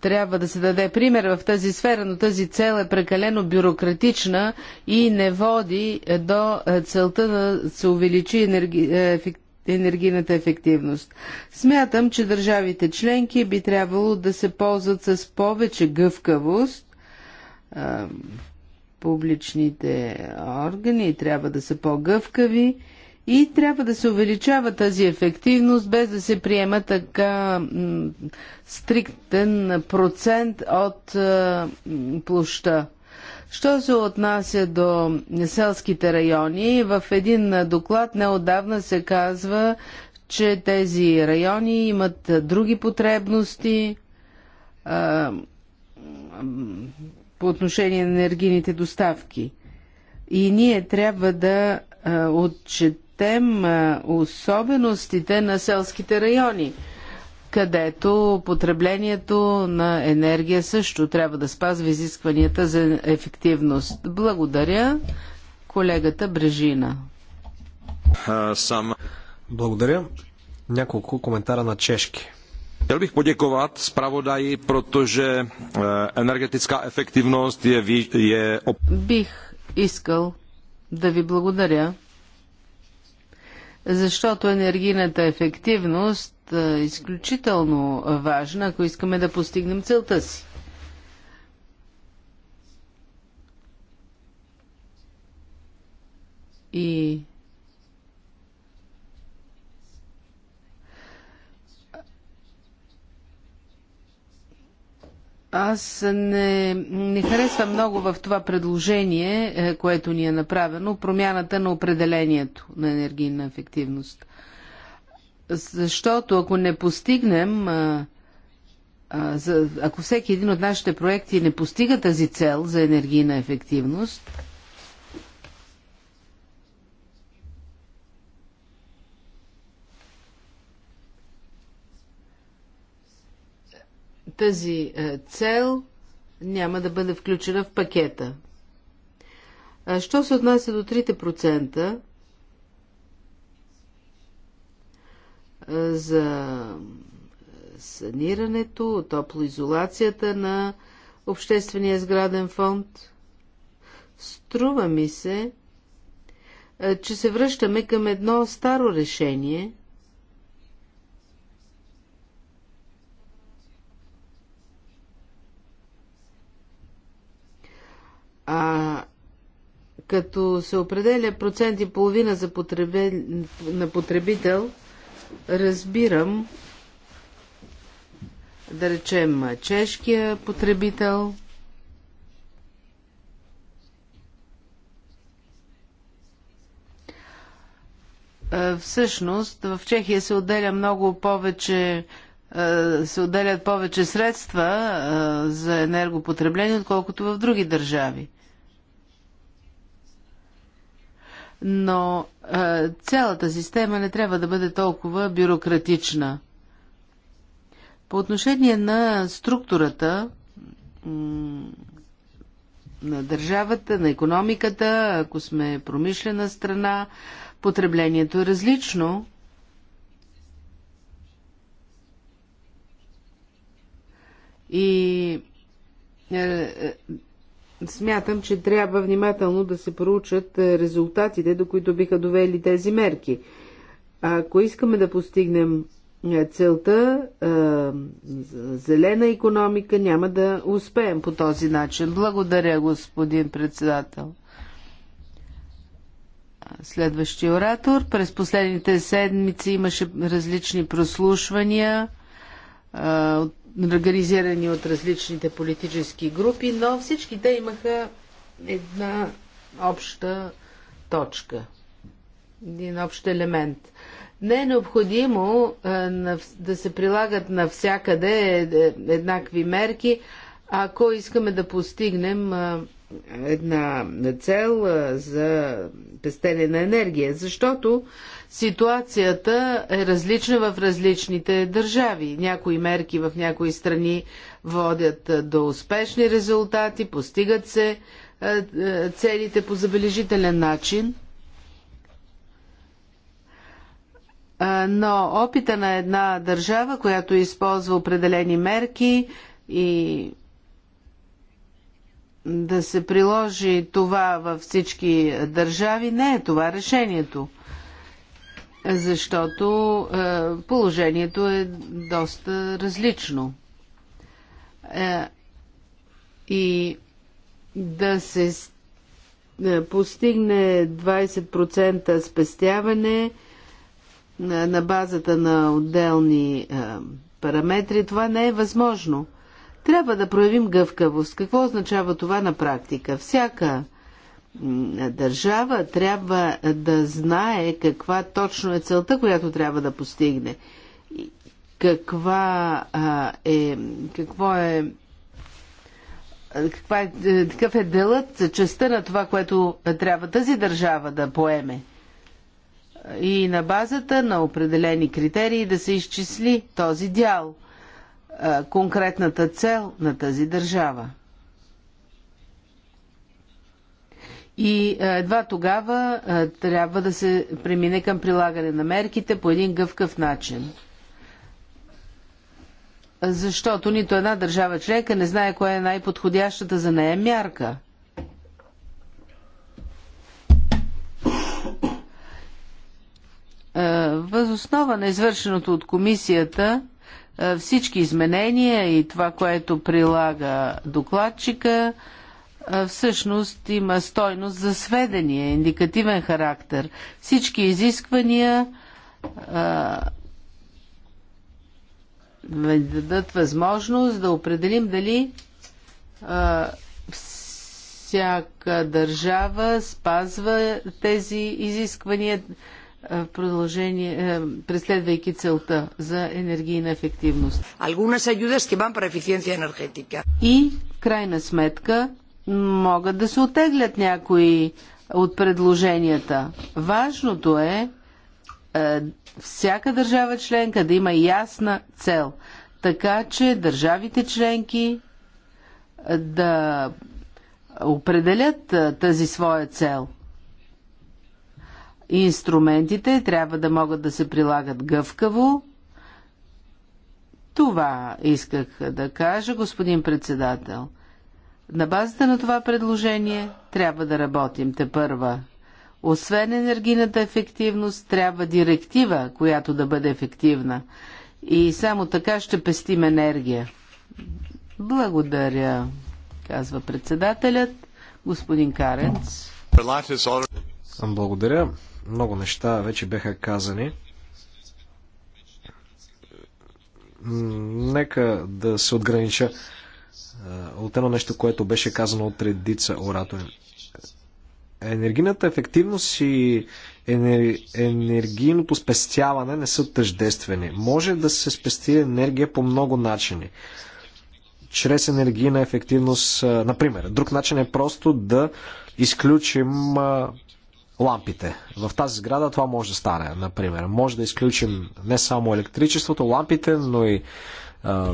трябва да се даде пример в тази сфера, но тази цел е прекалено бюрократична и не води е, до е, целта да се увеличи е, енергийната ефективност. Смятам, че държавите членки би трябвало да се ползват с повече гъвкавост. Публичните органи трябва да са по-гъвкави и трябва да се увеличава тази ефективност, без да се приема така стриктен процент от е, площа. Що се отнася до селските райони, в един доклад неодавна се казва, че тези райони имат други потребности а, е, по отношение на енергийните доставки. И ние трябва да е, отчет, четем особеностите на селските райони, където потреблението на енергия също трябва да спазва изискванията за ефективност. Благодаря колегата Брежина. Сам. Благодаря. Няколко коментара на чешки. Chtěl bych poděkovat zpravodaji, protože е, energetická efektivnost je... je... Бих искал да ви благодаря защото енергийната ефективност е изключително важна, ако искаме да постигнем целта си. И Аз не, не харесвам много в това предложение, е, което ни е направено, промяната на определението на енергийна ефективност. Защото ако не постигнем, ако всеки един от нашите проекти не постига тази цел за енергийна ефективност, тази е, цел няма да бъде включена в пакета. Що се отнася до 3% е, за санирането, топлоизолацията на обществения сграден фонд, струва ми се, е, че се връщаме към едно старо решение – А като се определя процент и половина за потребе, на потребител, разбирам, да речем, чешкия потребител, Всъщност, в Чехия се отделя много повече се отделят повече средства за енергопотребление, отколкото в други държави. но е, цялата система не трябва да бъде толкова бюрократична. По отношение на структурата на държавата, на економиката, ако сме промишлена страна, потреблението е различно. И е, е, смятам, че трябва внимателно да се проучат е, резултатите, до които биха довели тези мерки. Ако искаме да постигнем е, целта е, зелена економика, няма да успеем по този начин. Благодаря, господин председател. Следващия оратор. През последните седмици имаше различни прослушвания от организирани от различните политически групи, но всички те имаха една обща точка, един общ елемент. Не е необходимо да се прилагат навсякъде е, е, еднакви мерки, ако искаме да постигнем една цел за пестене на енергия, защото ситуацията е различна в различните държави. Някои мерки в някои страни водят до успешни резултати, постигат се целите по забележителен начин. Но опита на една държава, която използва определени мерки и да се приложи това във всички държави, не е това решението. Защото е, положението е доста различно. Е, и да се е, постигне 20% спестяване на базата на отделни параметри, това не е възможно. Трябва да проявим гъвкавост. Какво означава това на практика? Всяка държава трябва да знае каква точно е целта, която трябва да постигне. Каква а, е, какво е, каква е, е, какъв е делът, частта на това, което трябва тази държава да поеме. И на базата на определени критерии да се изчисли този дял – конкретната цел на тази държава. И едва тогава трябва да се премине към прилагане на мерките по един гъвкав начин. Защото нито една държава членка не знае коя е най-подходящата за нея мярка. Възоснова на извършеното от комисията е, всички изменения и това, което прилага докладчика, е, всъщност има стойност за сведения, индикативен характер. Всички изисквания е, дадат възможност да определим дали а, всяка държава спазва тези изисквания, е, продължение, е, преследвайки целта за енергийна ефективност. И, в крайна сметка, могат да се отеглят някои от предложенията. Важното е, е всяка държава членка да има ясна цел, така че държавите членки е, да определят тази своя цел. Инструментите трябва да могат да се прилагат гъвкаво. Това исках да кажа, господин председател. На базата на това предложение трябва да работим те първа. Освен енергийната ефективност, трябва директива, която да бъде ефективна. И само така ще пестим енергия. Благодаря, казва председателят, господин Каренц. Благодаря. Много неща вече бяха казани. Нека да се отгранича от едно нещо, което беше казано от редица оратори. Енергийната ефективност и енер... енергийното спестяване не са тъждествени. Може да се спести енергия по много начини. Чрез енергийна ефективност, например. Друг начин е просто да изключим лампите. В тази сграда това може да стане, например. Може да изключим не само електричеството, лампите, но и а,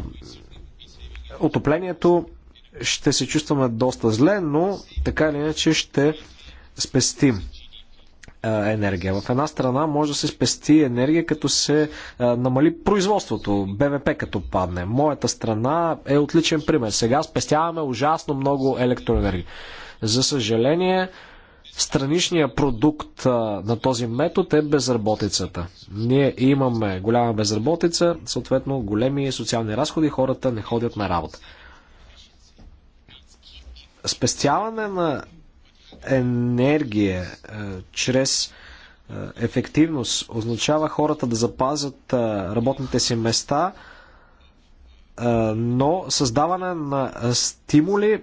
отоплението. Ще се чувстваме доста зле, но така или иначе ще спестим а, енергия. В една страна може да се спести енергия, като се а, намали производството, БВП като падне. Моята страна е отличен пример. Сега спестяваме ужасно много електроенергия. За съжаление, Страничният продукт на този метод е безработицата. Ние имаме голяма безработица, съответно големи социални разходи, хората не ходят на работа. Спестяване на енергия чрез ефективност означава хората да запазят работните си места, но създаване на стимули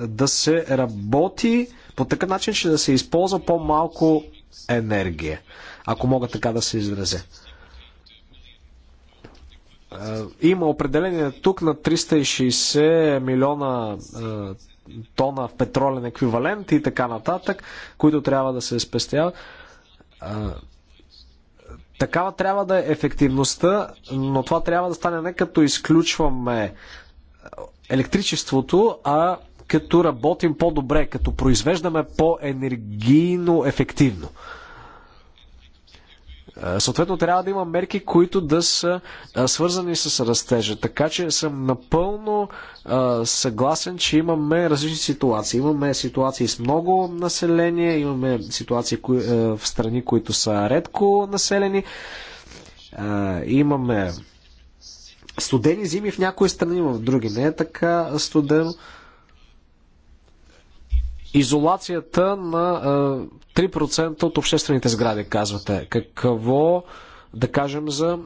да се работи по такъв начин ще да се използва по-малко енергия, ако мога така да се изразя. Е, има определение тук на 360 милиона е, тона в петролен еквивалент и така нататък, които трябва да се спестяват. Е, такава трябва да е ефективността, но това трябва да стане не като изключваме електричеството, а като работим по-добре, като произвеждаме по-енергийно ефективно. Е, съответно, трябва да има мерки, които да са е, свързани с растежа. Така че съм напълно е, съгласен, че имаме различни ситуации. Имаме ситуации с много население, имаме ситуации в страни, които са редко населени. Имаме студени зими в някои страни, в други не е така студено изолацията на 3% от обществените сгради, казвате. Какво да кажем за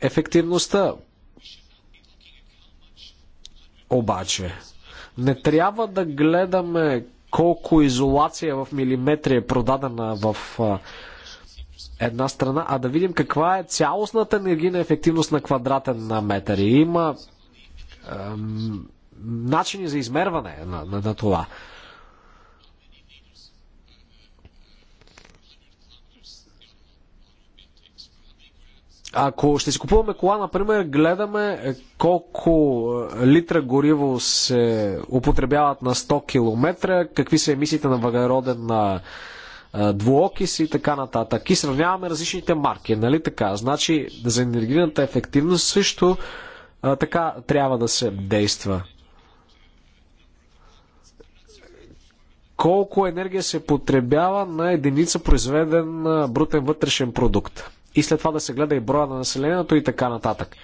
ефективността? Обаче, не трябва да гледаме колко изолация в милиметри е продадена в една страна, а да видим каква е цялостната енергийна ефективност на квадратен на метър. И има ем, начини за измерване на, на, на това. Ако ще си купуваме кола, например, гледаме колко е, литра гориво се употребяват на 100 км, какви са емисиите на въглероден на е, двуокис и така нататък. И сравняваме различните марки, нали така? Значи за енергийната ефективност също а, е, така трябва да се действа. Колко енергия се потребява на единица произведен брутен вътрешен продукт? и след това да се гледа и броя на населението и така нататък.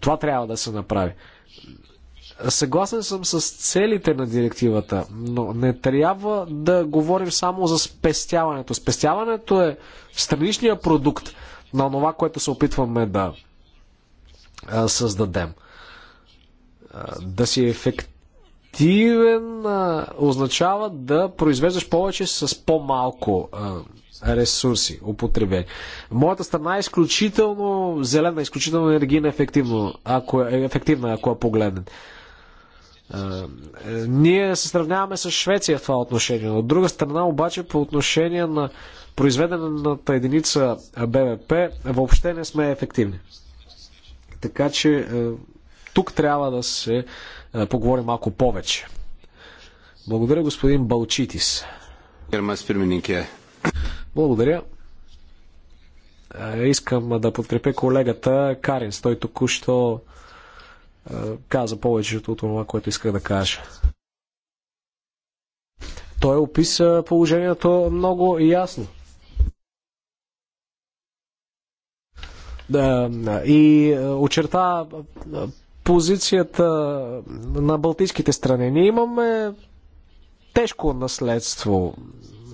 Това трябва да се направи. Съгласен съм с целите на директивата, но не трябва да говорим само за спестяването. Спестяването е страничния продукт на това, което се опитваме да създадем. Да си ефективно ефективен означава да произвеждаш повече с по-малко ресурси употребени. Моята страна е изключително зелена, изключително енергийна ефективно, ако е, ефективна, ако я е погледнете. Ние се сравняваме с Швеция в това отношение. От друга страна, обаче, по отношение на произведената единица БВП, въобще не сме ефективни. Така че тук трябва да се е, поговорим малко повече. Благодаря, господин Балчитис. Благодаря. Е, искам да подкрепя колегата Каринс. Той току-що е, каза повечето от това, което исках да кажа. Той описа положението много ясно. Да, и очерта позицията на балтийските страни. Ние имаме тежко наследство.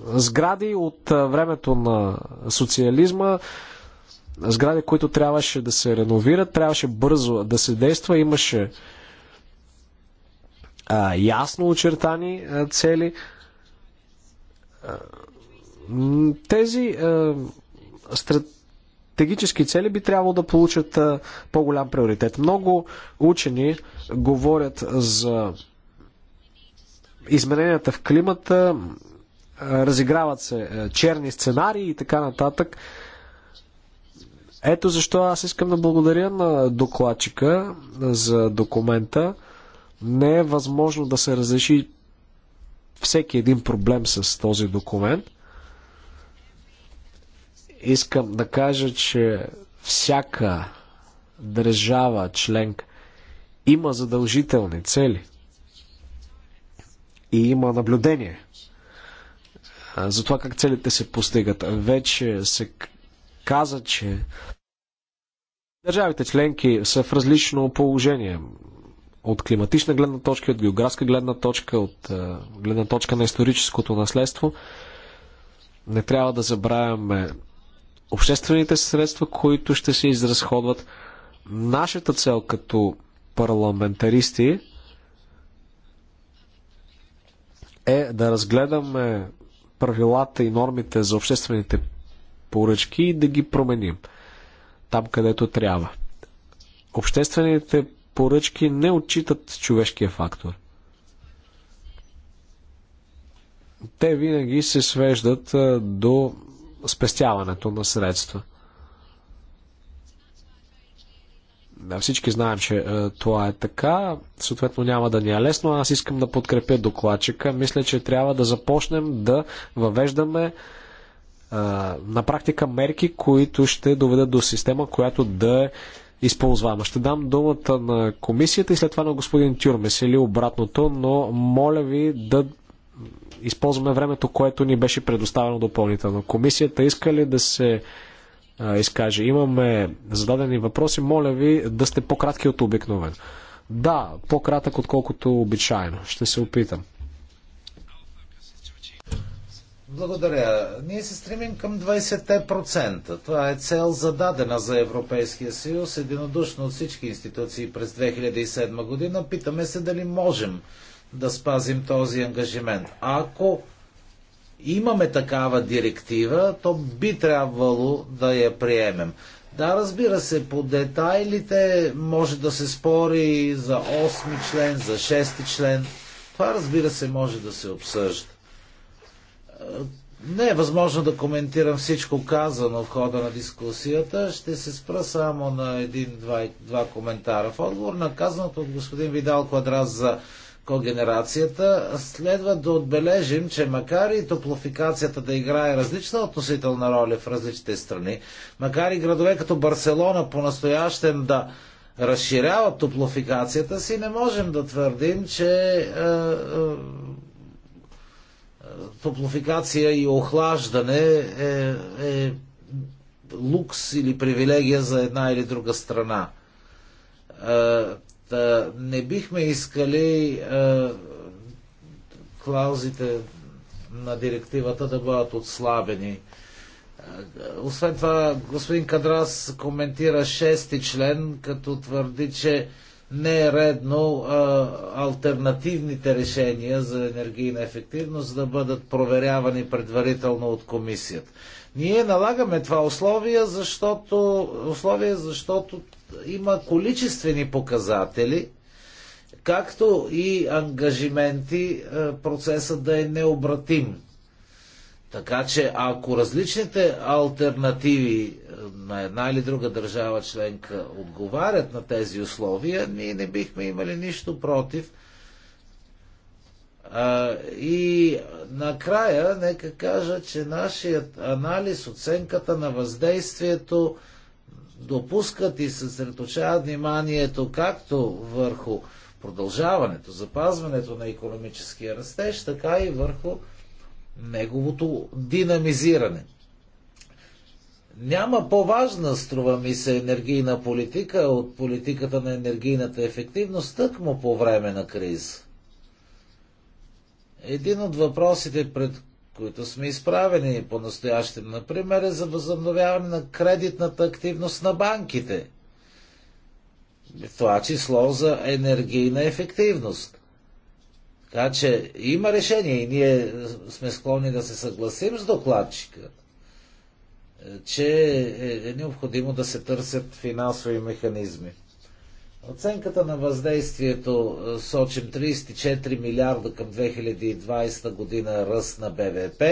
Сгради от времето на социализма, сгради, които трябваше да се реновират, трябваше бързо да се действа, имаше а, ясно очертани а, цели. А, тези а, стратегии стратегически цели би трябвало да получат по-голям приоритет. Много учени говорят за измененията в климата, разиграват се черни сценарии и така нататък. Ето защо аз искам да благодаря на докладчика за документа. Не е възможно да се разреши всеки един проблем с този документ – Искам да кажа, че всяка държава членка има задължителни цели и има наблюдение за това как целите се постигат. Вече се каза, че държавите членки са в различно положение от климатична гледна точка, от географска гледна точка, от гледна точка на историческото наследство. Не трябва да забравяме обществените средства, които ще се изразходват. Нашата цел като парламентаристи е да разгледаме правилата и нормите за обществените поръчки и да ги променим там, където трябва. Обществените поръчки не отчитат човешкия фактор. Те винаги се свеждат до спестяването на средства. Да, всички знаем, че е, това е така. Съответно няма да ни е лесно. Аз искам да подкрепя докладчика. Мисля, че трябва да започнем да въвеждаме е, на практика мерки, които ще доведат до система, която да е използвана. Ще дам думата на комисията и след това на господин Тюрмес или обратното, но моля ви да използваме времето, което ни беше предоставено допълнително. Комисията иска ли да се изкаже? Имаме зададени въпроси. Моля ви да сте по-кратки от обикновен. Да, по-кратък отколкото обичайно. Ще се опитам. Благодаря. Ние се стремим към 20%. Това е цел зададена за Европейския съюз единодушно от всички институции през 2007 година. Питаме се дали можем да спазим този ангажимент. Ако имаме такава директива, то би трябвало да я приемем. Да, разбира се, по детайлите може да се спори за 8 член, за 6 член. Това, разбира се, може да се обсъжда. Не е възможно да коментирам всичко казано в хода на дискусията. Ще се спра само на един-два коментара. В отговор на казаното от господин Видал Квадрат за когенерацията, следва да отбележим, че макар и топлофикацията да играе различна относителна роля в различните страни, макар и градове като Барселона по-настоящем да разширяват топлофикацията си, не можем да твърдим, че е, е, топлофикация и охлаждане е, е лукс или привилегия за една или друга страна е, Та не бихме искали е, клаузите на директивата да бъдат отслабени. Освен това, господин Кадрас коментира шести член, като твърди, че не е редно а, альтернативните решения за енергийна ефективност да бъдат проверявани предварително от комисията. Ние налагаме това условие, защото, условие, защото има количествени показатели, както и ангажименти е, процесът да е необратим. Така че ако различните альтернативи е, на една или друга държава членка отговарят на тези условия, ние не бихме имали нищо против. И накрая, нека кажа, че нашият анализ, оценката на въздействието, допускат и съсредоточават вниманието както върху продължаването, запазването на економическия растеж, така и върху неговото динамизиране. Няма по-важна, струва ми се, енергийна политика от политиката на енергийната ефективност, тъкмо по време на криза. Един от въпросите, пред които сме изправени по-настоящем, например, е за възобновяване на кредитната активност на банките. В това число за енергийна ефективност. Така че има решение и ние сме склонни да се съгласим с докладчика, че е, е необходимо да се търсят финансови механизми. Оценката на въздействието е, сочим 34 милиарда към 2020 година ръст на БВП,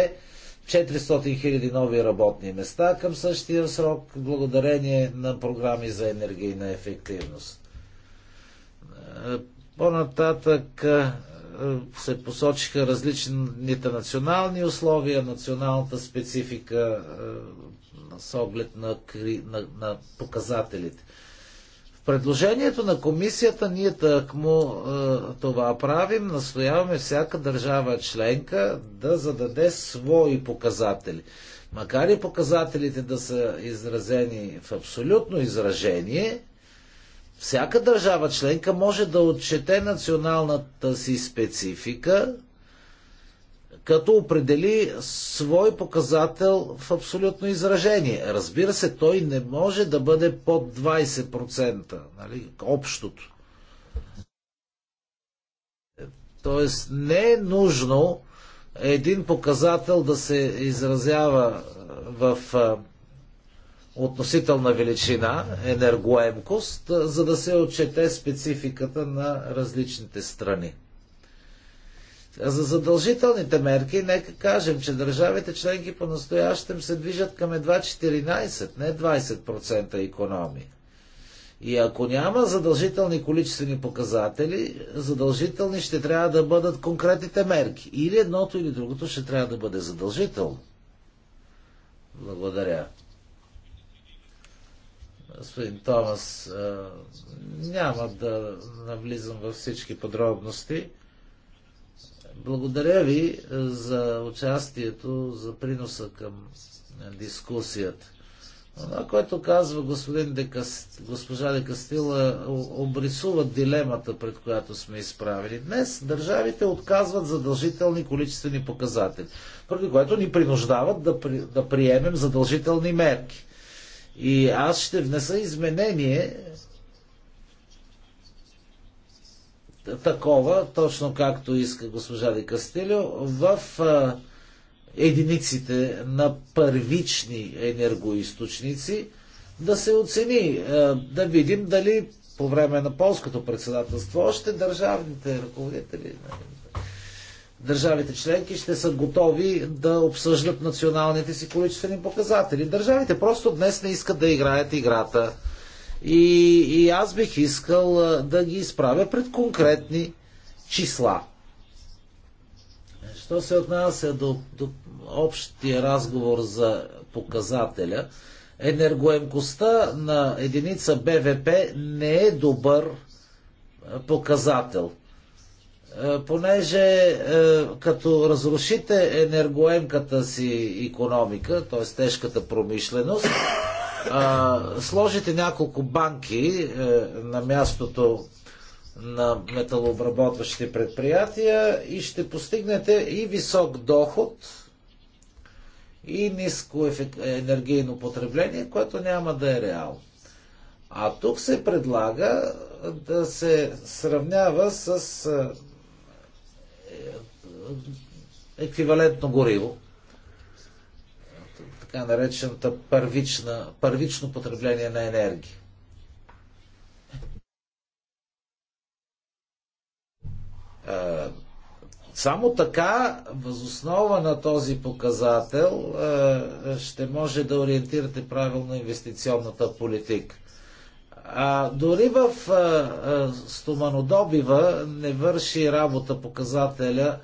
400 хиляди нови работни места към същия срок, благодарение на програми за енергийна ефективност. Е, по-нататък е, се посочиха различните национални условия, националната специфика с оглед на, на, на показателите предложението на комисията ние тъкмо е, това правим, настояваме всяка държава членка да зададе свои показатели. Макар и показателите да са изразени в абсолютно изражение, всяка държава членка може да отчете националната си специфика, като определи свой показател в абсолютно изражение. Разбира се, той не може да бъде под 20%, нали, общото. Тоест не е нужно един показател да се изразява в относителна величина, енергоемкост, за да се отчете спецификата на различните страни. А за задължителните мерки, нека кажем, че държавите членки по-настоящем се движат към едва 14, не 20% економия. И ако няма задължителни количествени показатели, задължителни ще трябва да бъдат конкретните мерки. Или едното, или другото ще трябва да бъде задължително. Благодаря. Господин Томас, няма да навлизам във всички подробности. Благодаря ви е, за участието, за приноса към е, дискусията. Това, което казва господин Декас... госпожа Декастила, е, обрисува дилемата, пред която сме изправили Днес държавите отказват задължителни количествени показатели, преди което ни принуждават да, при... да приемем задължителни мерки. И аз ще внеса изменение такова, точно както иска госпожа Де Кастилио, в а, единиците на първични енергоисточници да се оцени, а, да видим дали по време на полското председателство още държавните ръководители държавите членки ще са готови да обсъждат националните си количествени показатели. Държавите просто днес не искат да играят играта и, и аз бих искал да ги изправя пред конкретни числа. Що се отнася до, до общия разговор за показателя, енергоемкостта на единица БВП не е добър показател. Понеже като разрушите енергоемката си економика, т.е. тежката промишленост, а, сложите няколко банки а, е, на мястото на металообработващите предприятия и ще постигнете и висок доход, и ниско енергийно потребление, което няма да е реално. А тук се предлага да се сравнява с е, е, еквивалентно гориво, така наречената първична, първично потребление на енергия. Само така, възоснова на този показател, ще може да ориентирате правилно инвестиционната политика. А дори в стоманодобива не върши работа показателя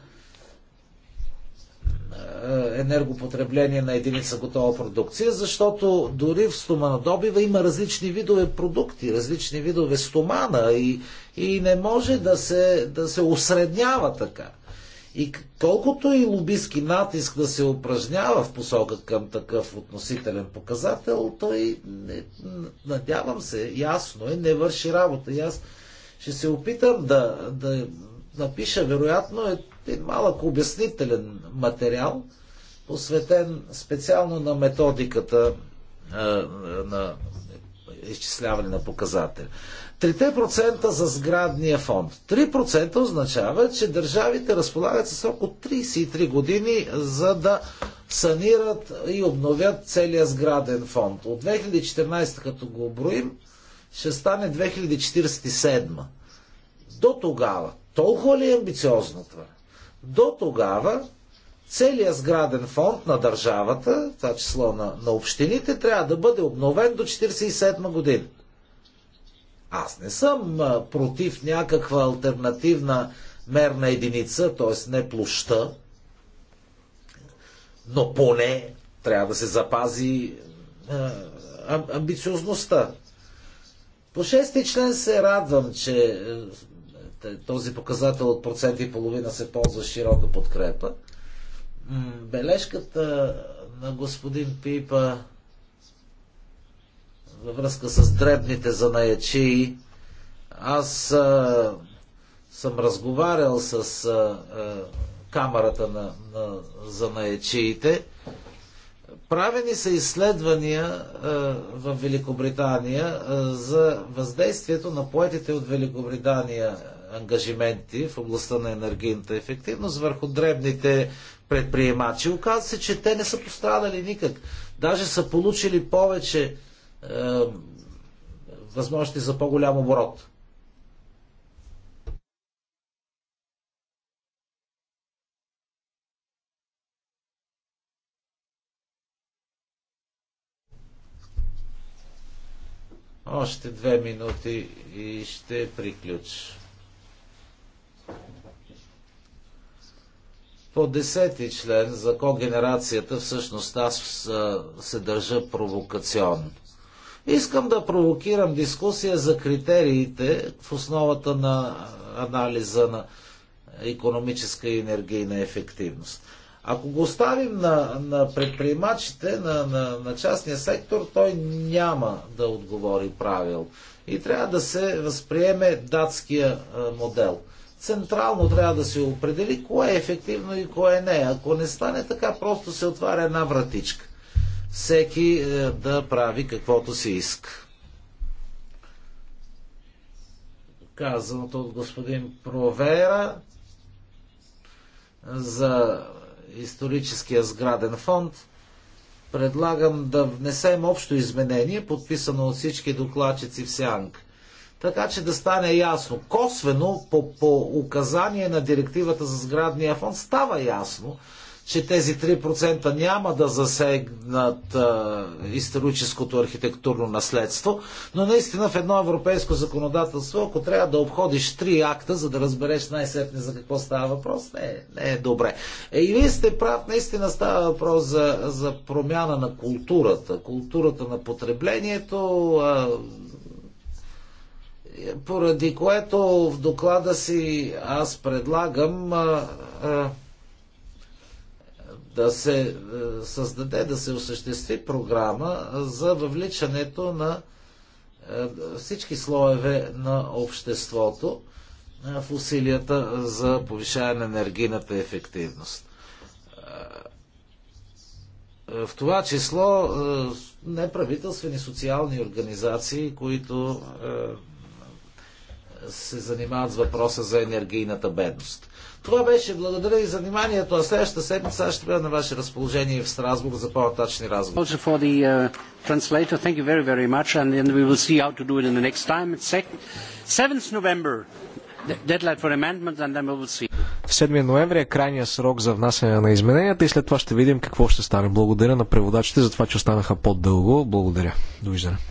е, енергопотребление на единица готова продукция, защото дори в стоманодобива има различни видове продукти, различни видове стомана и, и не може да се, да се осреднява така. И колкото и лобиски натиск да се упражнява в посока към такъв относителен показател, той, не, надявам се, ясно е, не върши работа. И аз ще се опитам да, да напиша, вероятно, един е малък обяснителен материал, посветен специално на методиката е, на изчисляване на показатели. 3% за сградния фонд. 3% означава, че държавите разполагат с около 33 години за да санират и обновят целия сграден фонд. От 2014, като го оброим, ще стане 2047. До тогава толкова ли е амбициозно това? До тогава целият сграден фонд на държавата, това число на, на общините, трябва да бъде обновен до 1947 година. Аз не съм против някаква альтернативна мерна единица, т.е. не площа, но поне трябва да се запази е, амбициозността. По 6 член се радвам, че е, този показател от процент и половина се ползва широка подкрепа. Бележката на господин Пипа във връзка с дребните занаячи, аз а, съм разговарял с а, а, камерата на, на занаячиите. Правени са изследвания а, в Великобритания а, за въздействието на поетите от Великобритания ангажименти в областта на енергийната ефективност върху дребните предприемачи. Оказва се, че те не са пострадали никак. Даже са получили повече е, възможности за по-голям оборот. Още две минути и ще приключа. По десети член за когенерацията всъщност аз се държа провокационно. Искам да провокирам дискусия за критериите в основата на анализа на економическа и енергийна ефективност. Ако го оставим на, на предприемачите, на, на, на частния сектор, той няма да отговори правилно. И трябва да се възприеме датския модел – централно трябва да се определи кое е ефективно и кое не. Ако не стане така, просто се отваря една вратичка. Всеки е, да прави каквото си иска. Казаното от господин Провера за историческия сграден фонд предлагам да внесем общо изменение, подписано от всички докладчици в Сянка така че да стане ясно. Косвено, по, по указание на директивата за сградния фонд, става ясно, че тези 3% няма да засегнат а, историческото архитектурно наследство, но наистина в едно европейско законодателство, ако трябва да обходиш три акта, за да разбереш най-сетне за какво става въпрос, не, не е добре. Е, и вие сте прав, наистина става въпрос за, за промяна на културата, културата на потреблението, а, поради което в доклада си аз предлагам а, а, да се е, създаде, да се осъществи програма за въвличането на е, всички слоеве на обществото е, в усилията за повишаване на енергийната ефективност. В това число неправителствени социални организации, които се занимават с въпроса за енергийната бедност. Това беше. Благодаря и за вниманието. А следващата седмица аз ще бъда на ваше разположение в Страсбург за по натачни разговори. Also 7 uh, ноември е крайният срок за внасяне на измененията и след това ще видим какво ще стане. Благодаря на преводачите за това, че останаха по-дълго. Благодаря. Довиждане.